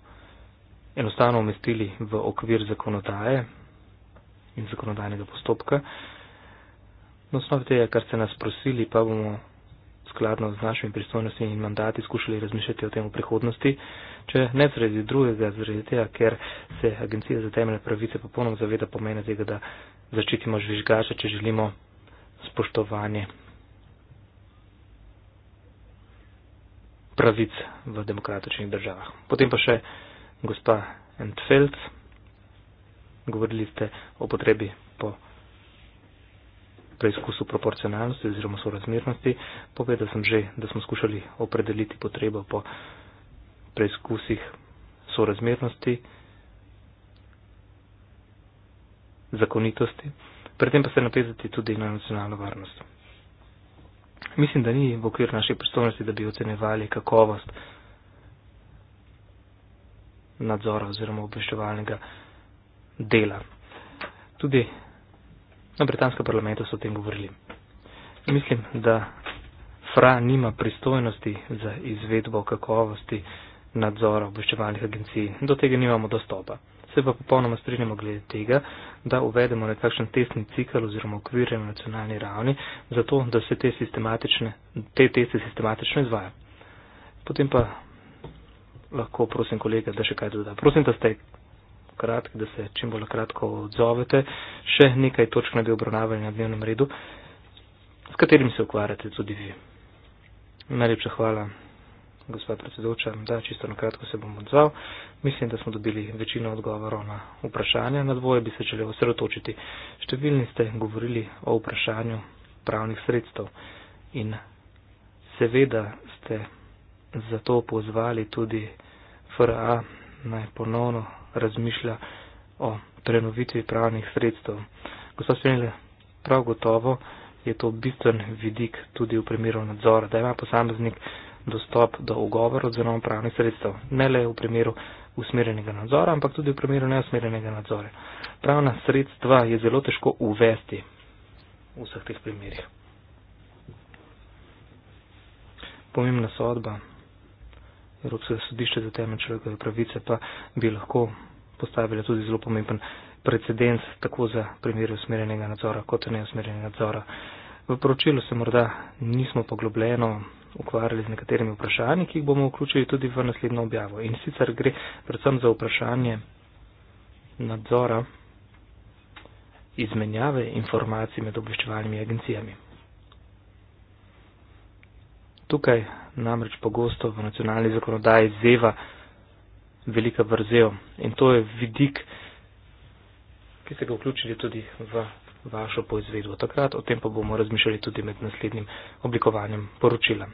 enostavno umestili v okvir zakonodaje in zakonodajnega postopka. Na osnovi tega, kar ste nas prosili, pa bomo skladno z našimi pristojnostmi in mandati skušali razmišljati o tem v prihodnosti, če ne zredi drugega, zredi tega, ker se Agencija za temeljne pravice popolnoma zaveda pomena tega, da začitimo žvižgača, če želimo spoštovanje pravic v demokratičnih državah. Potem pa še gospa Entfeld, govorili ste o potrebi po preizkusu proporcionalnosti oziroma sorazmernosti. Povedal sem že, da smo skušali opredeliti potrebo po preizkusih sorazmernosti, zakonitosti, predtem pa se napezati tudi na nacionalno varnost. Mislim, da ni v okviru naše pristojnosti, da bi ocenevali kakovost nadzora oziroma obveščevalnega dela. Tudi Na britanskem parlamentu so o tem govorili. Mislim, da FRA nima pristojnosti za izvedbo kakovosti nadzora obveščevalnih agencij. Do tega nimamo dostopa. Se pa popolnoma strinjamo glede tega, da uvedemo nekakšen testni cikl oziroma okvir na nacionalni ravni, zato da se te, te teste sistematično izvaja. Potem pa lahko prosim kolega, da še kaj doda. Prosim, da ste kratki, da se čim bolj kratko odzovete. Še nekaj točk ne bi obravnavali na dnevnem redu, s katerim se ukvarjate tudi vi. Najlepša hvala, gospod predsedoča. Da, čisto na kratko se bom odzval. Mislim, da smo dobili večino odgovorov na vprašanja. Na dvoje bi se želel osredotočiti. Številni ste govorili o vprašanju pravnih sredstev in seveda ste zato pozvali tudi FRA naj ponovno razmišlja o prenovitvi pravnih sredstev. Gospod Svenile, prav gotovo je to bistven vidik tudi v primeru nadzora, da ima posameznik dostop do ugovora oziroma pravnih sredstev. Ne le v primeru usmerjenega nadzora, ampak tudi v primeru neusmerjenega nadzora. Pravna sredstva je zelo težko uvesti v vseh teh primerjih. Pomembna sodba Evropskega sodišča za temelj človekove pravice pa bi lahko postavila tudi zelo pomemben precedens tako za primere usmerjenega nadzora kot neusmerjenega nadzora. V poročilu se morda nismo poglobljeno ukvarjali z nekaterimi vprašanji, ki jih bomo vključili tudi v naslednjo objavo. In sicer gre predvsem za vprašanje nadzora izmenjave informacij med obveščevalnimi agencijami. Tukaj namreč pogosto v nacionalni zakonodaji zeva velika vrzel in to je vidik, ki ste ga vključili tudi v vašo poizvedbo. Takrat o tem pa bomo razmišljali tudi med naslednjim oblikovanjem poročila.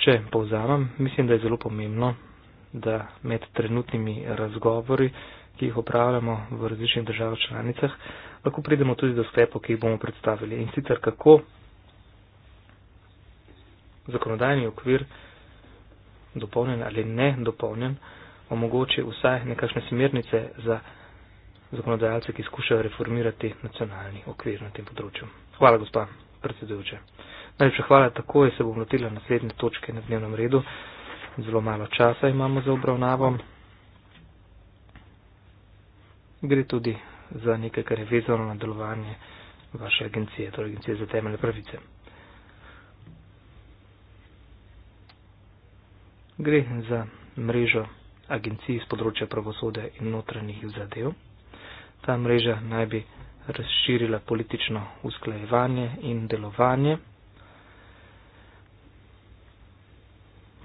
Če povzamem, mislim, da je zelo pomembno, da med trenutnimi razgovori, ki jih opravljamo v različnih državah članicah, lahko pridemo tudi do sklepov, ki jih bomo predstavili. In sicer kako zakonodajni okvir dopolnjen ali ne dopolnjen, omogoči vsaj nekakšne smernice za zakonodajalce, ki skušajo reformirati nacionalni okvir na tem področju. Hvala, gospa predsedujoče. Najlepša hvala, tako je se bom notila naslednje točke na dnevnem redu. Zelo malo časa imamo za obravnavo. Gre tudi za nekaj, kar je vezano na delovanje vaše agencije, torej agencije za temelje pravice. gre za mrežo agencij iz področja pravosodja in notranjih zadev. Ta mreža naj bi razširila politično usklajevanje in delovanje.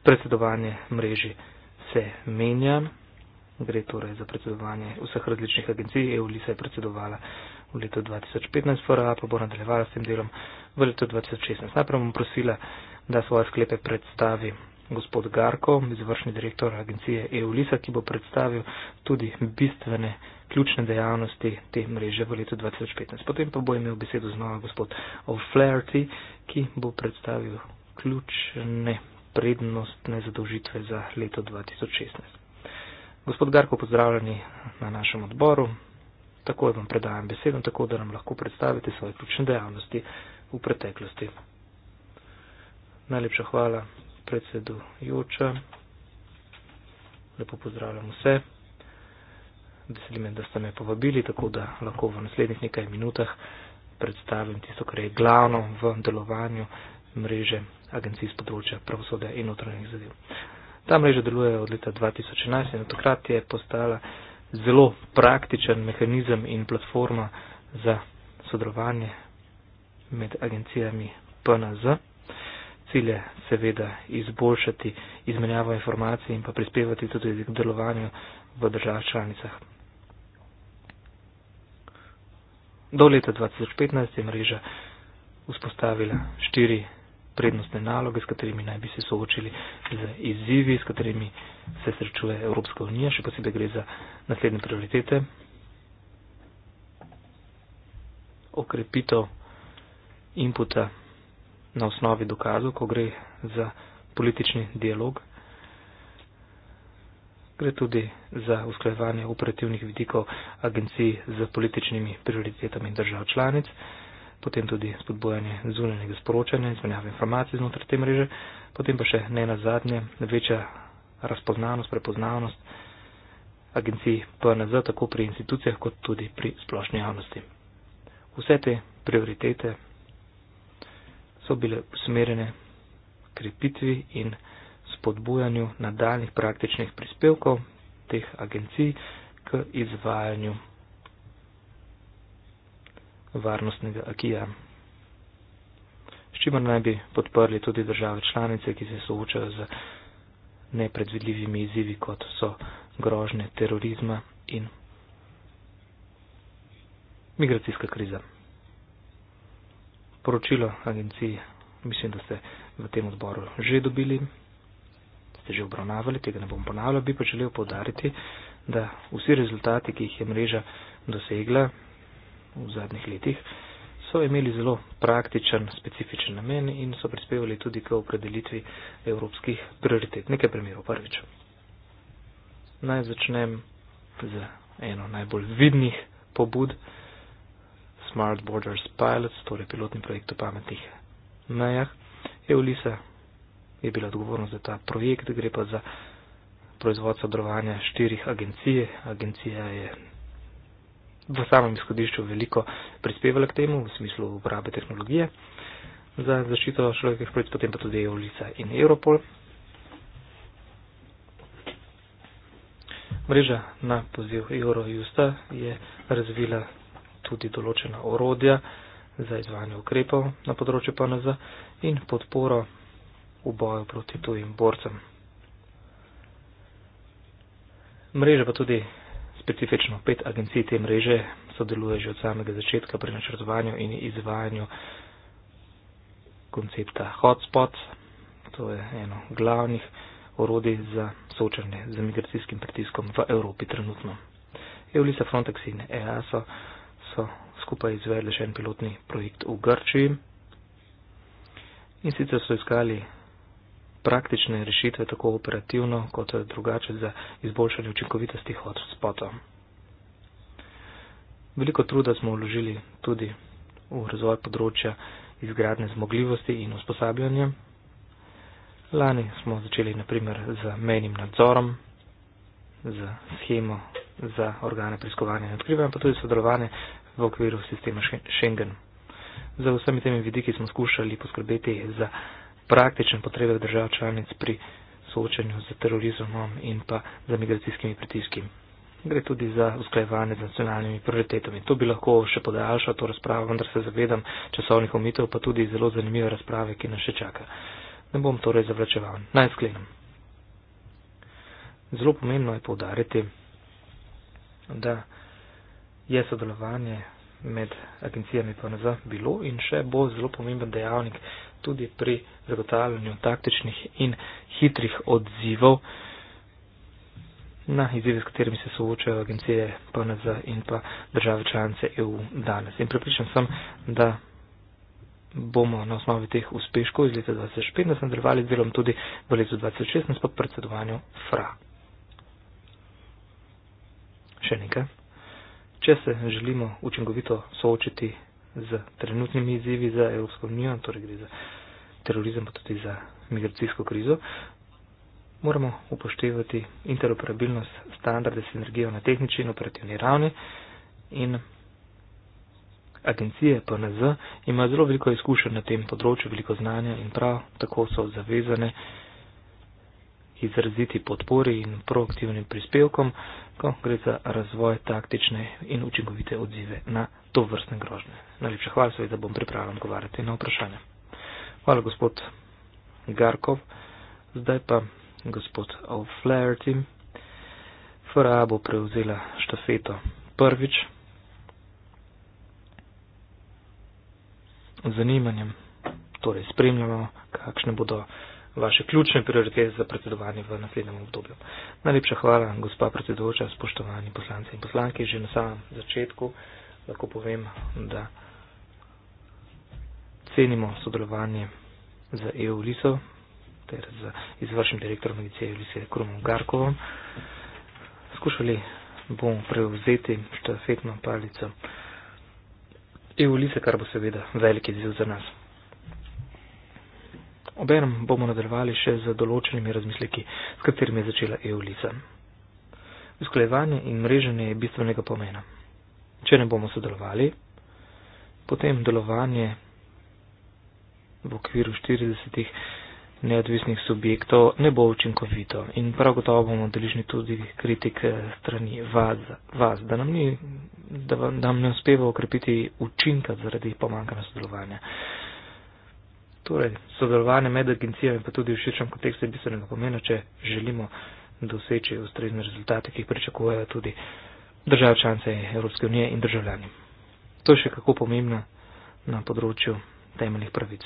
Predsedovanje mreži se menja, gre torej za predsedovanje vseh različnih agencij. EULISA je predsedovala v letu 2015, FRA pa bo nadaljevala s tem delom v letu 2016. Najprej bom prosila, da svoje sklepe predstavi gospod Garko, izvršni direktor agencije EULISA, ki bo predstavil tudi bistvene ključne dejavnosti te mreže v letu 2015. Potem pa bo imel besedo znova gospod O'Flaherty, ki bo predstavil ključne prednostne zadolžitve za leto 2016. Gospod Garko, pozdravljeni na našem odboru. Takoj vam predajam besedo, tako da nam lahko predstavite svoje ključne dejavnosti v preteklosti. Najlepša hvala predsedujoča. Lepo pozdravljam vse. Veseli me, da ste me povabili, tako da lahko v naslednjih nekaj minutah predstavim tisto, kar je glavno v delovanju mreže agencij z področja pravosodja in notranjih zadev. Ta mreža deluje od leta 2011 in od takrat je postala zelo praktičen mehanizem in platforma za sodelovanje med agencijami PNZ. Cilj je seveda izboljšati izmenjavo informacij in pa prispevati tudi k delovanju v državah članicah. Do leta 2015 je mreža vzpostavila štiri prednostne naloge, s katerimi naj bi se soočili z izzivi, s katerimi se srečuje Evropska unija, še posebej gre za naslednje prioritete. Okrepitev inputa na osnovi dokazov, ko gre za politični dialog. Gre tudi za usklajevanje operativnih vidikov agencij z političnimi prioritetami držav članic, potem tudi spodbojanje zunanjega sporočanja, izmenjave informacij znotraj te mreže, potem pa še ne na zadnje, večja razpoznanost, prepoznavnost agencij PNZ tako pri institucijah kot tudi pri splošni javnosti. Vse te prioritete so bile usmerjene krepitvi in spodbujanju nadaljnih praktičnih prispevkov teh agencij k izvajanju varnostnega akija. S čimer naj bi podprli tudi države članice, ki se soočajo z nepredvidljivimi izzivi, kot so grožne terorizma in migracijska kriza poročilo agencije. Mislim, da ste v tem odboru že dobili, ste že obravnavali, tega ne bom ponavljal, bi pa želel povdariti, da vsi rezultati, ki jih je mreža dosegla v zadnjih letih, so imeli zelo praktičen, specifičen namen in so prispevali tudi k opredelitvi evropskih prioritet. Nekaj primerov prvič. Naj začnem z eno najbolj vidnih pobud, Smart Borders Pilots, torej pilotni projekt o pametnih mejah. Eulisa je bila odgovorna za ta projekt, gre pa za proizvod sodelovanja štirih agencij. Agencija je v samem izhodišču veliko prispevala k temu v smislu uporabe tehnologije za zaščito človekovih pravic, potem pa tudi Eulisa in Europol. Mreža na poziv Eurojusta je razvila tudi določena orodja za izvajanje ukrepov na področju PNZ in podporo v boju proti tujim borcem. Mreža pa tudi specifično. Pet agencij te mreže sodeluje že od samega začetka pri načrtovanju in izvajanju koncepta hotspot. To je eno glavnih orodi za soočanje z migracijskim pritiskom v Evropi trenutno. Eulisa Frontex in EASO so skupaj izvedli še en pilotni projekt v Grčiji. In sicer so iskali praktične rešitve, tako operativno kot drugače, za izboljšanje učinkovitosti hotspotov. Veliko truda smo vložili tudi v razvoj področja izgradne zmogljivosti in usposabljanja. Lani smo začeli naprimer z menim nadzorom, z schemo za organe preiskovanja in odkrivanja, pa tudi sodelovanje v okviru sistema Schengen. Za vsemi temi vidiki smo skušali poskrbeti za praktične potrebe držav članic pri soočanju z terorizmom in pa za migracijskimi pritiski. Gre tudi za usklajevanje z nacionalnimi prioritetami. To bi lahko še podaljšal to razpravo, vendar se zavedam časovnih omitev, pa tudi zelo zanimive razprave, ki nas še čaka. Ne bom torej zavračeval. Naj sklenem. Zelo pomembno je povdariti, da je sodelovanje med agencijami PNZ bilo in še bo zelo pomemben dejavnik tudi pri zagotavljanju taktičnih in hitrih odzivov na izzive, s katerimi se soočajo agencije PNZ in pa države članice EU danes. In prepričan sem, da bomo na osnovi teh uspeškov iz leta 2015 nadaljevali z delom tudi v letu 2016 pod predsedovanjem FRA. Še nekaj. Če se želimo učinkovito soočiti z trenutnimi izzivi za Evropsko unijo, torej gre za terorizem, pa tudi za migracijsko krizo, moramo upoštevati interoperabilnost, standarde, sinergijo na tehnični in operativni ravni in agencije PNZ imajo zelo veliko izkušenj na tem področju, veliko znanja in prav tako so zavezane izraziti podpori in proaktivnim prispevkom, ko gre za razvoj taktične in učinkovite odzive na to vrstne grožnje. Najlepša hvala, seveda bom pripravljen odgovarjati na vprašanje. Hvala, gospod Garkov. Zdaj pa gospod O'Flaherty. FRA bo prevzela štafeto prvič. Z zanimanjem torej spremljamo, kakšne bodo vaše ključne prioritete za predsedovanje v naslednjem obdobju. Najlepša hvala, gospa predsedujoča, spoštovani poslanci in poslanki. Že na samem začetku lahko povem, da cenimo sodelovanje z EU-LISO ter z izvršnim direktorom medicije EU-LISE Krumom Garkovom. Skušali bomo prevzeti štafetno palico EU-LISE, kar bo seveda velik izziv za nas. Obenem bomo nadaljevali še z določenimi razmisleki, s katerimi je začela EU-lica. Usklajevanje in mreženje je bistvenega pomena. Če ne bomo sodelovali, potem delovanje v okviru 40 neodvisnih subjektov ne bo učinkovito in prav gotovo bomo deležni tudi kritik eh, strani vas, vas da, nam ni, da, vam, da nam ne uspeva okrepiti učinka zaradi pomankanja sodelovanja torej sodelovanje med agencijami pa tudi v širšem kontekstu je bistvenega pomena, če želimo doseči ustrezne rezultate, ki jih pričakujejo tudi države članice Evropske unije in državljani. To je še kako pomembno na področju temeljnih pravic.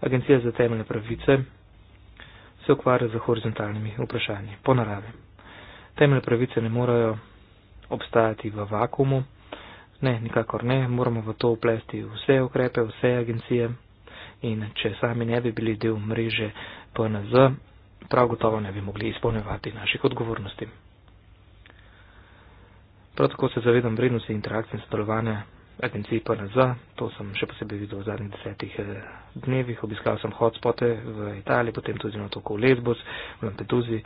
Agencija za temeljne pravice se ukvarja z horizontalnimi vprašanji po naravi. Temeljne pravice ne morajo obstajati v vakumu, ne, nikakor ne, moramo v to uplesti vse ukrepe, vse agencije, in če sami ne bi bili del mreže PNZ, prav gotovo ne bi mogli izpolnjevati naših odgovornosti. Prav tako se zavedam vrednosti interakcije in sodelovanja agencij PNZ, to sem še posebej videl v zadnjih desetih eh, dnevih, obiskal sem hotspote v Italiji, potem tudi na toku Lesbos, v Lampeduzi,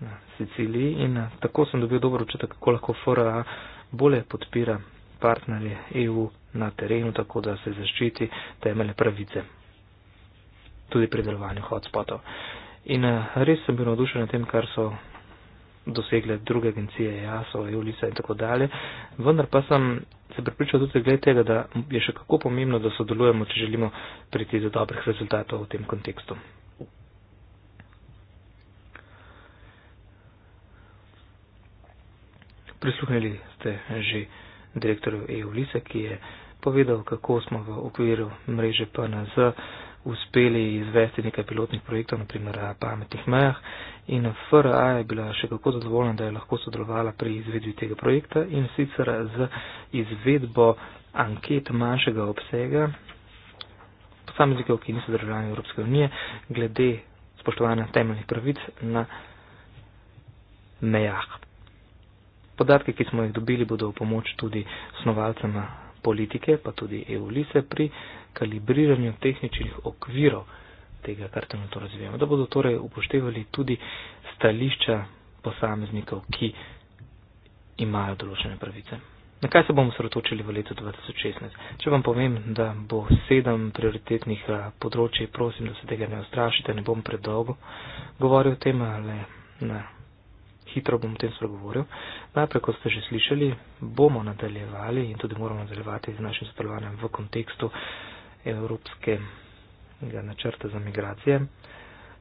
na Siciliji in eh, tako sem dobil dober občutek, kako lahko FRA bolje podpira partnerje EU na terenu, tako da se zaščiti temeljne pravice. Tudi pri delovanju hotspotov. In eh, res sem bil navdušen na tem, kar so dosegle druge agencije, JASO, e EULISA in tako dalje. Vendar pa sem se pripričal tudi glede tega, da je še kako pomembno, da sodelujemo, če želimo priti do dobrih rezultatov v tem kontekstu. Prisluhnili ste že direktorju EULISA, ki je uh, povedal, kako smo v okviru mreže PNZ uspeli izvesti nekaj pilotnih projektov, naprimer na pametnih mejah. In FRA je bila še kako zadovoljna, da je lahko sodelovala pri izvedbi tega projekta in sicer z izvedbo anket manjšega obsega posameznikov, ki niso državljani Evropske unije, glede spoštovanja temeljnih pravic na mejah. Podatke, ki smo jih dobili, bodo v pomoč tudi snovalcem politike, pa tudi EU-lice e pri kalibriranju tehničnih okvirov tega, kar trenutno razvijamo. Da bodo torej upoštevali tudi stališča posameznikov, ki imajo določene pravice. Na kaj se bomo sredotočili v letu 2016? Če vam povem, da bo sedem prioritetnih eh, področji, prosim, da se tega ne ustrašite, ne bom predolgo govoril o tem, ali ne hitro bom o tem spregovoril. Najprej, kot ste že slišali, bomo nadaljevali in tudi moramo nadaljevati z našim sodelovanjem v kontekstu evropskega načrta za migracije.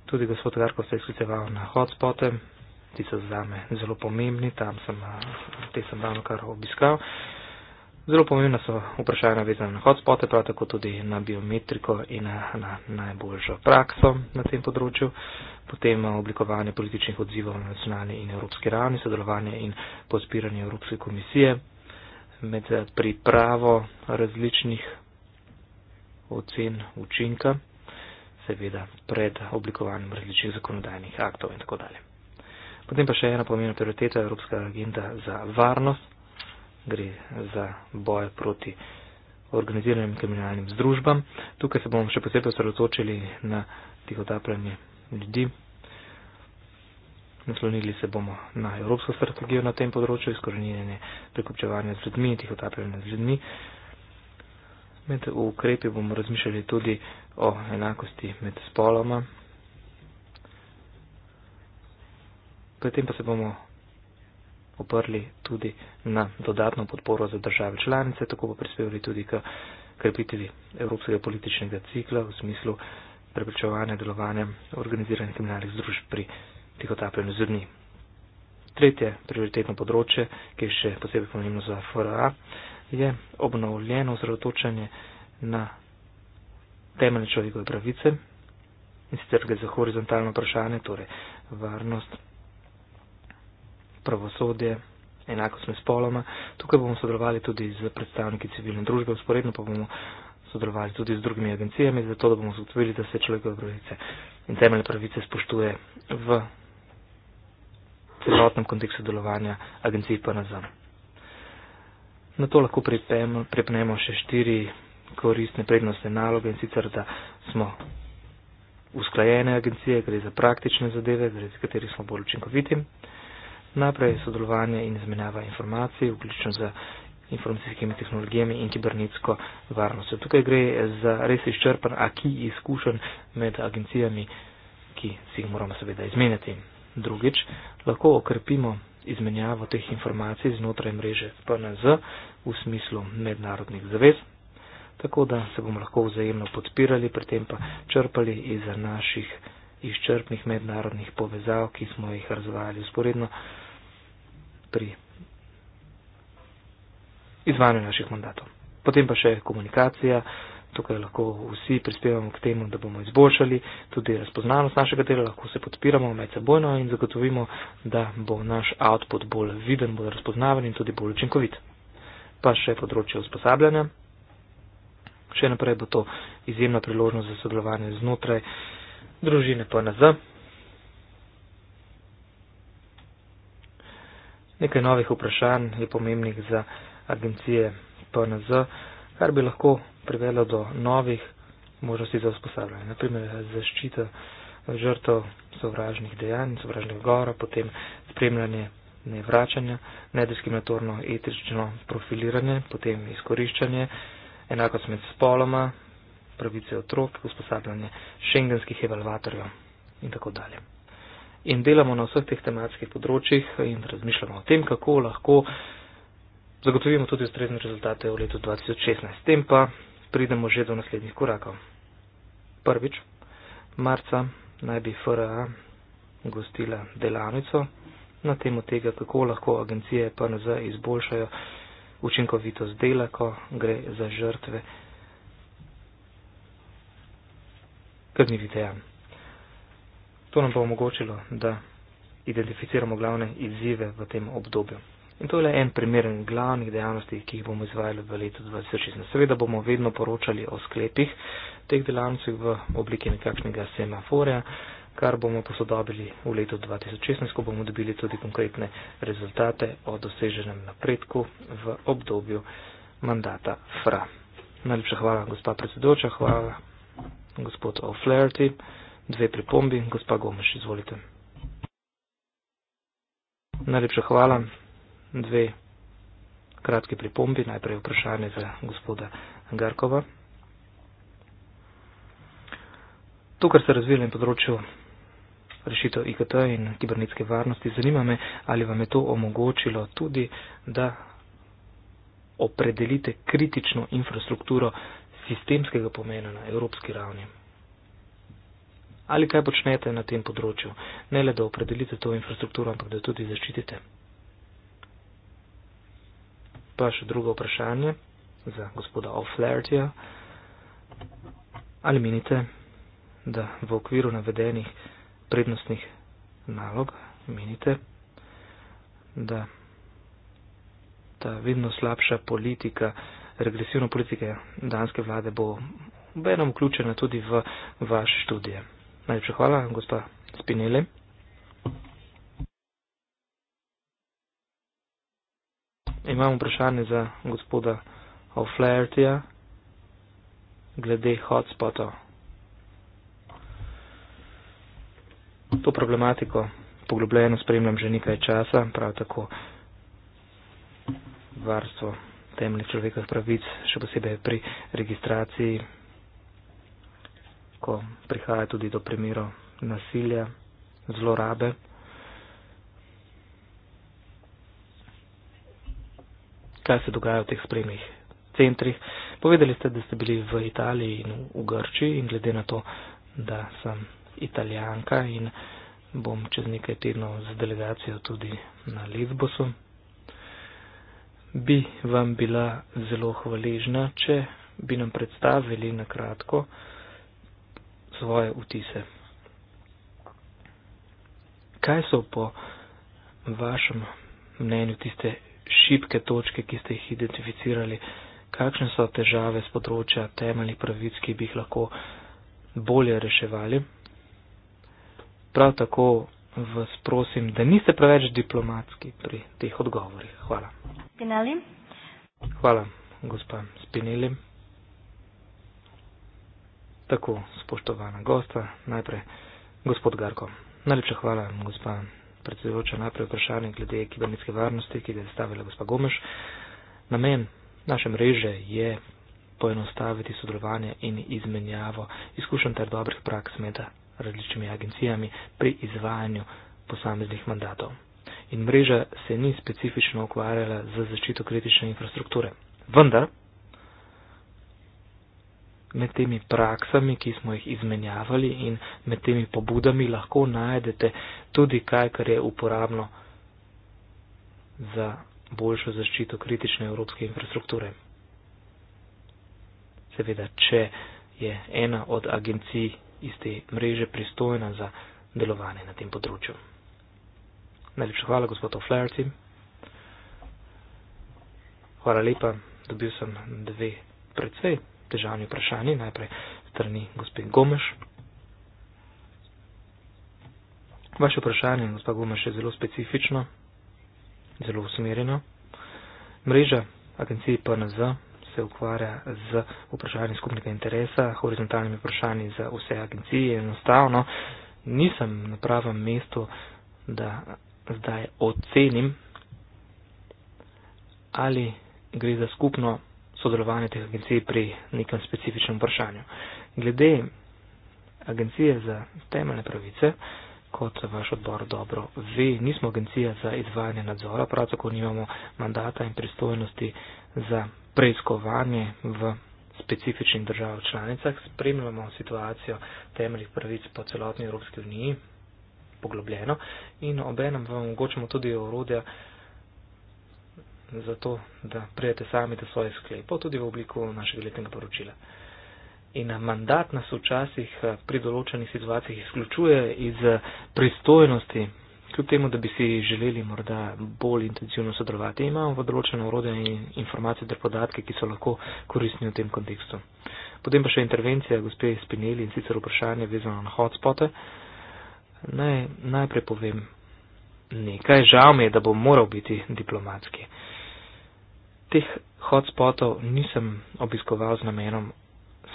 Tudi gospod Garko se je skliceval na hotspote, ti so zame zelo pomembni, tam sem, te sem ravno kar obiskal. Zelo pomembna so vprašanja navezana na hotspote, prav tako tudi na biometriko in na, na najboljšo prakso na tem področju, potem oblikovanje političnih odzivov na nacionalni in evropski ravni, sodelovanje in podpiranje Evropske komisije med pripravo različnih ocen učinka, seveda pred oblikovanjem različnih zakonodajnih aktov in tako dalje. Potem pa še ena pomembna prioriteta Evropska agenda za varnost gre za boj proti organiziranim kriminalnim združbam. Tukaj se bomo še posebej osredotočili na tihotapljanje ljudi. Naslonili se bomo na evropsko strategijo na tem področju, izkoreninjenje prekupčevanja z ljudmi, tihotapljanje z ljudmi. Med ukrepi bomo razmišljali tudi o enakosti med spoloma. Potem pa se bomo oprli tudi na dodatno podporo za države članice, tako pa prispevali tudi k krepitvi evropskega političnega cikla v smislu preprečevanja delovanja organiziranih kriminalnih združb pri tihotapljenju z ljudmi. Tretje prioritetno področje, ki je še posebej pomembno za FRA, je obnovljeno osredotočanje na temeljne človekove pravice in sicer gre za horizontalno vprašanje, torej varnost pravosodje, enakost med spoloma. Tukaj bomo sodelovali tudi z predstavniki civilne družbe, usporedno pa bomo sodelovali tudi z drugimi agencijami, zato da bomo zagotovili, da se človekove pravice in temeljne pravice spoštuje v celotnem kontekstu delovanja agencij PNZ. Na to lahko prepnemo še štiri koristne prednostne naloge in sicer, da smo usklajene agencije, gre za praktične zadeve, gre za katerih smo bolj učinkoviti. Najprej sodelovanje in izmenjava informacij, vključno z informacijskimi tehnologijami in kibernetsko varnostjo. Tukaj gre za res izčrpen, a ki izkušen med agencijami, ki si jih moramo seveda izmenjati. Drugič, lahko okrepimo izmenjavo teh informacij znotraj mreže PNZ v smislu mednarodnih zavez, tako da se bomo lahko vzajemno podpirali, pri tem pa črpali iz naših izčrpnih mednarodnih povezav, ki smo jih razvajali usporedno pri izvajanju naših mandatov. Potem pa še komunikacija. Tukaj lahko vsi prispevamo k temu, da bomo izboljšali tudi razpoznanost našega dela, lahko se podpiramo med sebojno in zagotovimo, da bo naš output bolj viden, bolj razpoznaven in tudi bolj učinkovit. Pa še področje usposabljanja. Še naprej bo to izjemna priložnost za sodelovanje znotraj družine PNZ. nekaj novih vprašanj je pomembnih za agencije PNZ, kar bi lahko privelo do novih možnosti za usposabljanje. Naprimer, zaščita žrtov sovražnih dejanj, sovražnega govora, potem spremljanje nevračanja, nediskriminatorno etično profiliranje, potem izkoriščanje, enakost med spoloma, pravice otrok, usposabljanje šengenskih evalvatorjev in tako dalje in delamo na vseh teh tematskih področjih in razmišljamo o tem, kako lahko zagotovimo tudi ustrezne rezultate v letu 2016. S tem pa pridemo že do naslednjih korakov. Prvič, marca naj bi FRA gostila delavnico na temo tega, kako lahko agencije PNZ izboljšajo učinkovitost dela, ko gre za žrtve kaznivih dejanj. To nam bo omogočilo, da identificiramo glavne izzive v tem obdobju. In to je le en primeren glavnih dejavnosti, ki jih bomo izvajali v letu 2016. Seveda bomo vedno poročali o sklepih teh delavnic v obliki nekakšnega semaforja, kar bomo posodobili v letu 2016, ko bomo dobili tudi konkretne rezultate o doseženem napredku v obdobju mandata FRA. Najlepša hvala, gospa predsedoča, hvala, gospod O'Flaherty dve pripombi. Gospa Gomeš, izvolite. Najlepša hvala. Dve kratke pripombi. Najprej vprašanje za gospoda Garkova. To, kar ste razvili na področju rešitev IKT in kibernetske varnosti, zanima me, ali vam je to omogočilo tudi, da opredelite kritično infrastrukturo sistemskega pomena na evropski ravni ali kaj počnete na tem področju. Ne le, da opredelite to infrastrukturo, ampak da jo tudi zaščitite. Pa še drugo vprašanje za gospoda O'Flaherty-ja. Ali menite, da v okviru navedenih prednostnih nalog menite, da ta vedno slabša politika, regresivna politika danske vlade bo obenem vključena tudi v vaše študije? Najlepša hvala, gospa Spinele. Imamo vprašanje za gospoda O'Flaherty-ja glede hotspotov. To problematiko poglobljeno spremljam že nekaj časa, prav tako varstvo temeljnih človekovih pravic, še posebej pri registraciji ko prihaja tudi do primerov nasilja, zlorabe. Kaj se dogaja v teh spremnih centrih? Povedali ste, da ste bili v Italiji in v Grčiji in glede na to, da sem italijanka in bom čez nekaj tednov z delegacijo tudi na Lizbosu, bi vam bila zelo hvaležna, če bi nam predstavili na kratko, svoje vtise. Kaj so po vašem mnenju tiste šibke točke, ki ste jih identificirali? Kakšne so težave z področja temeljnih pravic, ki bi jih lahko bolje reševali? Prav tako vas prosim, da niste preveč diplomatski pri teh odgovorih. Hvala. Spinelli. Hvala, gospa Spinelli. Tako, spoštovana gosta, najprej gospod Garko. Najlepša hvala, gospa predsedujoča, najprej vprašanje glede kibernetske varnosti, ki ga je stavila gospa Gomeš. Namen naše mreže je poenostaviti sodelovanje in izmenjavo izkušenj ter dobrih praks med različnimi agencijami pri izvajanju posameznih mandatov. In mreža se ni specifično ukvarjala z zaščito kritične infrastrukture. Vendar med temi praksami, ki smo jih izmenjavali in med temi pobudami lahko najdete tudi kaj, kar je uporabno za boljšo zaščito kritične evropske infrastrukture. Seveda, če je ena od agencij iz te mreže pristojna za delovanje na tem področju. Najlepša hvala, gospod O'Flaherty. Hvala lepa, dobil sem dve predsej težavni vprašanji, najprej strani gospe Gomeš. Vaše vprašanje, gospa Gomeš, je zelo specifično, zelo usmerjeno. Mreža agencije PNZ se ukvarja z vprašanjem skupnega interesa, horizontalnimi vprašanji za vse agencije. Enostavno nisem na pravem mestu, da zdaj ocenim, ali gre za skupno sodelovanje teh agencij pri nekem specifičnem vprašanju. Glede agencije za temeljne pravice, kot vaš odbor dobro ve, nismo agencija za izvajanje nadzora, prav tako nimamo mandata in pristojnosti za preiskovanje v specifičnih državah članicah. Spremljamo situacijo temeljnih pravic po celotni Evropski uniji poglobljeno in obenem vam omogočamo tudi orodja, zato, da prijete sami do svojih sklepov, tudi v obliku našega letnega poročila. In mandat nas včasih eh, pri določenih situacijah izključuje iz eh, pristojnosti, kljub temu, da bi si želeli morda bolj intenzivno sodelovati. Imamo v določene urode in informacije ter podatke, ki so lahko koristni v tem kontekstu. Potem pa še intervencija gospe Spinelli in sicer vprašanje vezano na hotspote. Naj, najprej povem nekaj. Žal mi je, da bom moral biti diplomatski teh hotspotov nisem obiskoval z namenom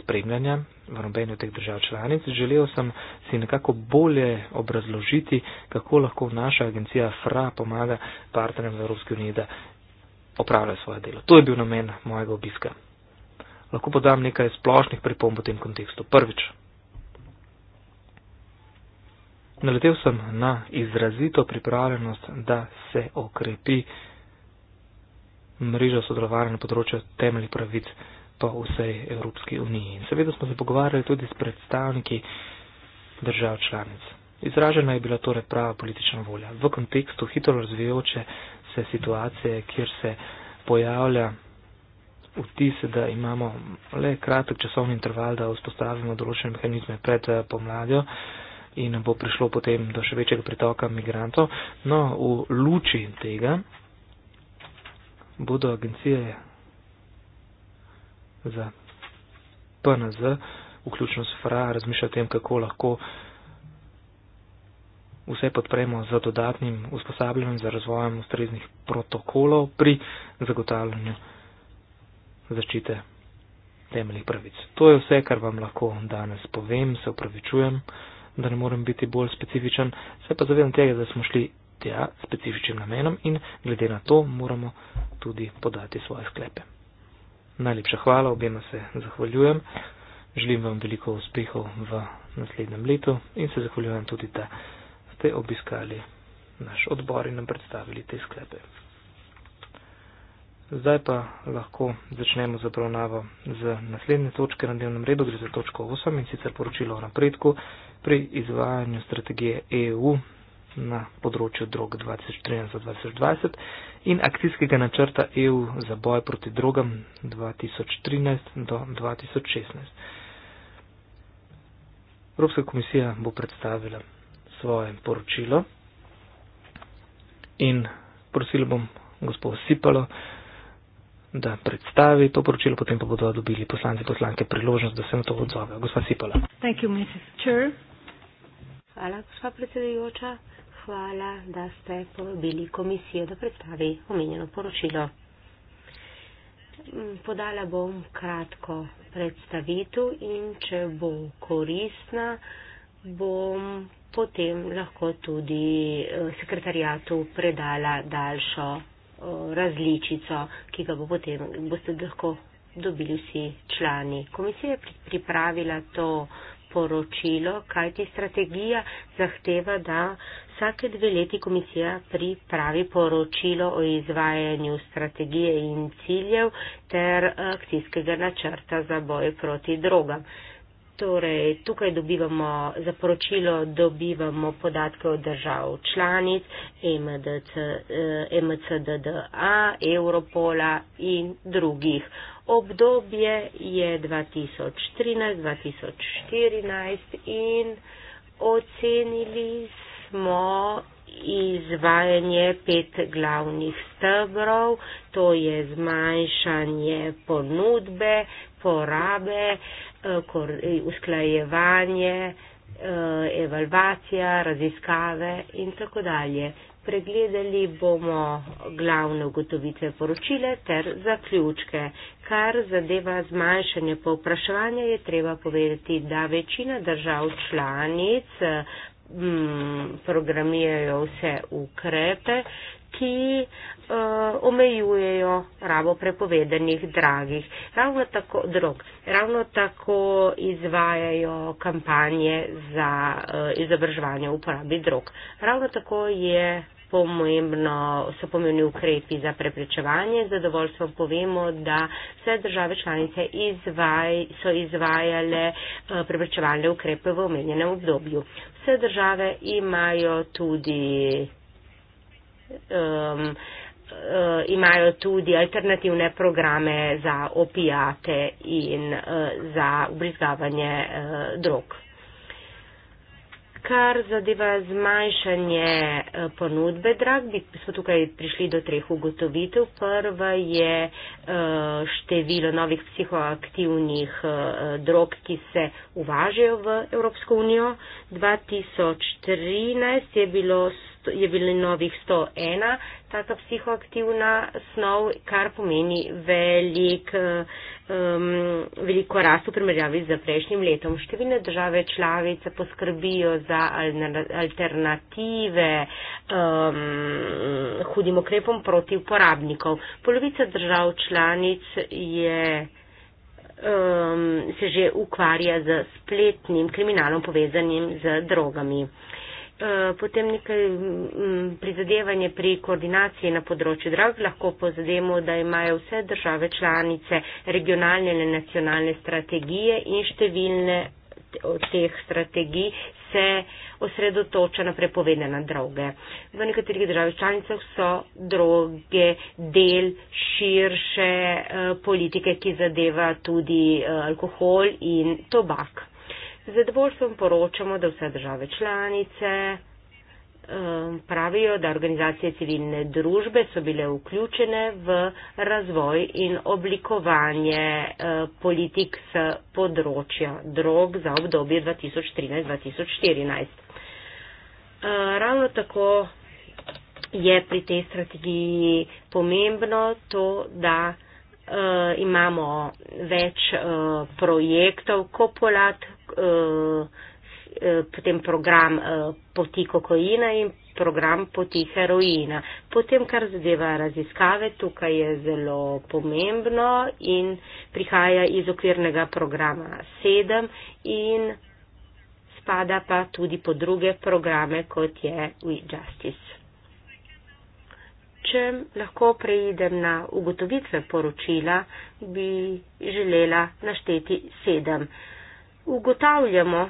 spremljanja v nobeni od teh držav članic. Želel sem si nekako bolje obrazložiti, kako lahko naša agencija FRA pomaga partnerjem v Evropski uniji, da opravljajo svoje delo. To je bil namen mojega obiska. Lahko podam nekaj splošnih pripomb v tem kontekstu. Prvič. Naletel sem na izrazito pripravljenost, da se okrepi mrežo sodelovanja na področju temeljih pravic po vsej Evropski uniji. In seveda smo se pogovarjali tudi s predstavniki držav članic. Izražena je bila torej prava politična volja v kontekstu hitro razvijajoče se situacije, kjer se pojavlja vtis, da imamo le kratek časovni interval, da vzpostavimo določene mehanizme pred eh, pomladjo in bo prišlo potem do še večjega pritoka migrantov. No, v luči tega bodo agencije za PNZ, vključno s FRA, razmišljali o tem, kako lahko vse podpremo z dodatnim usposabljanjem za razvojem ustreznih protokolov pri zagotavljanju zaščite temeljih pravic. To je vse, kar vam lahko danes povem, se upravičujem, da ne morem biti bolj specifičen, se pa zavedam tega, da smo šli tja specifičnim namenom in glede na to moramo tudi podati svoje sklepe. Najlepša hvala, obema se zahvaljujem. Želim vam veliko uspehov v naslednjem letu in se zahvaljujem tudi, da ste obiskali naš odbor in nam predstavili te sklepe. Zdaj pa lahko začnemo z obravnavo z naslednje točke na dnevnem redu, gre za točko 8 in sicer poročilo o napredku pri izvajanju strategije EU na področju drog 2013-2020 in akcijskega načrta EU za boj proti drogam 2013-2016. Evropska komisija bo predstavila svoje poročilo in prosil bom gospod Sipalo, da predstavi to poročilo, potem pa bodo dobili poslanci poslanke priložnost, da se na to odzovejo. Gospa Sipala. Hvala, gospa predsedujoča hvala, da ste povabili komisijo, da predstavi omenjeno poročilo. Mm, podala bom kratko predstavitev in če bo koristna, bom potem lahko tudi eh, sekretarjatu predala daljšo eh, različico, ki ga bo potem, boste lahko dobili vsi člani. Komisija je pripravila to poročilo, kajti strategija zahteva, da vsake dve leti komisija pripravi poročilo o izvajanju strategije in ciljev ter akcijskega načrta za boj proti drogam. Torej, tukaj dobivamo, za poročilo dobivamo podatke od držav članic, MCDDA, eh, Europola in drugih obdobje je 2013-2014 in ocenili smo izvajanje pet glavnih stebrov, to je zmanjšanje ponudbe, porabe, eh, usklajevanje, eh, evalvacija, raziskave in tako dalje. Pregledali bomo glavne ugotovitve poročile ter zaključke. Kar zadeva zmanjšanje povpraševanja, je treba povedati, da večina držav članic m, mm, programirajo vse ukrepe, ki uh, omejujejo rabo prepovedanih dragih. Ravno tako, drog, ravno tako izvajajo kampanje za uh, izobraževanje v uporabi drog. Ravno tako je uh, pomembno, so pomembni ukrepi za preprečevanje. Z zadovoljstvom povemo, da vse države članice izvaj, so izvajale eh, preprečevalne ukrepe v omenjenem obdobju. Vse države imajo tudi. Um, imajo tudi alternativne programe za opijate in eh, za ubrizgavanje drog kar zadeva zmanjšanje eh, ponudbe drag, bi smo tukaj prišli do treh ugotovitev. Prva je eh, število novih psihoaktivnih eh, drog, ki se uvažajo v Evropsko unijo. 2013 je bilo je bilo novih 101 taka psihoaktivna snov, kar pomeni velik uh, um, veliko rast v primerjavi z prejšnjim letom. Številne države članice poskrbijo za alternative um, hudim okrepom proti uporabnikov. Polovica držav članic je. Um, se že ukvarja z spletnim kriminalom povezanim z drogami. Eh, potem nekaj mm, prizadevanje pri koordinaciji na področju drog. Lahko pozademo, da imajo vse države članice regionalne in nacionalne strategije in številne od teh strategij se osredotoča na prepovedane droge. V nekaterih državah članicah so droge del širše eh, politike, ki zadeva tudi eh, alkohol in tobak. Z zadovoljstvom poročamo, da vse države članice um, pravijo, da organizacije civilne družbe so bile vključene v razvoj in oblikovanje uh, politik s področja drog za obdobje 2013-2014. Uh, ravno tako je pri tej strategiji pomembno to, da uh, imamo več uh, projektov, kopolat, Eh, eh, potem program eh, poti kokaina in program poti heroina. Potem, kar zadeva raziskave, tukaj je zelo pomembno in prihaja iz okvirnega programa 7 in spada pa tudi po druge programe, kot je We Justice. Če lahko preidem na ugotovitve poročila, bi želela našteti sedem. Uh, Ugotavljamo,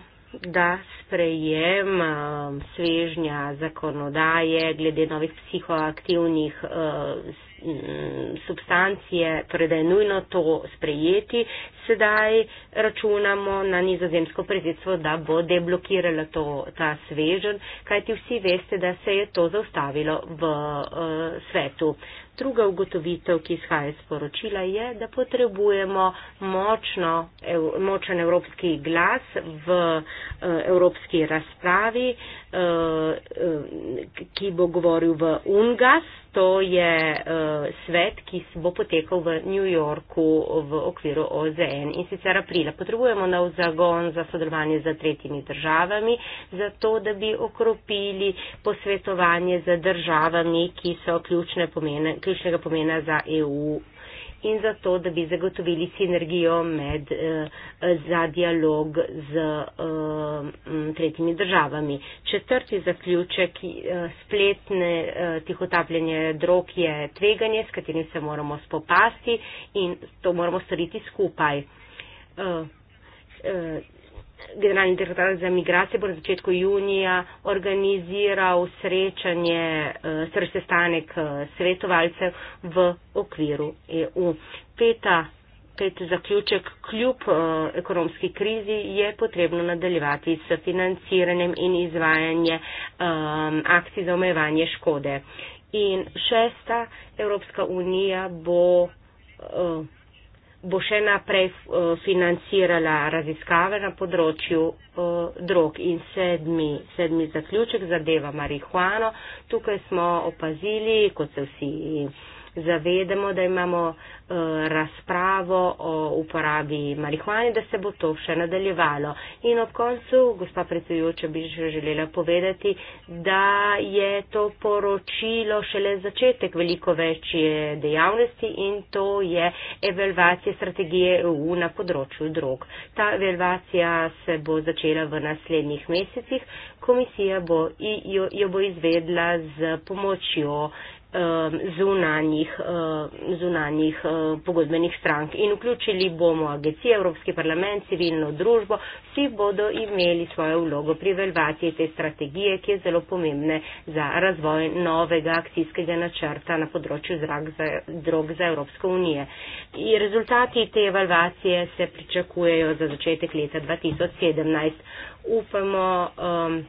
da sprejem eh, svežnja zakonodaje glede novih psihoaktivnih eh, Mm, substancije, torej da je nujno to sprejeti, sedaj računamo na nizozemsko predsedstvo, da bo deblokirala to, ta svežen, kajti vsi veste, da se je to zaustavilo v uh, svetu. Druga ugotovitev, ki izhaja iz poročila, je, da potrebujemo močno, ev, močen evropski glas v uh, evropski razpravi. Uh, Eh, eh, ki bo govoril v UNGAS, to je uh, svet, ki bo potekal v New Yorku v okviru OZN in sicer aprila. Potrebujemo nov zagon za sodelovanje z tretjimi državami, zato da bi okropili posvetovanje z državami, ki so pomene, ključnega pomena za EU in za to, da bi zagotovili sinergijo med, eh, za dialog z eh, tretjimi državami. Četrti zaključek eh, spletne tihotapljenje drog je tveganje, s katerim se moramo spopasti in to moramo storiti skupaj generalni direktor za migracije bo na začetku junija organiziral srečanje, eh, torej sestanek eh, svetovalcev v okviru EU. Peta, pet zaključek, kljub uh, ekonomski krizi je potrebno nadaljevati s financiranjem in izvajanjem ehm, um, akcij za omejevanje škode. In šesta, Evropska unija bo. Uh, bo še naprej uh, financirala raziskave na področju uh, drog in sedmi, sedmi zaključek zadeva marihuano. Tukaj smo opazili, kot se vsi uh, zavedamo, da imamo uh, razpravo o uporabi marihuane, da se bo to še nadaljevalo. In ob koncu, gospa predsedujoča, bi še želela povedati, da je to poročilo šele začetek veliko večje dejavnosti in to je evalvacija strategije EU na področju drog. Ta evalvacija se bo začela v naslednjih mesecih. Komisija bo, jo, jo bo izvedla z pomočjo Eh, zunanjih, eh, zunanjih eh, pogodbenih strank. In vključili bomo agencije, Evropski parlament, civilno družbo, vsi bodo imeli svojo vlogo pri velvaciji te strategije, ki je zelo pomembne za razvoj novega akcijskega načrta na področju zrak za drog za Evropsko unije. I rezultati te evalvacije se pričakujejo za začetek leta 2017 upamo, um,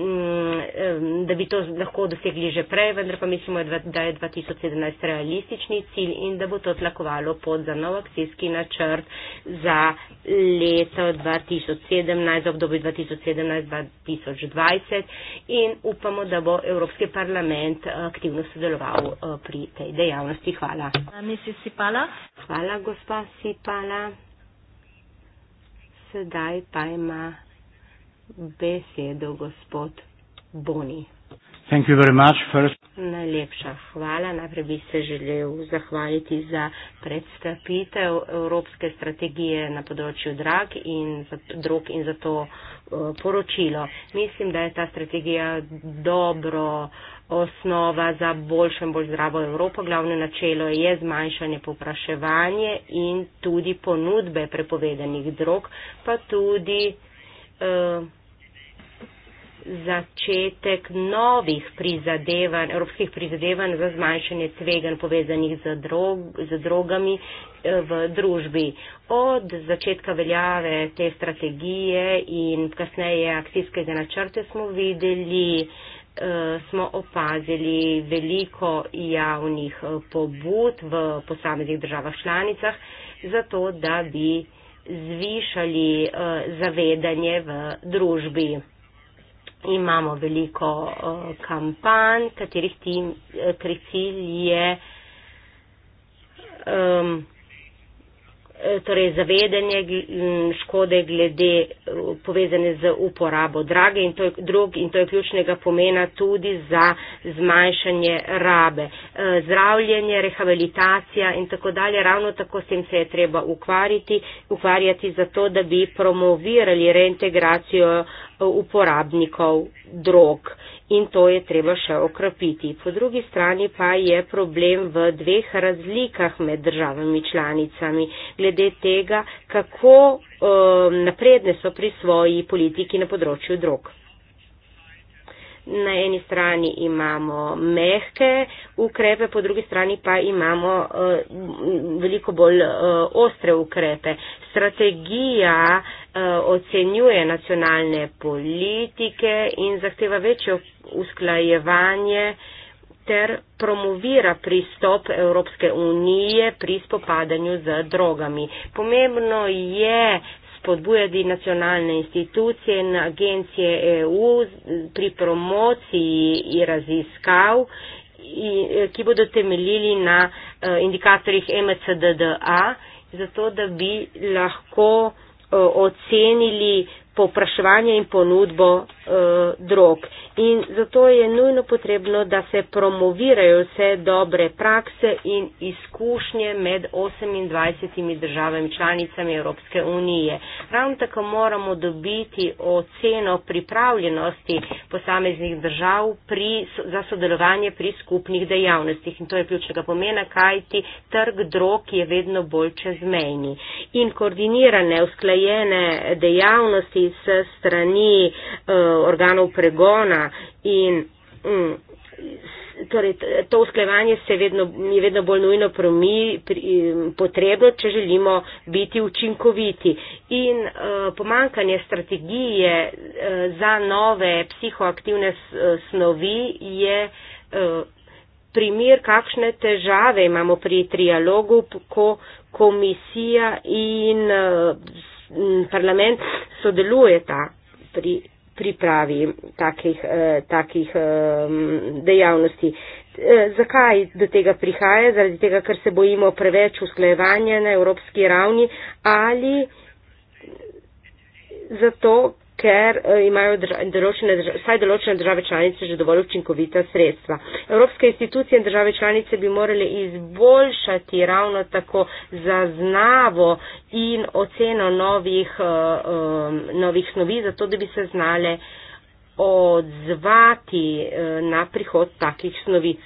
um, da bi to lahko dosegli že prej, vendar pa mislimo, da je 2017 realistični cilj in da bo to tlakovalo pod za nov akcijski načrt za leto 2017, obdobje 2017-2020 in upamo, da bo Evropski parlament uh, aktivno sodeloval uh, pri tej dejavnosti. Hvala. Hvala, gospa Sipala. Sedaj pa ima besedo gospod Boni. Najlepša hvala. Najprej bi se želel zahvaliti za predstavitev Evropske strategije na področju drag in za, drog in za to uh, poročilo. Mislim, da je ta strategija dobro osnova za boljšo in bolj zdravo Evropo. Glavno načelo je zmanjšanje popraševanje in tudi ponudbe prepovedanih drog, pa tudi. Uh, začetek novih prizadevanj, evropskih prizadevanj za zmanjšanje tvegan povezanih z, drog, z drogami eh, v družbi. Od začetka veljave te strategije in kasneje akcijskega načrte smo videli, eh, smo opazili veliko javnih eh, pobud v posameznih državah članicah, zato da bi zvišali zavedanje v družbi imamo veliko uh, kampanj, katerih, tim, uh, katerih cilj je um, torej zavedanje škode glede povezane z uporabo drage in to je drug in to je ključnega pomena tudi za zmanjšanje rabe. E, zdravljenje, rehabilitacija in tako dalje, ravno tako s tem se je treba ukvarjati, ukvarjati za to, da bi promovirali reintegracijo e, uporabnikov drog in to je treba še okrepiti. Po drugi strani pa je problem v dveh razlikah med državami članicami glede tega, kako um, napredne so pri svoji politiki na področju drog. Na eni strani imamo mehke ukrepe, po drugi strani pa imamo uh, veliko bolj uh, ostre ukrepe. Strategija uh, Eh, ocenjuje nacionalne politike in zahteva večjo usklajevanje ter promovira pristop Evropske unije pri spopadanju z drogami. Pomembno je spodbujati nacionalne institucije in agencije EU pri promociji in raziskav, eh, ki bodo temeljili na eh, indikatorjih MCDDA, zato da bi lahko Eh, ocenili povpraševanje in ponudbo eh, drog. In zato je nujno potrebno, da se promovirajo vse dobre prakse in izkušnje med 28 državami članicami Evropske unije. Ravno tako moramo dobiti oceno pripravljenosti posameznih držav pri, za sodelovanje pri skupnih dejavnostih. In to je ključnega pomena, kajti trg drog je vedno bolj čezmejni. In koordinirane, usklajene dejavnosti s strani uh, organov pregona in um, Torej, to usklevanje se vedno, je vedno bolj nujno promi, pri, mm, potrebno, če želimo biti učinkoviti. In uh, pomankanje strategije uh, za nove psihoaktivne snovi je uh, primer, kakšne težave imamo pri trialogu, ko komisija in. Uh, Mm, parlament sodelujeta pri pripravi takih, eh, takih eh, dejavnosti. Eh, zakaj do tega prihaja? Zaradi tega, ker se bojimo preveč usklajevanja na evropski ravni ali zato, ker eh, imajo določene, vsaj določene države članice že dovolj učinkovita sredstva. Evropske institucije in države članice bi morali izboljšati ravno tako zaznavo in oceno novih, um, novih snovi, zato da bi se znale odzvati na prihod takih snovic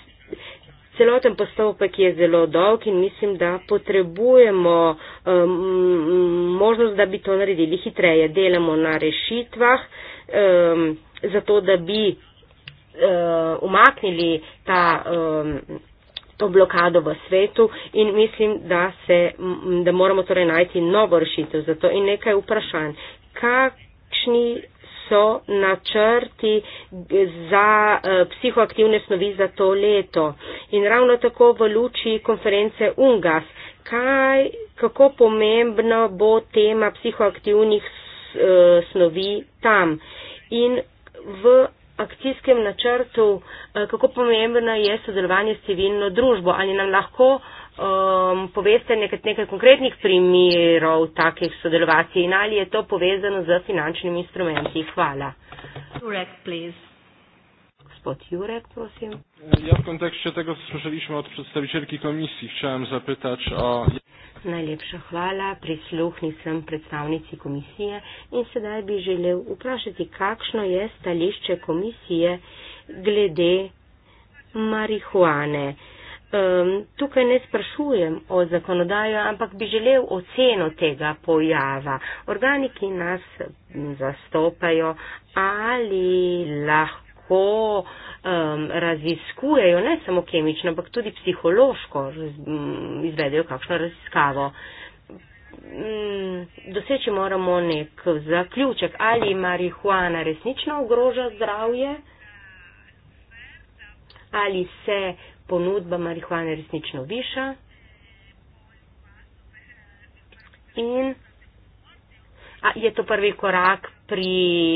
celoten postopek je zelo dolg in mislim, da potrebujemo um, možnost, da bi to naredili hitreje. Delamo na rešitvah, um, zato da bi um, umaknili ta. Um, to blokado v svetu in mislim, da, se, da moramo torej najti novo rešitev za to in nekaj vprašanj. Kakšni so načrti za uh, psihoaktivne snovi za to leto. In ravno tako v luči konference UNGAS, kaj, kako pomembno bo tema psihoaktivnih uh, snovi tam. In v akcijskem načrtu, uh, kako pomembno je sodelovanje s civilno družbo. Ali nam lahko uh, um, poveste nekaj, nekaj konkretnih primerov takih sodelovacij in ali je to povezano z finančnimi instrumenti. Hvala. Jurek, Gospod Jurek, prosim. Ja, v kontekstu tega, kar slišališmo od predstaviteljki komisij, želim zapitač o. Najlepša hvala, prisluhni sem predstavnici komisije in sedaj bi želel vprašati, kakšno je stališče komisije glede marihuane um, tukaj ne sprašujem o zakonodaju, ampak bi želel oceno tega pojava. Organi, ki nas zastopajo, ali lahko um, raziskujejo ne samo kemično, ampak tudi psihološko izvedejo kakšno raziskavo. Mm, doseči moramo nek zaključek, ali marihuana resnično ogroža zdravje, ali se ponudba marihuane resnično viša in a, je to prvi korak pri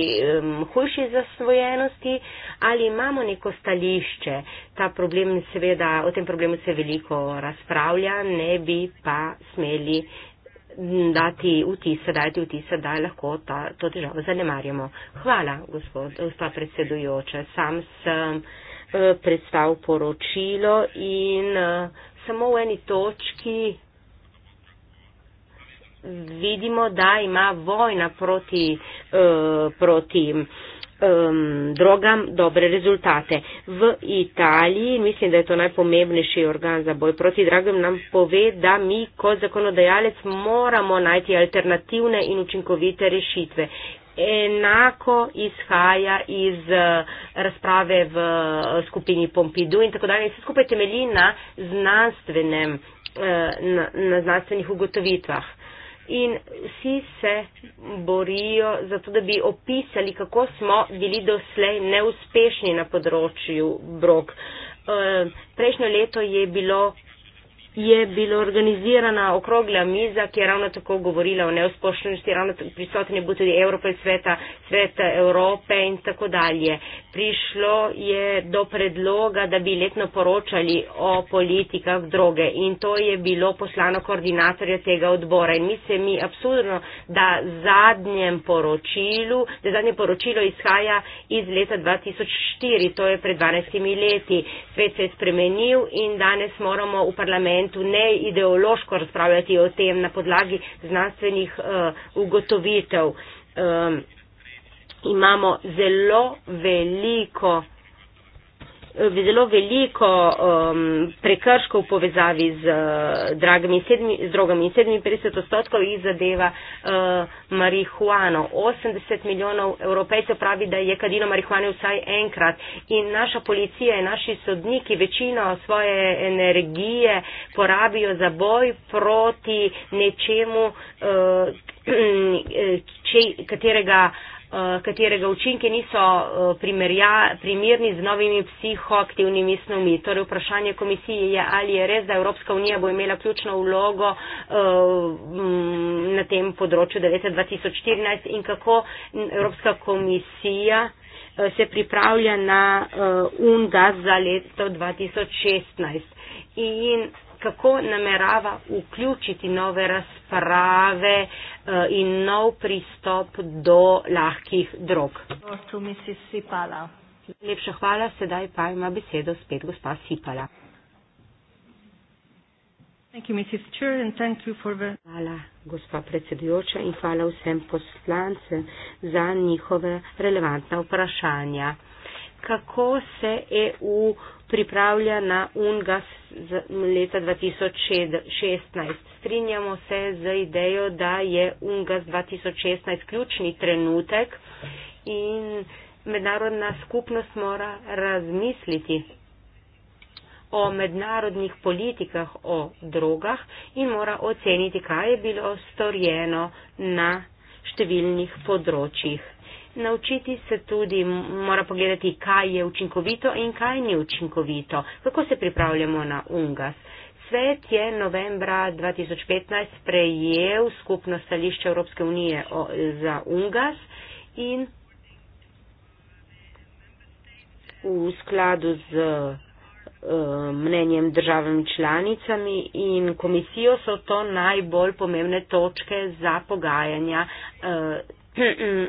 um, hujši zasvojenosti ali imamo neko stališče. Ta problem seveda, o tem problemu se veliko razpravlja, ne bi pa smeli dati vtise, dati vtise, da lahko ta, to težavo zanemarjamo. Hvala, gospod, gospod predsedujoče. Sam sem Eh, predstav poročilo in eh, samo v eni točki vidimo, da ima vojna proti, eh, proti drogam dobre rezultate. V Italiji, mislim, da je to najpomembnejši organ za boj proti drogam, nam pove, da mi kot zakonodajalec moramo najti alternativne in učinkovite rešitve enako izhaja iz eh, razprave v eh, skupini Pompidu in tako dalje. Vse skupaj temelji na, znanstvenem, eh, na, na znanstvenih ugotovitvah. In vsi se borijo za to, da bi opisali, kako smo bili doslej neuspešni na področju brok. Prejšnjo leto je bilo je bila organizirana okrogla miza, ki je ravno tako govorila o neuspošnosti, ravno prisotni bo tudi Evropa in sveta, sveta Evrope in tako dalje. Prišlo je do predloga, da bi letno poročali o politikah droge in to je bilo poslano koordinatorja tega odbora. In mi se mi absurdno, da zadnjem poročilu, da zadnje poročilo izhaja iz leta 2004, to je pred 12 leti. Svet se je spremenil in danes moramo v parlamentu parlamentu ne ideološko razpravljati o tem na podlagi znanstvenih uh, ugotovitev. Um, imamo zelo veliko v eh, zelo veliko um, prekrškov v povezavi z, eh, sedmi, z drogami. 57 odstotkov jih zadeva uh, marihuano. 80 milijonov evropejcev pravi, da je kadilo marihuane vsaj enkrat. In naša policija in naši sodniki večino svoje energije porabijo za boj proti nečemu, uh, če, katerega uh, Eh, katerega učinke niso eh, primerja, primerni z novimi psihoaktivnimi snovmi. Torej vprašanje komisije je, ali je res, da Evropska unija bo imela ključno vlogo eh, na tem področju do leta 2014 in kako Evropska komisija se pripravlja na UNDA za leto 2016 in kako namerava vključiti nove razpore prave eh, in nov pristop do lahkih drog. Lepša hvala, sedaj pa ima besedo spet gospa Sipala. Hvala, gospa predsedujoča, in hvala vsem poslancem za njihove relevantna vprašanja. Kako se EU pripravlja na UNGAS z leta 2016. Strinjamo se z idejo, da je UNGAS 2016 ključni trenutek in mednarodna skupnost mora razmisliti o mednarodnih politikah o drogah in mora oceniti, kaj je bilo storjeno na številnih področjih. Naučiti se tudi mora pogledati, kaj je učinkovito in kaj ni učinkovito. Kako se pripravljamo na Ungas? Svet je novembra 2015 sprejel skupno stališče Evropske unije o, za Ungas in v skladu z eh, mnenjem državami članicami in komisijo so to najbolj pomembne točke za pogajanja eh,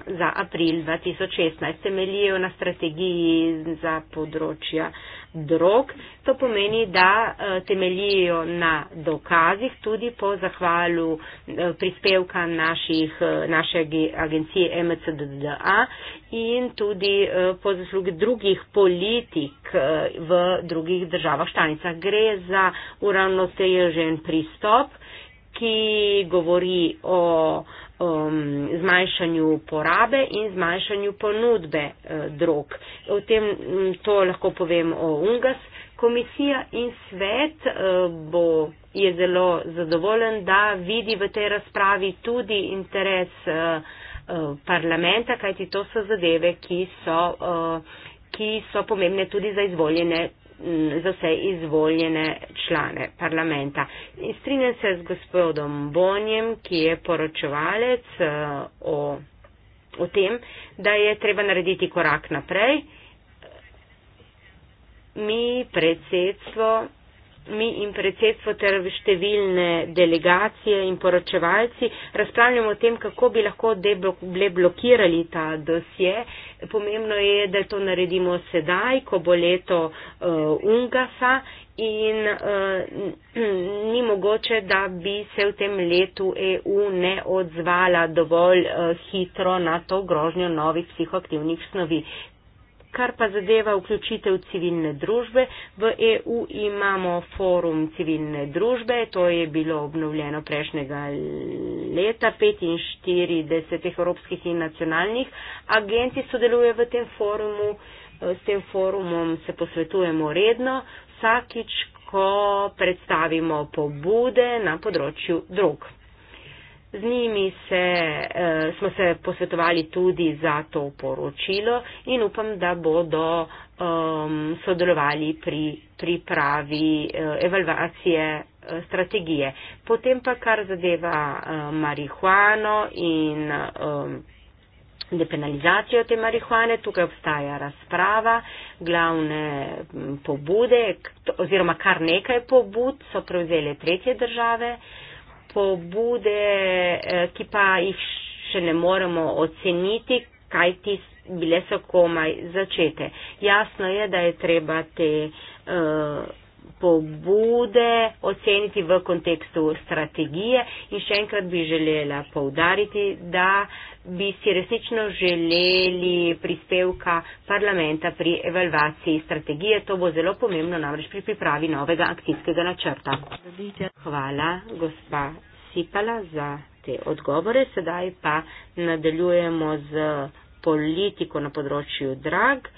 za april 2016 temeljijo na strategiji za področja drog. To pomeni, da eh, temeljijo na dokazih tudi po zahvalu eh, prispevka naših, eh, naše agencije MCDDA in tudi po zaslugi drugih politik v drugih državah članicah. Gre za uravnotežen pristop, ki govori o um, zmanjšanju porabe in zmanjšanju ponudbe uh, drog. O tem mm, to lahko povem o UNGAS. Komisija in svet eh, bo, je zelo zadovoljen, da vidi v tej razpravi tudi interes eh, parlamenta, kajti to so zadeve, ki so, ki so pomembne tudi za izvoljene za vse izvoljene člane parlamenta. In strinjam se z gospodom Bonjem, ki je poročevalec eh, o, o tem, da je treba narediti korak naprej. Mi predsedstvo mi in predsedstvo ter številne delegacije in poročevalci razpravljamo o tem, kako bi lahko deblokirali ta dosje. Pomembno je, da to naredimo sedaj, ko bo leto uh, Ungasa in uh, ni mogoče, da bi se v tem letu EU ne odzvala dovolj uh, hitro na to grožnjo novih psihoaktivnih snovi kar pa zadeva vključitev civilne družbe, v EU imamo forum civilne družbe, to je bilo obnovljeno prejšnjega leta, 45 evropskih in nacionalnih agencij sodeluje v tem forumu, eh, s tem forumom se posvetujemo redno, vsakič, ko predstavimo pobude na področju drug. Z njimi se, eh, smo se posvetovali tudi za to poročilo in upam, da bodo um, sodelovali pri pripravi eh, evalvacije eh, strategije. Potem pa kar zadeva eh, marihuano in eh, depenalizacijo te marihuane, tukaj obstaja razprava, glavne hm, pobude to, oziroma kar nekaj pobud so prevzele tretje države. Eh, pobude, eh, ki pa jih še ne moremo oceniti, kaj ti bile so komaj začete. Jasno je, da je treba te. Uh, pobude oceniti v kontekstu strategije in še enkrat bi želela povdariti, da bi si resnično želeli prispevka parlamenta pri evalvaciji strategije. To bo zelo pomembno namreč pri pripravi novega akcijskega načrta. Hvala, gospa Sipala, za te odgovore. Sedaj pa nadaljujemo z politiko na področju drag.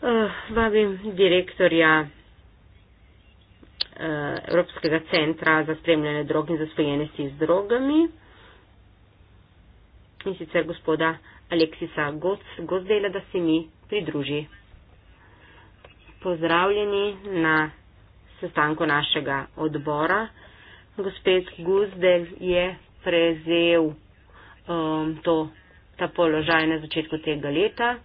Uh, vabim direktorja Eh, Evropskega centra za spremljanje drog in zasvojenosti z drogami. In sicer gospoda Aleksisa Gozdela, da se mi pridruži. Pozdravljeni na sestanku našega odbora. Gospod Guzdel je prezel um, eh, to, ta položaj na začetku tega leta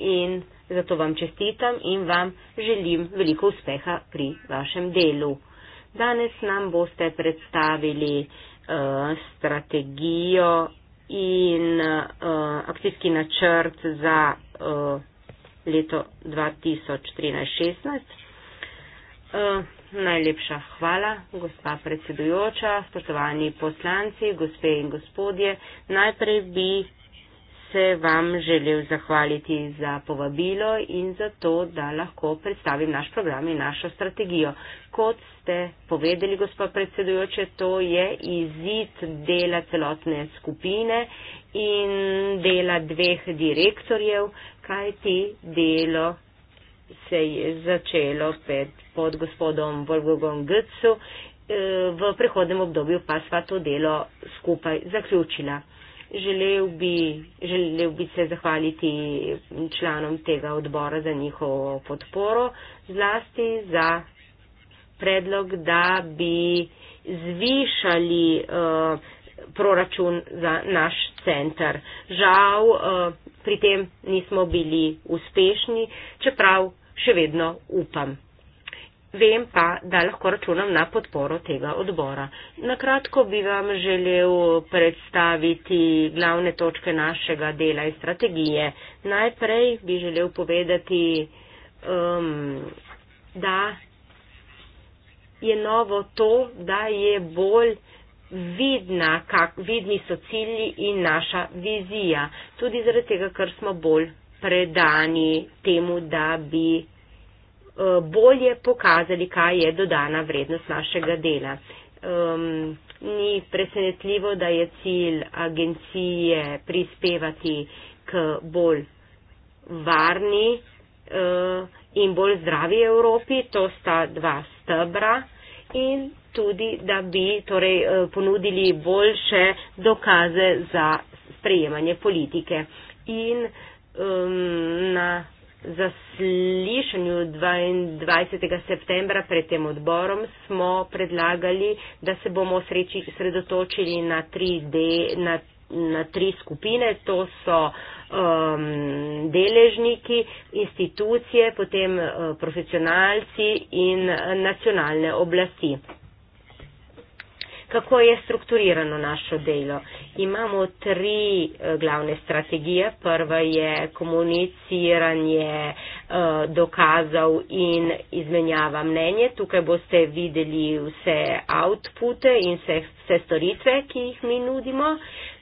in zato vam čestitam in vam želim veliko uspeha pri vašem delu. Danes nam boste predstavili uh, strategijo in uh, akcijski načrt za uh, leto 2013-16. Uh, najlepša hvala, gospa predsedujoča, spoštovani poslanci, gospe in gospodje. Najprej bi se vam želel zahvaliti za povabilo in za to, da lahko predstavim naš program in našo strategijo. Kot ste povedali, gospod predsedujoče, to je izid dela celotne skupine in dela dveh direktorjev, kajti delo se je začelo pred, pod gospodom Volgogom Gcu, eh, v prehodnem obdobju pa sva to delo skupaj zaključila želel bi, želel bi se zahvaliti članom tega odbora za njihovo podporo, zlasti za predlog, da bi zvišali uh, proračun za naš center. Žal uh, pri tem nismo bili uspešni, čeprav še vedno upam. Vem pa, da lahko računam na podporo tega odbora. Na kratko bi vam želel predstaviti glavne točke našega dela in strategije. Najprej bi želel povedati, um, da je novo to, da je bolj vidna, kak, vidni so cilji in naša vizija. Tudi zaradi tega, ker smo bolj predani temu, da bi Eh, bolje pokazali, kaj je dodana vrednost našega dela. Um, ni presenetljivo, da je cilj agencije prispevati k bolj varni uh, in bolj zdravi Evropi. To sta dva stebra in tudi, da bi torej, eh, ponudili boljše dokaze za sprejemanje politike. In um, na zaslišanju 22. septembra pred tem odborom smo predlagali, da se bomo osredotočili na 3D. Na na tri skupine, to so um, deležniki, institucije, potem uh, profesionalci in uh, nacionalne oblasti kako je strukturirano našo delo. Imamo tri eh, glavne strategije. Prva je komuniciranje eh, dokazov in izmenjava mnenje. Tukaj boste videli vse outpute in vse, vse storitve, ki jih mi nudimo.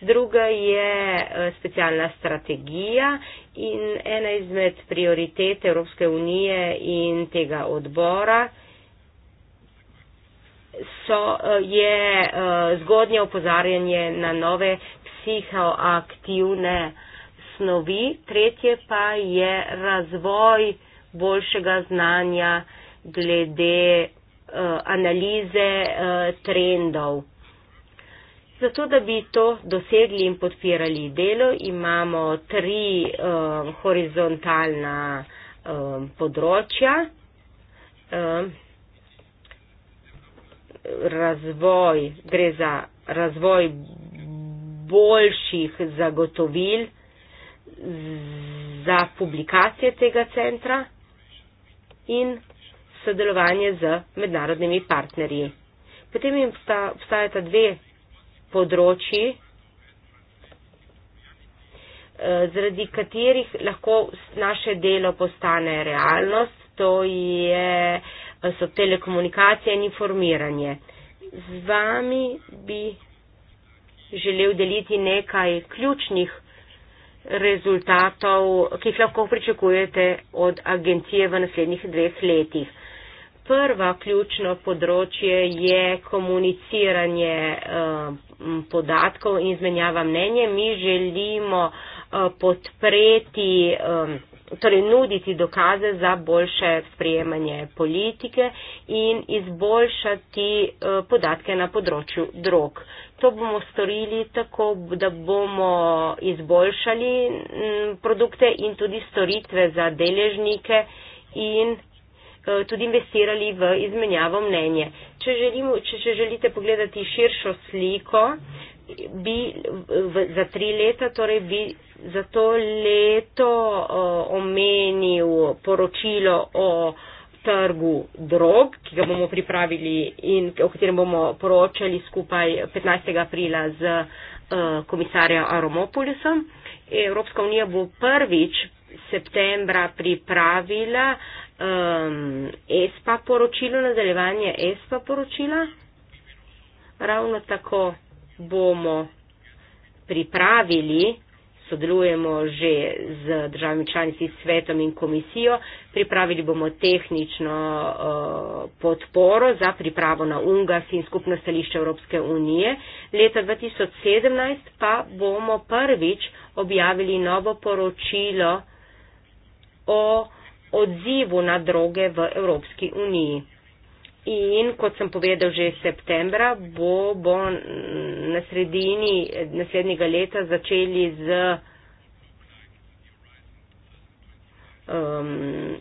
Druga je eh, specialna strategija in ena izmed prioritet Evropske unije in tega odbora so, eh, je eh, zgodnje opozarjanje na nove psihoaktivne snovi, tretje pa je razvoj boljšega znanja glede eh, analize trendov. Zato, da bi to dosegli in podpirali delo, imamo tri uh, horizontalna uh, področja. Uh, razvoj, gre za razvoj boljših zagotovil za publikacije tega centra in sodelovanje z mednarodnimi partnerji. Potem jim obstajata dve področji, e, zaradi katerih lahko naše delo postane realnost. To je uh, so telekomunikacije in informiranje. Z vami bi želel deliti nekaj ključnih rezultatov, ki jih lahko pričakujete od agencije v naslednjih dveh letih. Prva ključno področje je komuniciranje eh, podatkov in izmenjava mnenje. Mi želimo eh, podpreti eh, torej nuditi dokaze za boljše sprejemanje politike in izboljšati eh, podatke na področju drog. To bomo storili tako, da bomo izboljšali mm, produkte in tudi storitve za deležnike in eh, tudi investirali v izmenjavo mnenje. Če, želimo, če, če želite pogledati širšo sliko, bi v, za tri leta, torej bi za to leto o, omenil poročilo o trgu drog, ki ga bomo pripravili in o katerem bomo poročali skupaj 15. aprila z o, komisarja Aromopolisom. Evropska unija bo prvič septembra pripravila um, ESPA poročilo, nadaljevanje ESPA poročila. Ravno tako bomo pripravili, sodelujemo že z državami članici, svetom in komisijo, pripravili bomo tehnično uh, podporo za pripravo na UNGAS in skupno stališče Evropske unije. Leta 2017 pa bomo prvič objavili novo poročilo o odzivu na droge v Evropski uniji. In kot sem povedal že septembra, bo, bo na sredini naslednjega leta začeli z um,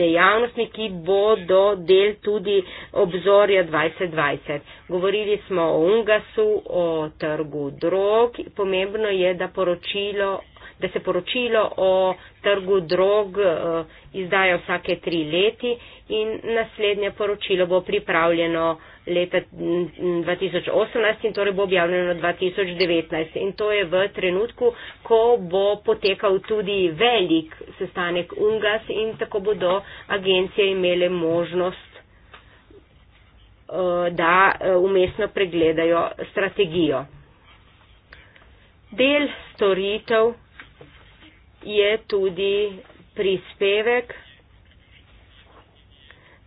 dejavnostmi, ki bodo del tudi obzorja 2020. Govorili smo o Ungasu, o trgu drog. Pomembno je, da poročilo da se poročilo o trgu drog eh, izdaja vsake tri leti in naslednje poročilo bo pripravljeno leta 2018 in torej bo objavljeno 2019. In to je v trenutku, ko bo potekal tudi velik sestanek UNGAS in tako bodo agencije imele možnost eh, da eh, umestno pregledajo strategijo. Del storitev je tudi prispevek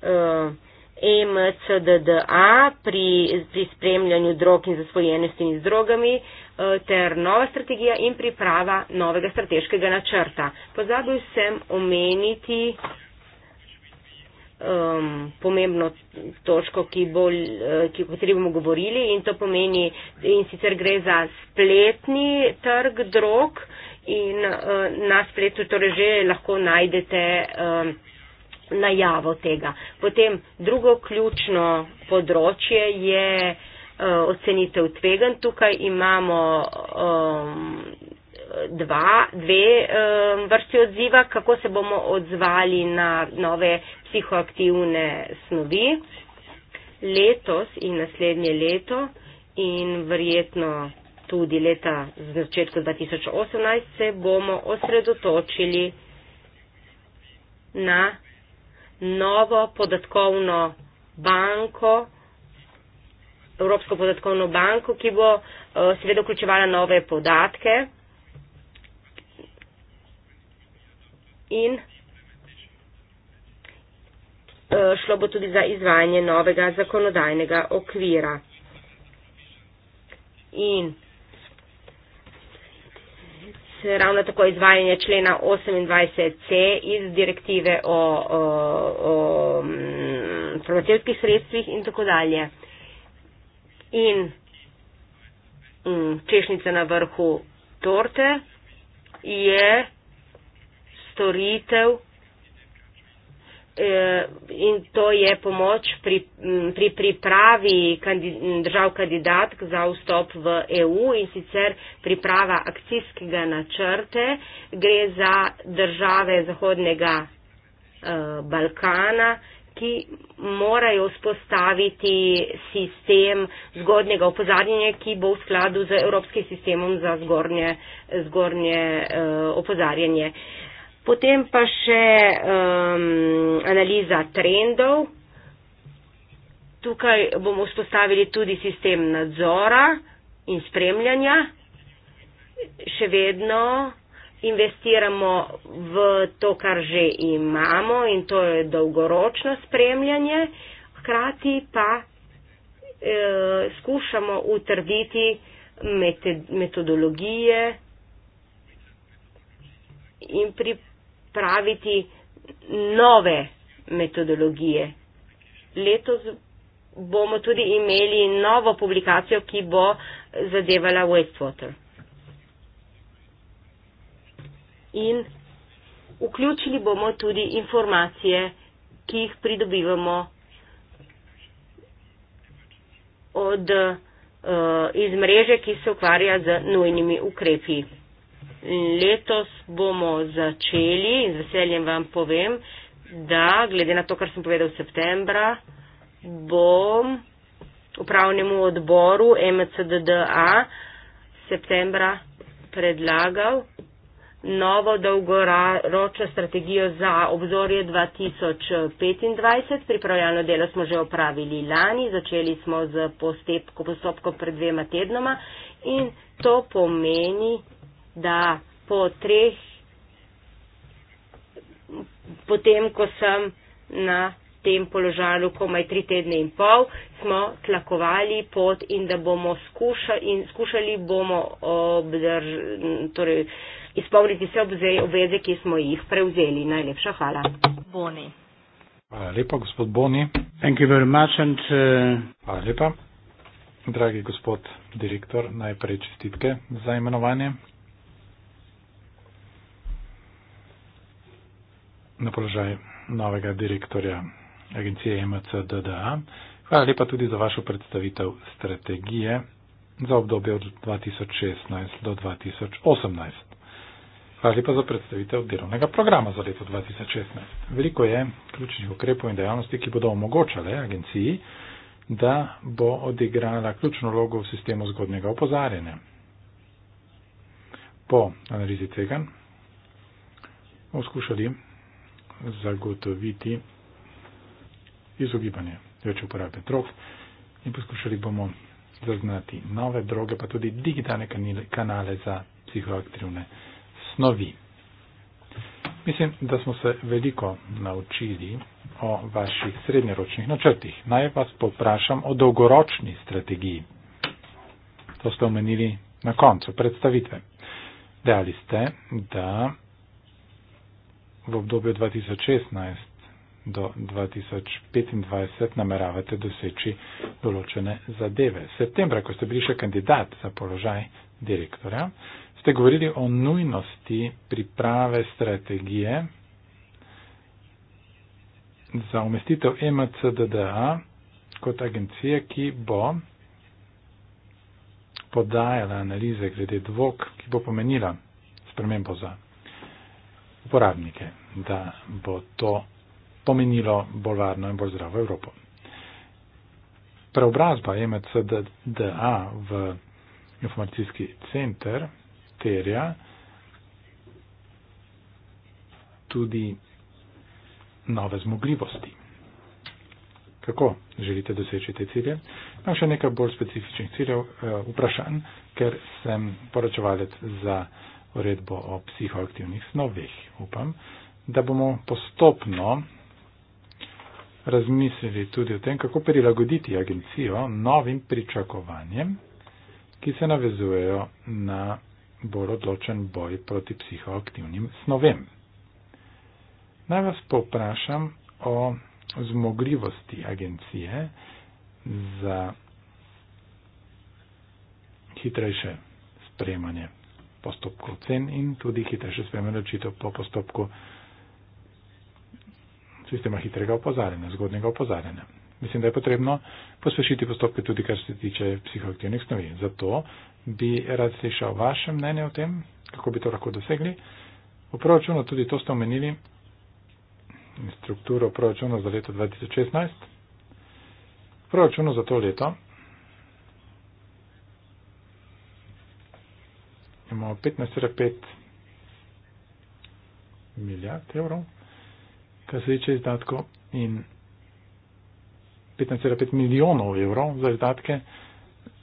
uh, eh, MCDDA pri, pri spremljanju drog in zasvojenosti z drogami uh, ter nova strategija in priprava novega strateškega načrta. Pozabil sem omeniti um, pomembno točko, ki bolj, eh, ki, o kateri bomo govorili in to pomeni, in sicer gre za spletni trg drog, uh, in uh, na spletu torej že lahko najdete um, najavo tega. Potem drugo ključno področje je uh, ocenitev tvegan. Tukaj imamo um, dva, dve um, vrsti odziva, kako se bomo odzvali na nove psihoaktivne snovi letos in naslednje leto in verjetno tudi leta z začetku 2018 se bomo osredotočili na novo podatkovno banko, Evropsko podatkovno banko, ki bo eh, seveda vključevala nove podatke in eh, šlo bo tudi za izvajanje novega zakonodajnega okvira. In ravno tako izvajanje člena 28c iz direktive o, o, o farmacevskih sredstvih in tako dalje. In m, češnica na vrhu torte je storitev Eh, in to je pomoč pri, pri pripravi držav kandidatk za vstop v EU in sicer priprava akcijskega načrte. Gre za države Zahodnega eh, Balkana, ki morajo vzpostaviti sistem zgodnega opozarjanja, ki bo v skladu z Evropskim sistemom za zgornje, zgornje eh, opozarjanje. Potem pa še um, analiza trendov. Tukaj bomo vzpostavili tudi sistem nadzora in spremljanja. Še vedno investiramo v to, kar že imamo in to je dolgoročno spremljanje. Hkrati pa eh, skušamo utrditi metodologije in pripravljanje praviti nove metodologije. Letos bomo tudi imeli novo publikacijo, ki bo zadevala wastewater. In vključili bomo tudi informacije, ki jih pridobivamo od uh, eh, izmreže, ki se ukvarja z nujnimi ukrepi letos bomo začeli in z veseljem vam povem, da glede na to, kar sem povedal v septembra, bom upravnemu odboru MCDDA septembra predlagal novo dolgoročno strategijo za obzorje 2025. Pripravljalno delo smo že opravili lani, začeli smo z postopkom pred dvema tednoma in to pomeni, da po treh, potem, ko sem na tem položaju komaj tri tedne in pol, smo tlakovali pot in da bomo skušali, in skušali bomo obdrž, torej, izpolniti vse obveze, ki smo jih prevzeli. Najlepša hvala. Boni. Hvala lepa, gospod Boni. Thank you very much and... Uh... Hvala lepa. Dragi gospod direktor, najprej čestitke za imenovanje. na položaj novega direktorja agencije MCDDA. Hvala lepa tudi za vašo predstavitev strategije za obdobje od 2016 do 2018. Hvala lepa za predstavitev delovnega programa za leto 2016. Veliko je ključnih ukrepov in dejavnosti, ki bodo omogočale agenciji, da bo odigrala ključno vlogo v sistemu zgodnega opozarjanja. Po analizi tveganj bomo skušali zagotoviti izogibanje več uporabe drog in poskušali bomo zaznati nove droge, pa tudi digitalne kanale za psihoaktivne snovi. Mislim, da smo se veliko naučili o vaših srednjeročnih načrtih. Naj vas poprašam o dolgoročni strategiji. To ste omenili na koncu predstavitve. Dejali ste, da v obdobju 2016 do 2025 nameravate doseči določene zadeve. Septembra, ko ste bili še kandidat za položaj direktorja, ste govorili o nujnosti priprave strategije za umestitev MCDDA kot agencije, ki bo podajala analize glede dvog, ki bo pomenila spremembo za uporabnike, da bo to pomenilo bolj varno in bolj zdravo Evropo. Preobrazba e MCDA v informacijski center terja tudi nove zmogljivosti. Kako želite doseči te cilje? Imam še nekaj bolj specifičnih ciljev, eh, vprašanj, ker sem poročevalec za uredbo o psihoaktivnih snovih. Upam, da bomo postopno razmislili tudi o tem, kako prilagoditi agencijo novim pričakovanjem, ki se navezujejo na bolj odločen boj proti psihoaktivnim snovem. Naj vas poprašam o zmogljivosti agencije za hitrejše sprejemanje postopku cen in tudi hitrejše sprejme odločitev po postopku sistema hitrega opozarjanja, zgodnega opozarjanja. Mislim, da je potrebno pospešiti postopke tudi, kar se tiče psihoaktivnih snovi. Zato bi rad slišal vaše mnenje o tem, kako bi to lahko dosegli. V proračunu tudi to ste omenili, strukturo proračuna za leto 2016. V proračunu za to leto imamo 15,5 milijard evrov, kar se tiče izdatkov, in 15,5 milijonov evrov za izdatke,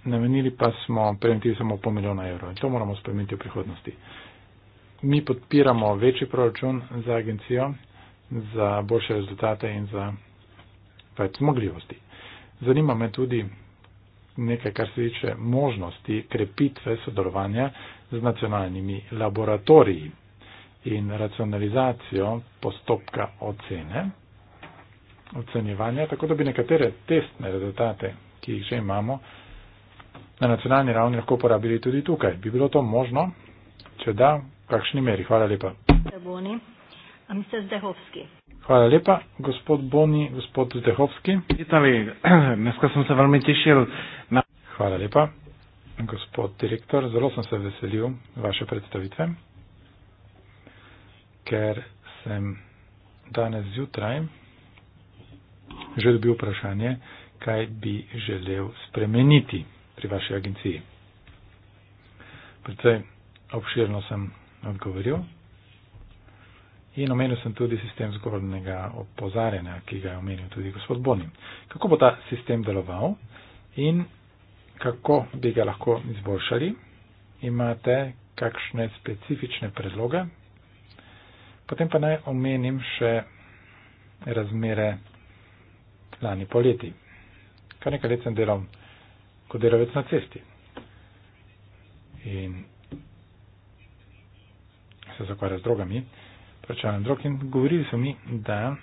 namenili pa smo preventivi samo pol milijona evrov. In to moramo spremeniti v prihodnosti. Mi podpiramo večji proračun za agencijo, za boljše rezultate in za več zmogljivosti. Zanima me tudi nekaj, kar se tiče možnosti krepitve sodelovanja z nacionalnimi laboratoriji in racionalizacijo postopka ocene, ocenjevanja, tako da bi nekatere testne rezultate, ki jih že imamo, na nacionalni ravni lahko uporabili tudi tukaj. Bi bilo to možno? Če da, v kakšni meri? Hvala lepa. Hvala lepa, gospod Boni, gospod Zdehovski. Hvala lepa gospod direktor, zelo sem se veselil vaše predstavitve, ker sem danes zjutraj že dobil vprašanje, kaj bi želel spremeniti pri vaši agenciji. Predvsej obširno sem odgovoril in omenil sem tudi sistem zgornjega opozarjanja, ki ga je omenil tudi gospod Boni. Kako bo ta sistem deloval in kako bi ga lahko izboljšali, imate kakšne specifične predloge. Potem pa naj omenim še razmere lani poleti. Kar nekaj let sem delal kot delavec na cesti. In se zakvarjal z drogami, prečevalim drog in govorili so mi, da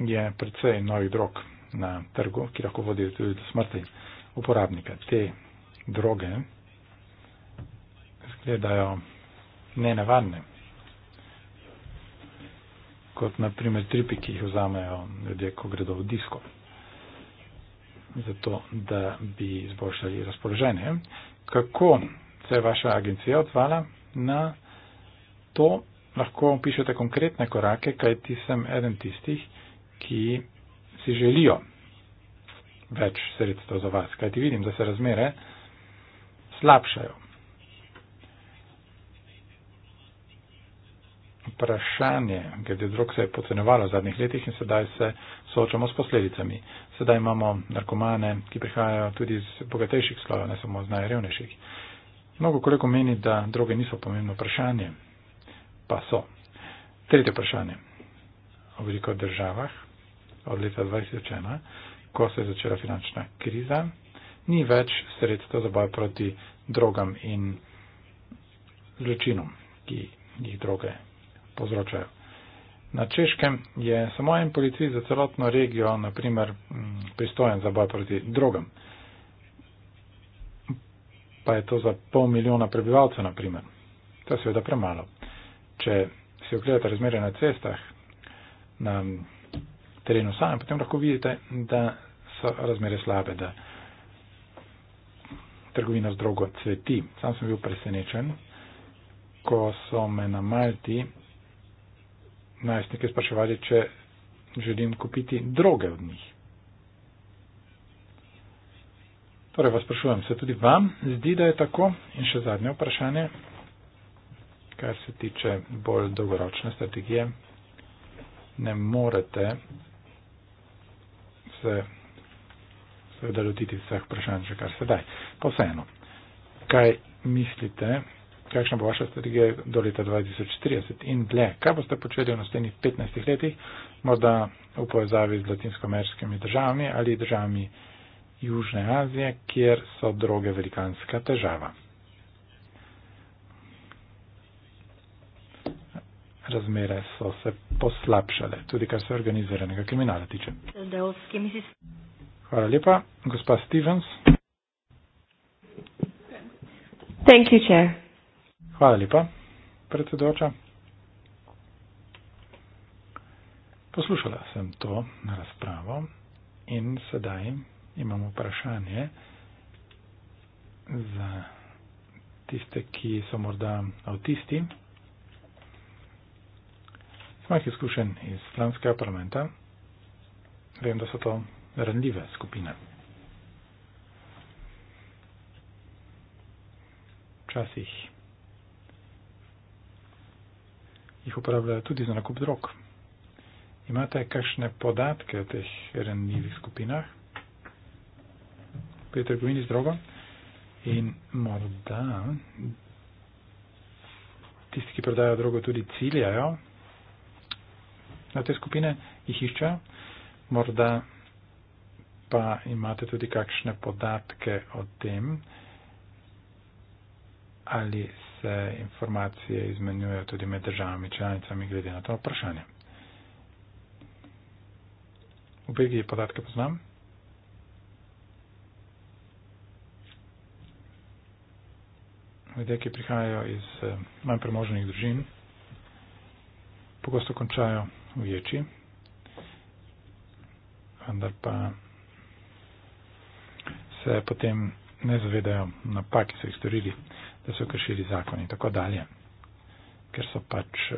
je precej novih drog na trgu, ki lahko vodijo tudi do smrti uporabnika. Te droge izgledajo nenavadne, kot naprimer tripi, ki jih vzamejo ljudje, ko gredo v disko, zato da bi izboljšali razpoloženje. Kako se je vaša agencija odvala na to, lahko pišete konkretne korake, kaj ti sem eden tistih, ki si želijo več sredstev za vas, kajti vidim, da se razmere slabšajo. Vprašanje, glede drog se je pocenevalo v zadnjih letih in sedaj se soočamo s posledicami. Sedaj imamo narkomane, ki prihajajo tudi iz bogatejših slojev, ne samo iz najrevnejših. Mnogo koliko meni, da droge niso pomembno vprašanje, pa so. Tretje vprašanje. O veliko državah, od leta 2001, ko se je začela finančna kriza, ni več sredstva za boj proti drogam in zločinom, ki jih droge povzročajo. Na Češkem je samo en policij za celotno regijo, naprimer, pristojen za boj proti drogam. Pa je to za pol milijona prebivalcev, naprimer. To je seveda premalo. Če si ogledate razmere na cestah, na terenu samem, potem lahko vidite, da so razmere slabe, da trgovina z drogo cveti. Sam sem bil presenečen, ko so me na Malti najstnike spraševali, če želim kupiti droge od njih. Torej, vas sprašujem, se tudi vam zdi, da je tako? In še zadnje vprašanje, kar se tiče bolj dolgoročne strategije. Ne morete se seveda lotiti vseh vprašanj, že kar sedaj. Pa vseeno, kaj mislite, kakšna bo vaša strategija do leta 2030 in dlje? Kaj boste počeli v naslednjih 15 letih, morda v povezavi z latinsko-ameriškimi državami ali državami Južne Azije, kjer so droge velikanska težava? razmere so se poslabšale, tudi kar se organiziranega kriminala tiče. Hvala lepa. Gospa Stevens. Thank you, chair. Hvala lepa, predsedoča. Poslušala sem to na razpravo in sedaj imam vprašanje za tiste, ki so morda avtisti mojih izkušenj iz stranskega parlamenta vem, da so to ranljive skupine. Včasih jih uporabljajo tudi za nakup drog. Imate kakšne podatke o teh ranljivih skupinah pri trgovini z drogo? In morda tisti, ki prodajajo drogo, tudi ciljajo na te skupine jih išče. Morda pa imate tudi kakšne podatke o tem, ali se informacije izmenjujejo tudi med državami članicami glede na to vprašanje. V Belgiji podatke poznam. Ljudje, ki prihajajo iz eh, manj premoženih družin, pogosto končajo uječi. Vendar pa se potem ne zavedajo napak, ki so jih storili, da so kršili zakon in tako dalje. Ker so pač eh,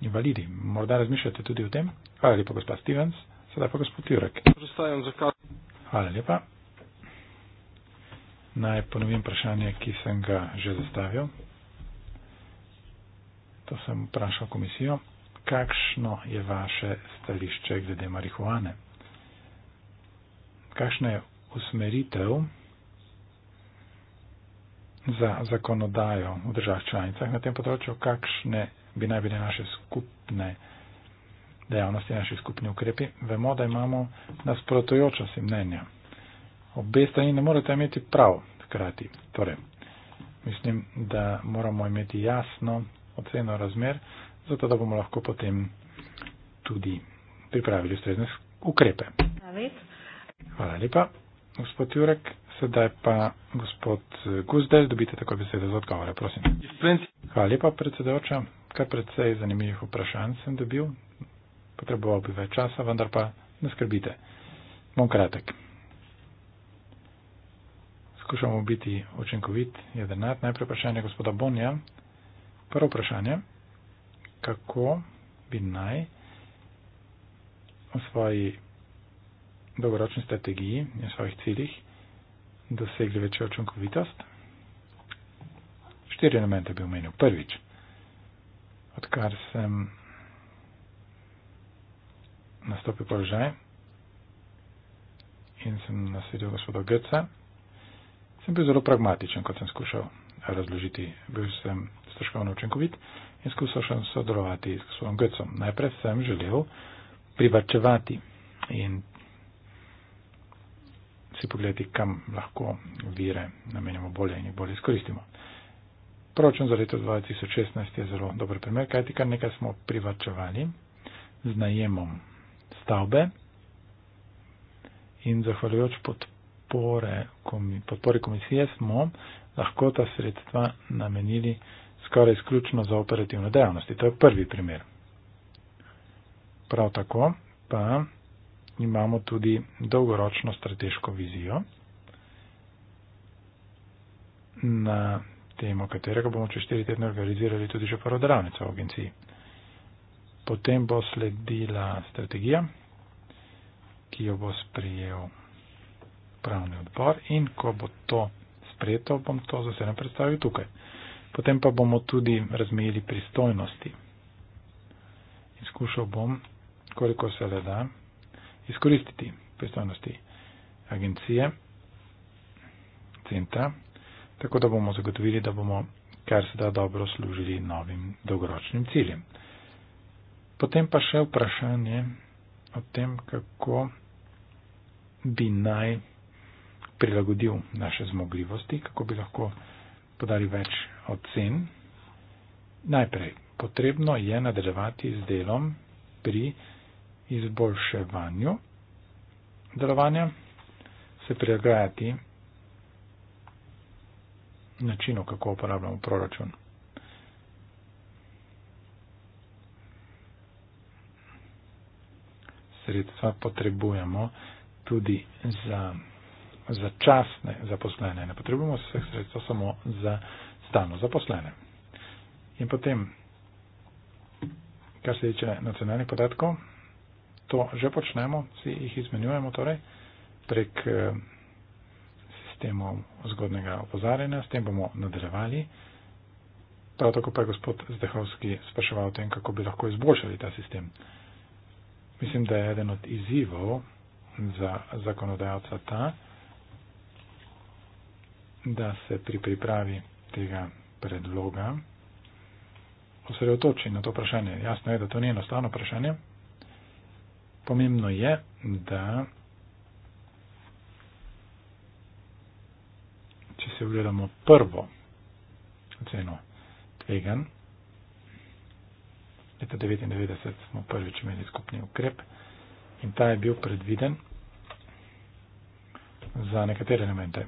invalidi. Morda razmišljate tudi o tem. Hvala lepa, gospod Stevens. Sedaj pa gospod Jurek. Hvala lepa. Naj ponovim vprašanje, ki sem ga že zastavil to sem vprašal komisijo, kakšno je vaše stališče glede marihuane? Kakšna je usmeritev za zakonodajo v državah članicah na tem področju, kakšne bi naj bile naše skupne dejavnosti, naši skupni ukrepi? Vemo, da imamo nasprotujoča si mnenja. Obe strani ne morete imeti prav hkrati. Torej, mislim, da moramo imeti jasno oceno razmer, zato da bomo lahko potem tudi pripravili ustrezne ukrepe. Hvala lepa, gospod Jurek. Sedaj pa gospod Guzdel, dobite tako besedo za odgovore, prosim. Hvala lepa, predsedoča. Kar predvsej zanimivih vprašanj sem dobil. Potreboval bi več časa, vendar pa ne skrbite. Bom kratek. Skušamo biti učinkovit, jedrnat. Najprej vprašanje gospoda Bonja. Prvo vprašanje, kako bi naj v svoji dolgoročni strategiji in svojih ciljih dosegli večjo učinkovitost? Štiri elemente bi omenil. Prvič, odkar sem nastopil položaj in sem nasvedel gospoda Grca, sem bil zelo pragmatičen, kot sem skušal razložiti. Bil sem stroškovno učinkovit in skušal sem sodelovati s svojim gecom. Najprej sem želel privačevati in si pogledati, kam lahko vire namenjamo bolje in jih bolje izkoristimo. Proračun za leto 2016 je zelo dober primer, kajti kar nekaj smo privačevali z najemom stavbe in zahvaljujoč podpore, komi, podpori komisije smo lahko ta sredstva namenili skoraj izključno za operativne dejavnosti. To je prvi primer. Prav tako pa imamo tudi dolgoročno strateško vizijo, na temo katerega bomo čez 4 tedne organizirali tudi že prvo delavnico v agenciji. Potem bo sledila strategija, ki jo bo sprijel pravni odbor in ko bo to sprejeto, bom to zase ne predstavil tukaj. Potem pa bomo tudi razmejili pristojnosti. In skušal bom, koliko se le da, izkoristiti pristojnosti agencije, centra, tako da bomo zagotovili, da bomo kar se da dobro služili novim dolgoročnim ciljem. Potem pa še vprašanje o tem, kako bi naj prilagodil naše zmogljivosti, kako bi lahko podali več ocen. Najprej, potrebno je nadaljevati z delom pri izboljševanju delovanja, se prilagajati načinu, kako uporabljamo proračun. Sredstva potrebujemo tudi za za časne zaposlene, ne potrebujemo vseh sredstev samo za stano zaposlene. In potem, kar se tiče nacionalnih podatkov, to že počnemo, si jih izmenjujemo torej prek eh, sistemov zgodnega opozarjanja, s tem bomo nadaljevali. Prav tako pa je gospod Zdehovski spraševal o tem, kako bi lahko izboljšali ta sistem. Mislim, da je eden od izzivov za zakonodajalca ta, da se pri pripravi tega predloga osredotoči na to vprašanje. Jasno je, da to ni enostavno vprašanje. Pomembno je, da če se ogledamo prvo ceno tvegan, leta 99 smo prvič imeli skupni ukrep in ta je bil predviden za nekatere elemente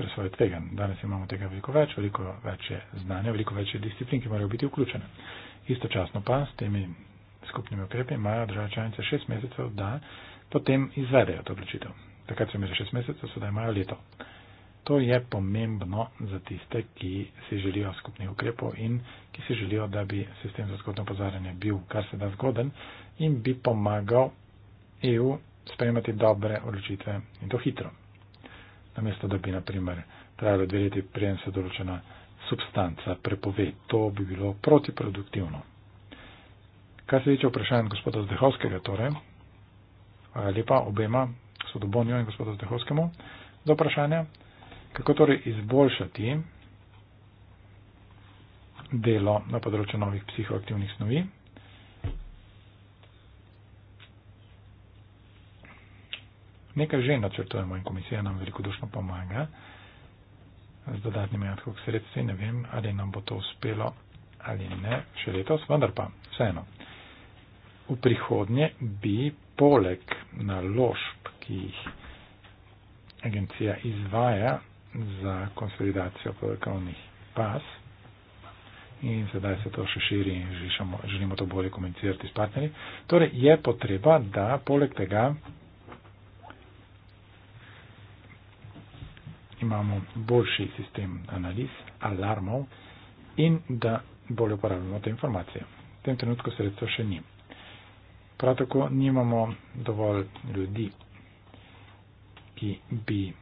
presoje tvegan. Danes imamo tega veliko več, veliko več je znanja, veliko več je disciplin, ki morajo biti vključene. Istočasno pa s temi skupnimi ukrepi imajo države članice šest mesecev, da potem izvedejo to odločitev. Takrat so imeli šest mesecev, sedaj imajo leto. To je pomembno za tiste, ki si želijo skupnih ukrepov in ki si želijo, da bi sistem za zgodno opozarjanje bil kar se da zgoden in bi pomagal EU sprejemati dobre odločitve in to hitro namesto da bi, na primer, trajalo dve leti, preden se določena substanca prepove. To bi bilo protiproduktivno. Kar se tiče vprašanj gospoda Zdehovskega, torej, hvala lepa obema, gospodu Bonjo in gospodu Zdehovskemu, za vprašanje, kako torej izboljšati delo na področju novih psihoaktivnih snovi. nekaj že načrtujemo in komisija nam velikodušno pomaga z dodatnimi odhok sredstvi. Ne vem, ali nam bo to uspelo ali ne še letos, vendar pa vseeno. V prihodnje bi poleg naložb, ki jih agencija izvaja za konsolidacijo podatkovnih pas, in sedaj se to še širi in želimo to bolje komunicirati s partnerji. Torej je potreba, da poleg tega imamo boljši sistem analiz, alarmov in da bolje uporabljamo te informacije. V tem trenutku sredstva še ni. Prav tako nimamo dovolj ljudi, ki bi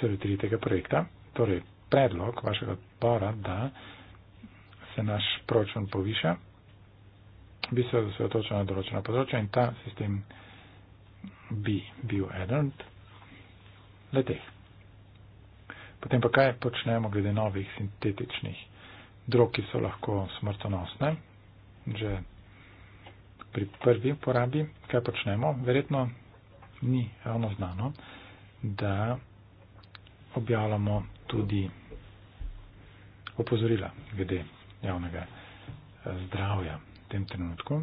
se lotili tega projekta. Torej, predlog vašega odbora, da se naš proračun poviša, bi se osredotočil na določena področja in ta sistem bi bil eden od leteh. Potem pa kaj počnemo glede novih sintetičnih drog, ki so lahko smrtonosne, že pri prvi uporabi, kaj počnemo? Verjetno ni ravno znano, da objavljamo tudi opozorila glede javnega eh, zdravja v tem trenutku.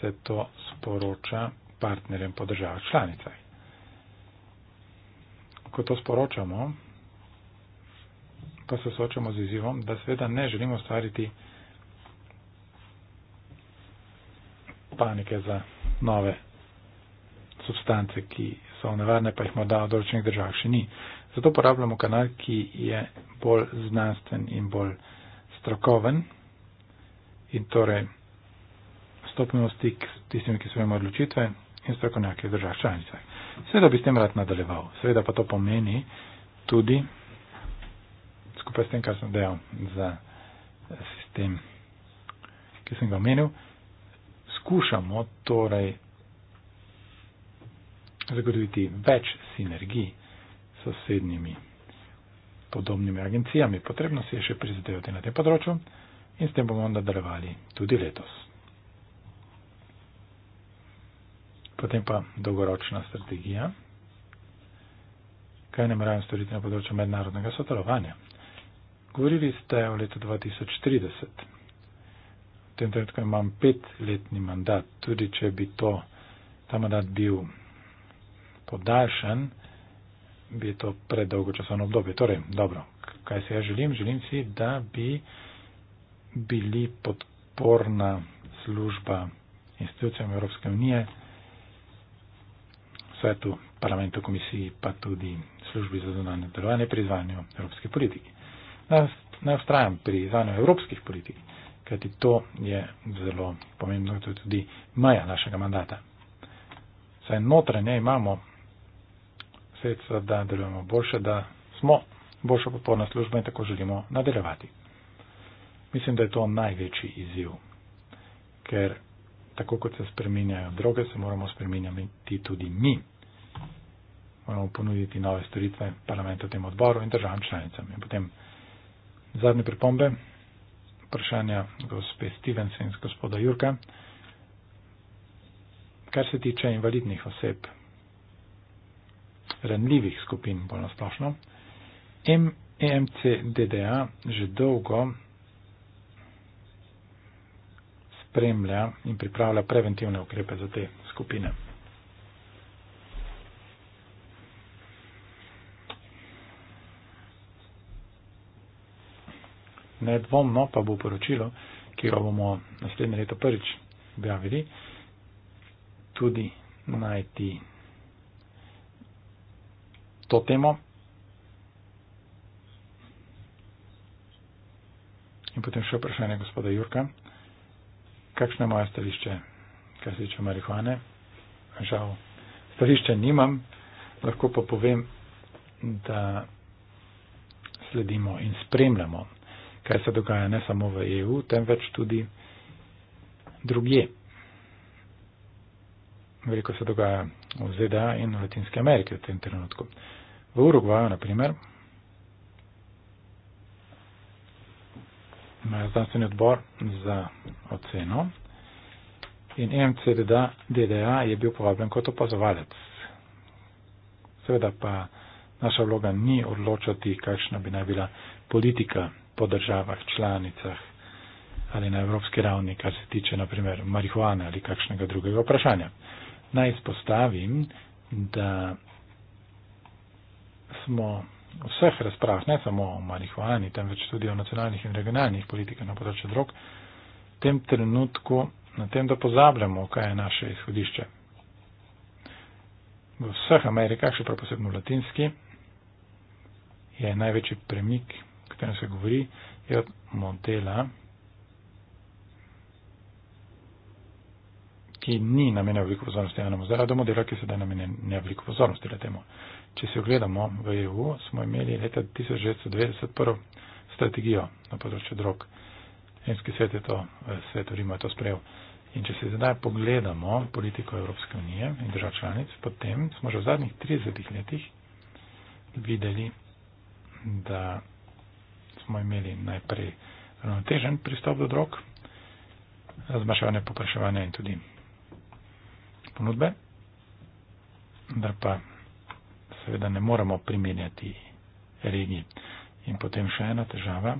Se to sporoča partnerjem po državah članicah ko to sporočamo, pa se soočamo z izjivom, da seveda ne želimo stvariti panike za nove substance, ki so nevarne, pa jih morda v določenih državah še ni. Zato uporabljamo kanal, ki je bolj znanstven in bolj strokoven in torej stopimo v stik s tistimi, ki so imeli odločitve in strokovnjaki v državah članicah. Seveda bi s tem rad nadaljeval. Seveda pa to pomeni tudi, skupaj s tem, kar sem dejal za sistem, ki sem ga omenil, skušamo torej zagotoviti več sinergij s sosednjimi podobnimi agencijami. Potrebno si je še prizadevati na tem področju in s tem bomo nadaljevali tudi letos. Potem pa dolgoročna strategija. Kaj nameravam storiti na področju mednarodnega sodelovanja? Govorili ste o letu 2030. V tem trenutku imam petletni mandat. Tudi če bi to, ta mandat bil podaljšan, bi to predolgo časovno obdobje. Torej, dobro, kaj se ja želim? Želim si, da bi bili podporna služba institucijam Evropske unije svetu, parlamentu, komisiji, pa tudi službi za zunanje delovanje pri izvanju evropske politike. Naj ustrajam pri izvanju evropskih politik, kajti to je zelo pomembno, to je tudi maja našega mandata. Saj notranje imamo sredstva, da delujemo boljše, da smo boljša podporna služba in tako želimo nadaljevati. Mislim, da je to največji izziv, ker tako kot se spreminjajo droge, se moramo spreminjati tudi mi moramo ponuditi nove storitve parlamentu, tem odboru in državam članicam. In potem zadnje pripombe, vprašanja gospe Stevens in gospoda Jurka. Kar se tiče invalidnih oseb, ranljivih skupin bolj nasplošno, EMC DDA že dolgo spremlja in pripravlja preventivne ukrepe za te skupine. nedvomno pa bo poročilo, ki ga bomo naslednje leto prvič objavili, tudi najti to temo. In potem še vprašanje gospoda Jurka, kakšno je moje stališče, kar se tiče marihuane. Žal, stališče nimam, lahko pa povem, da sledimo in spremljamo kaj se dogaja ne samo v EU, temveč tudi drugje. Veliko se dogaja v ZDA in v Latinske Amerike v tem trenutku. V Urugvaju, na primer, imajo znanstveni odbor za oceno in e MCDDA DDA je bil povabljen kot opazovalec. Seveda pa naša vloga ni odločati, kakšna bi naj bila politika po državah, članicah ali na evropski ravni, kar se tiče na primer marihuane ali kakšnega drugega vprašanja. Naj izpostavim, da smo v vseh razprah, ne samo o marihuani, temveč tudi o nacionalnih in regionalnih politikah na področju drog, v tem trenutku na tem, da pozabljamo, kaj je naše izhodišče. V vseh Amerikah, še prav posebno v latinski, je največji premik katerem se govori, je od Montela, ki ni namenjen veliko pozornosti enemu zaradi modela, ki se da namenjen ne veliko pozornosti le temu. Če se ogledamo v EU, smo imeli leta 1991 strategijo na področju drog. Enski svet je to, eh, svet Rima je to sprejel. In če se zdaj pogledamo politiko Evropske unije in držav članic, potem smo že v zadnjih 30 letih videli, da smo imeli najprej ravnotežen pristop do drog, zmaševanje popraševanja in tudi ponudbe, da pa seveda ne moremo primenjati regij. In potem še ena težava,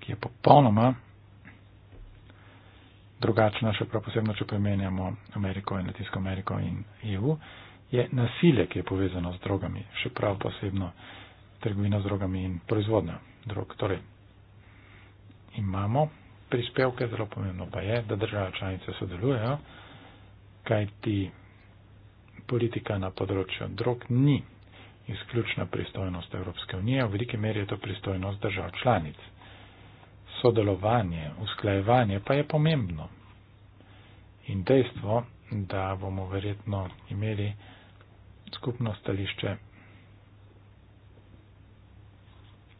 ki je popolnoma drugačna, še prav posebno, če premenjamo Ameriko in Latinsko Ameriko in EU, je nasilje, ki je povezano z drogami, še prav posebno trgovina z drogami in proizvodnja drog. Torej, imamo prispevke, zelo pomembno pa je, da države članice sodelujejo, kajti politika na področju drog ni izključna pristojnost Evropske unije, v veliki meri je to pristojnost držav članic. Sodelovanje, usklajevanje pa je pomembno. In dejstvo, da bomo verjetno imeli skupno stališče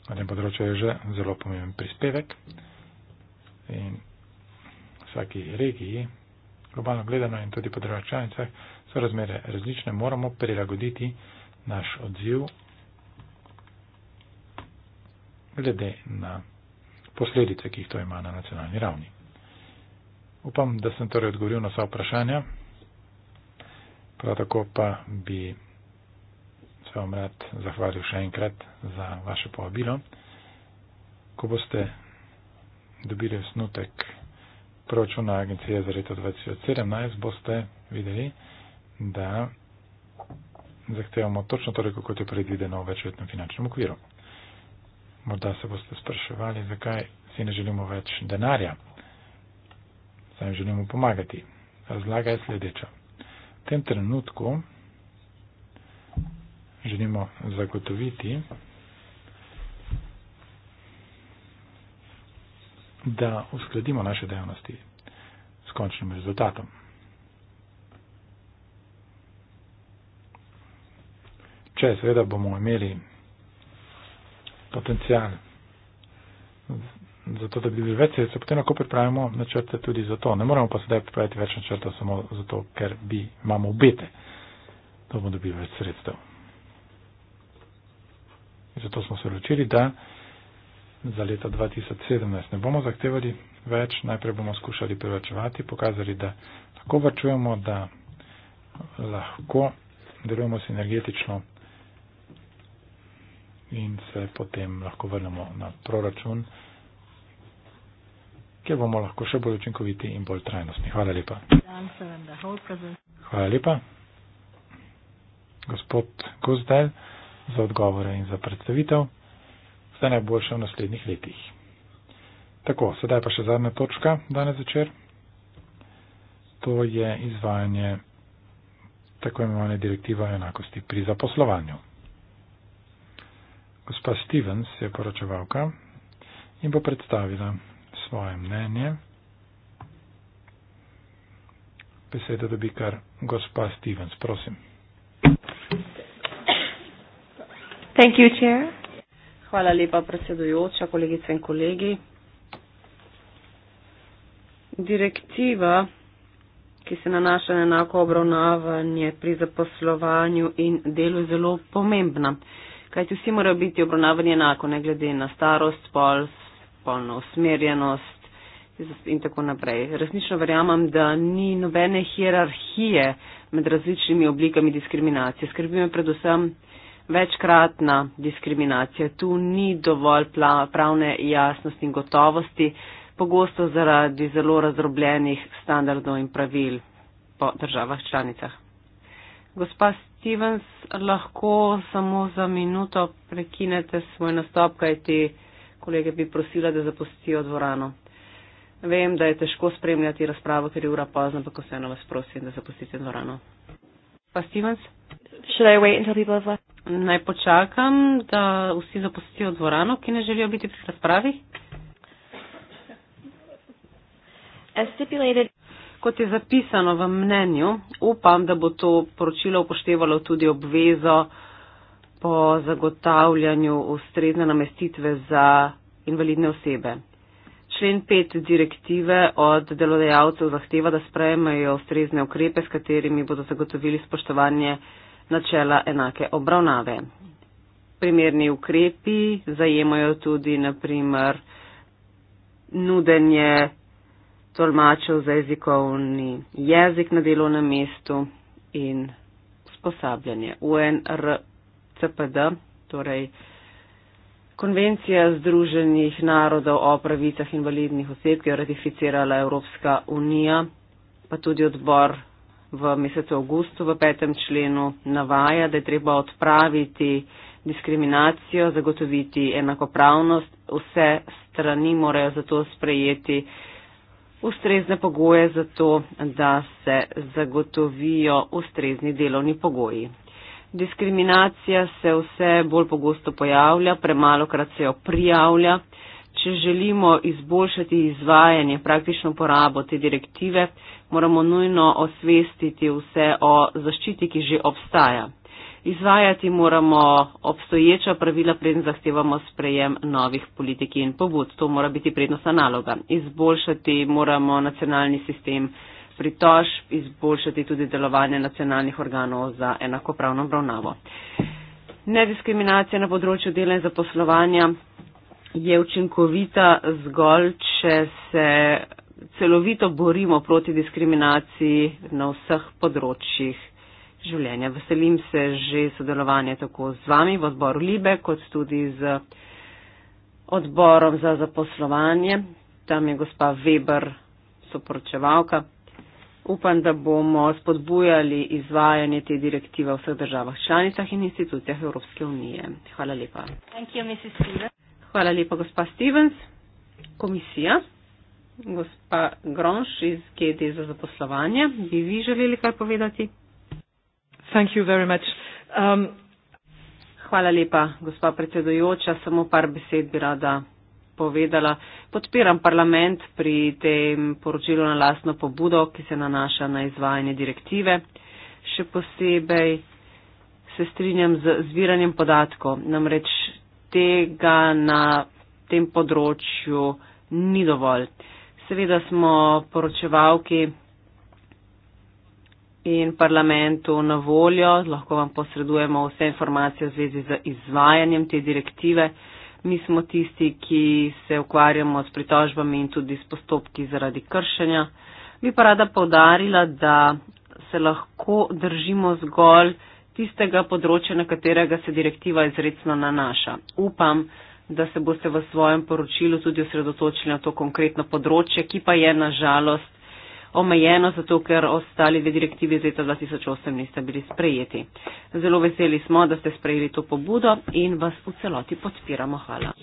na tem področju je že zelo pomemben prispevek in vsaki regiji, globalno gledano in tudi po državah članicah, so razmere različne, moramo prilagoditi naš odziv glede na posledice, ki jih to ima na nacionalni ravni. Upam, da sem torej odgovoril na vsa vprašanja, prav tako pa bi se vam rad zahvalil še enkrat za vaše povabilo. Ko boste dobili osnutek proračuna agencije za leto 2017, boste videli, da zahtevamo točno toliko, kot je predvideno v večletnem finančnem okviru. Morda se boste spraševali, zakaj si ne želimo več denarja, saj jim želimo pomagati. Razlaga je sledeča. V tem trenutku želimo zagotoviti, da uskladimo naše dejavnosti s končnim rezultatom. Če seveda bomo imeli potencial za to, da bi bili več sredstev, potem lahko pripravimo načrte tudi za to. Ne moremo pa sedaj pripraviti več načrta samo zato, ker bi imamo obete, da bomo dobili več sredstev. Zato smo se odločili, da za leto 2017 ne bomo zahtevali več, najprej bomo skušali privačevati, pokazali, da lahko vrčujemo, da lahko delujemo sinergetično in se potem lahko vrnemo na proračun, kjer bomo lahko še bolj učinkoviti in bolj trajnostni. Hvala lepa. Hvala lepa. Gospod Kozdel za odgovore in za predstavitev. Vse najboljše v naslednjih letih. Tako, sedaj pa še zadnja točka danes večer. To je izvajanje tako imenovane direktive o enakosti pri zaposlovanju. Gospa Stevens je poročevalka in bo predstavila svoje mnenje. Besedo dobi kar gospa Stevens, prosim. Thank you, chair. Hvala lepa, predsedujoča, kolegice in kolegi. Direktiva, ki se nanaša na enako obravnavanje pri zaposlovanju in delu, je zelo pomembna, kajti vsi morajo biti obravnavani enako, ne glede na starost, spol, spolno usmerjenost in tako naprej. Resnično verjamem, da ni nobene hierarhije med različnimi oblikami diskriminacije. Skrbime predvsem večkratna diskriminacija. Tu ni dovolj pravne jasnosti in gotovosti, pogosto zaradi zelo razrobljenih standardov in pravil po državah članicah. Gospa Stevens, lahko samo za minuto prekinete svoj nastop, kaj ti kolege bi prosila, da zapustijo dvorano. Vem, da je težko spremljati razpravo, ker je ura pozna, ampak vseeno vas prosim, da zapustite dvorano. Pa Stevens? Should I wait until people have left? naj počakam, da vsi zapustijo dvorano, ki ne želijo biti pri razpravi. Kot je zapisano v mnenju, upam, da bo to poročilo upoštevalo tudi obvezo po zagotavljanju ustrezne namestitve za invalidne osebe. Člen 5 direktive od delodajalcev zahteva, da sprejmejo ustrezne ukrepe, s katerimi bodo zagotovili spoštovanje načela enake obravnave. Primerni ukrepi zajemajo tudi naprimer nudenje tolmačev za jezikovni jezik na delovnem mestu in sposabljanje. UNRCPD, torej Konvencija Združenih narodov o pravicah invalidnih oseb, ki jo ratificirala Evropska unija, pa tudi odbor v mesecu augustu v petem členu navaja, da je treba odpraviti diskriminacijo, zagotoviti enakopravnost. Vse strani morajo zato sprejeti ustrezne pogoje za to, da se zagotovijo ustrezni delovni pogoji. Diskriminacija se vse bolj pogosto pojavlja, premalo krat se jo prijavlja. Uh, če želimo izboljšati izvajanje, praktično porabo te direktive, moramo nujno osvestiti vse o zaščiti, ki že obstaja. Izvajati moramo obstoječa pravila, preden zahtevamo sprejem novih politik in pobud. To mora biti prednostna naloga. Izboljšati moramo nacionalni sistem pritož, izboljšati tudi delovanje nacionalnih organov za enakopravno obravnavo. Nediskriminacija na področju dela in zaposlovanja je učinkovita zgolj, če se celovito borimo proti diskriminaciji na vseh področjih življenja. Veselim se že sodelovanja tako z vami v odboru Libe, kot tudi z odborom za zaposlovanje. Tam je gospa Weber, soporočevalka. Upam, da bomo spodbujali izvajanje te direktive v vseh državah članicah in institucijah Evropske unije. Hvala lepa. Hvala lepa, gospa Stevens. Komisija, gospa Gronš iz GD za zaposlovanje, bi vi želeli kaj povedati? Thank you very much. Um, Hvala lepa, gospa predsedojoča. Samo par besed bi rada povedala. Podpiram parlament pri tem poročilu na lastno pobudo, ki se nanaša na izvajanje direktive. Še posebej se strinjam z zbiranjem podatkov. Namreč tega na tem področju ni dovolj. Seveda smo poročevalki in parlamentu na voljo, lahko vam posredujemo vse informacije v zvezi z izvajanjem te direktive. Mi smo tisti, ki se ukvarjamo s pritožbami in tudi s postopki zaradi kršenja. Bi pa rada povdarila, da se lahko držimo zgolj tistega področja, na katerega se direktiva izredno nanaša. Upam, da se boste v svojem poročilu tudi osredotočili na to konkretno področje, ki pa je nažalost omejeno, zato ker ostali dve direktivi iz leta 2008 niste bili sprejeti. Zelo veseli smo, da ste sprejeli to pobudo in vas v celoti podpiramo. Hvala.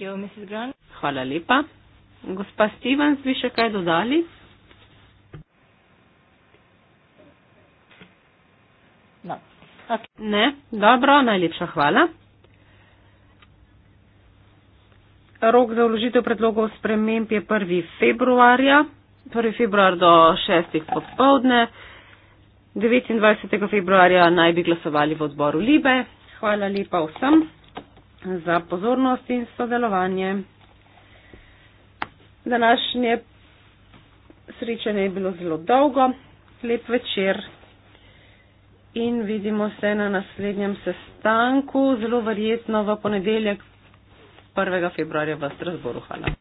Hvala lepa. Gospa Stevens, bi še kaj dodali? Ne, dobro, najlepša hvala. Rok za vložitev predlogov sprememb je 1. februarja, 1. Torej februar do 6. popovdne. 29. februarja naj bi glasovali v odboru Libe. Hvala lepa vsem za pozornost in sodelovanje. Današnje srečanje je bilo zelo dolgo. Lep večer in vidimo se na naslednjem sestanku, zelo verjetno v ponedeljek 1. februarja v Strasboru. Hvala.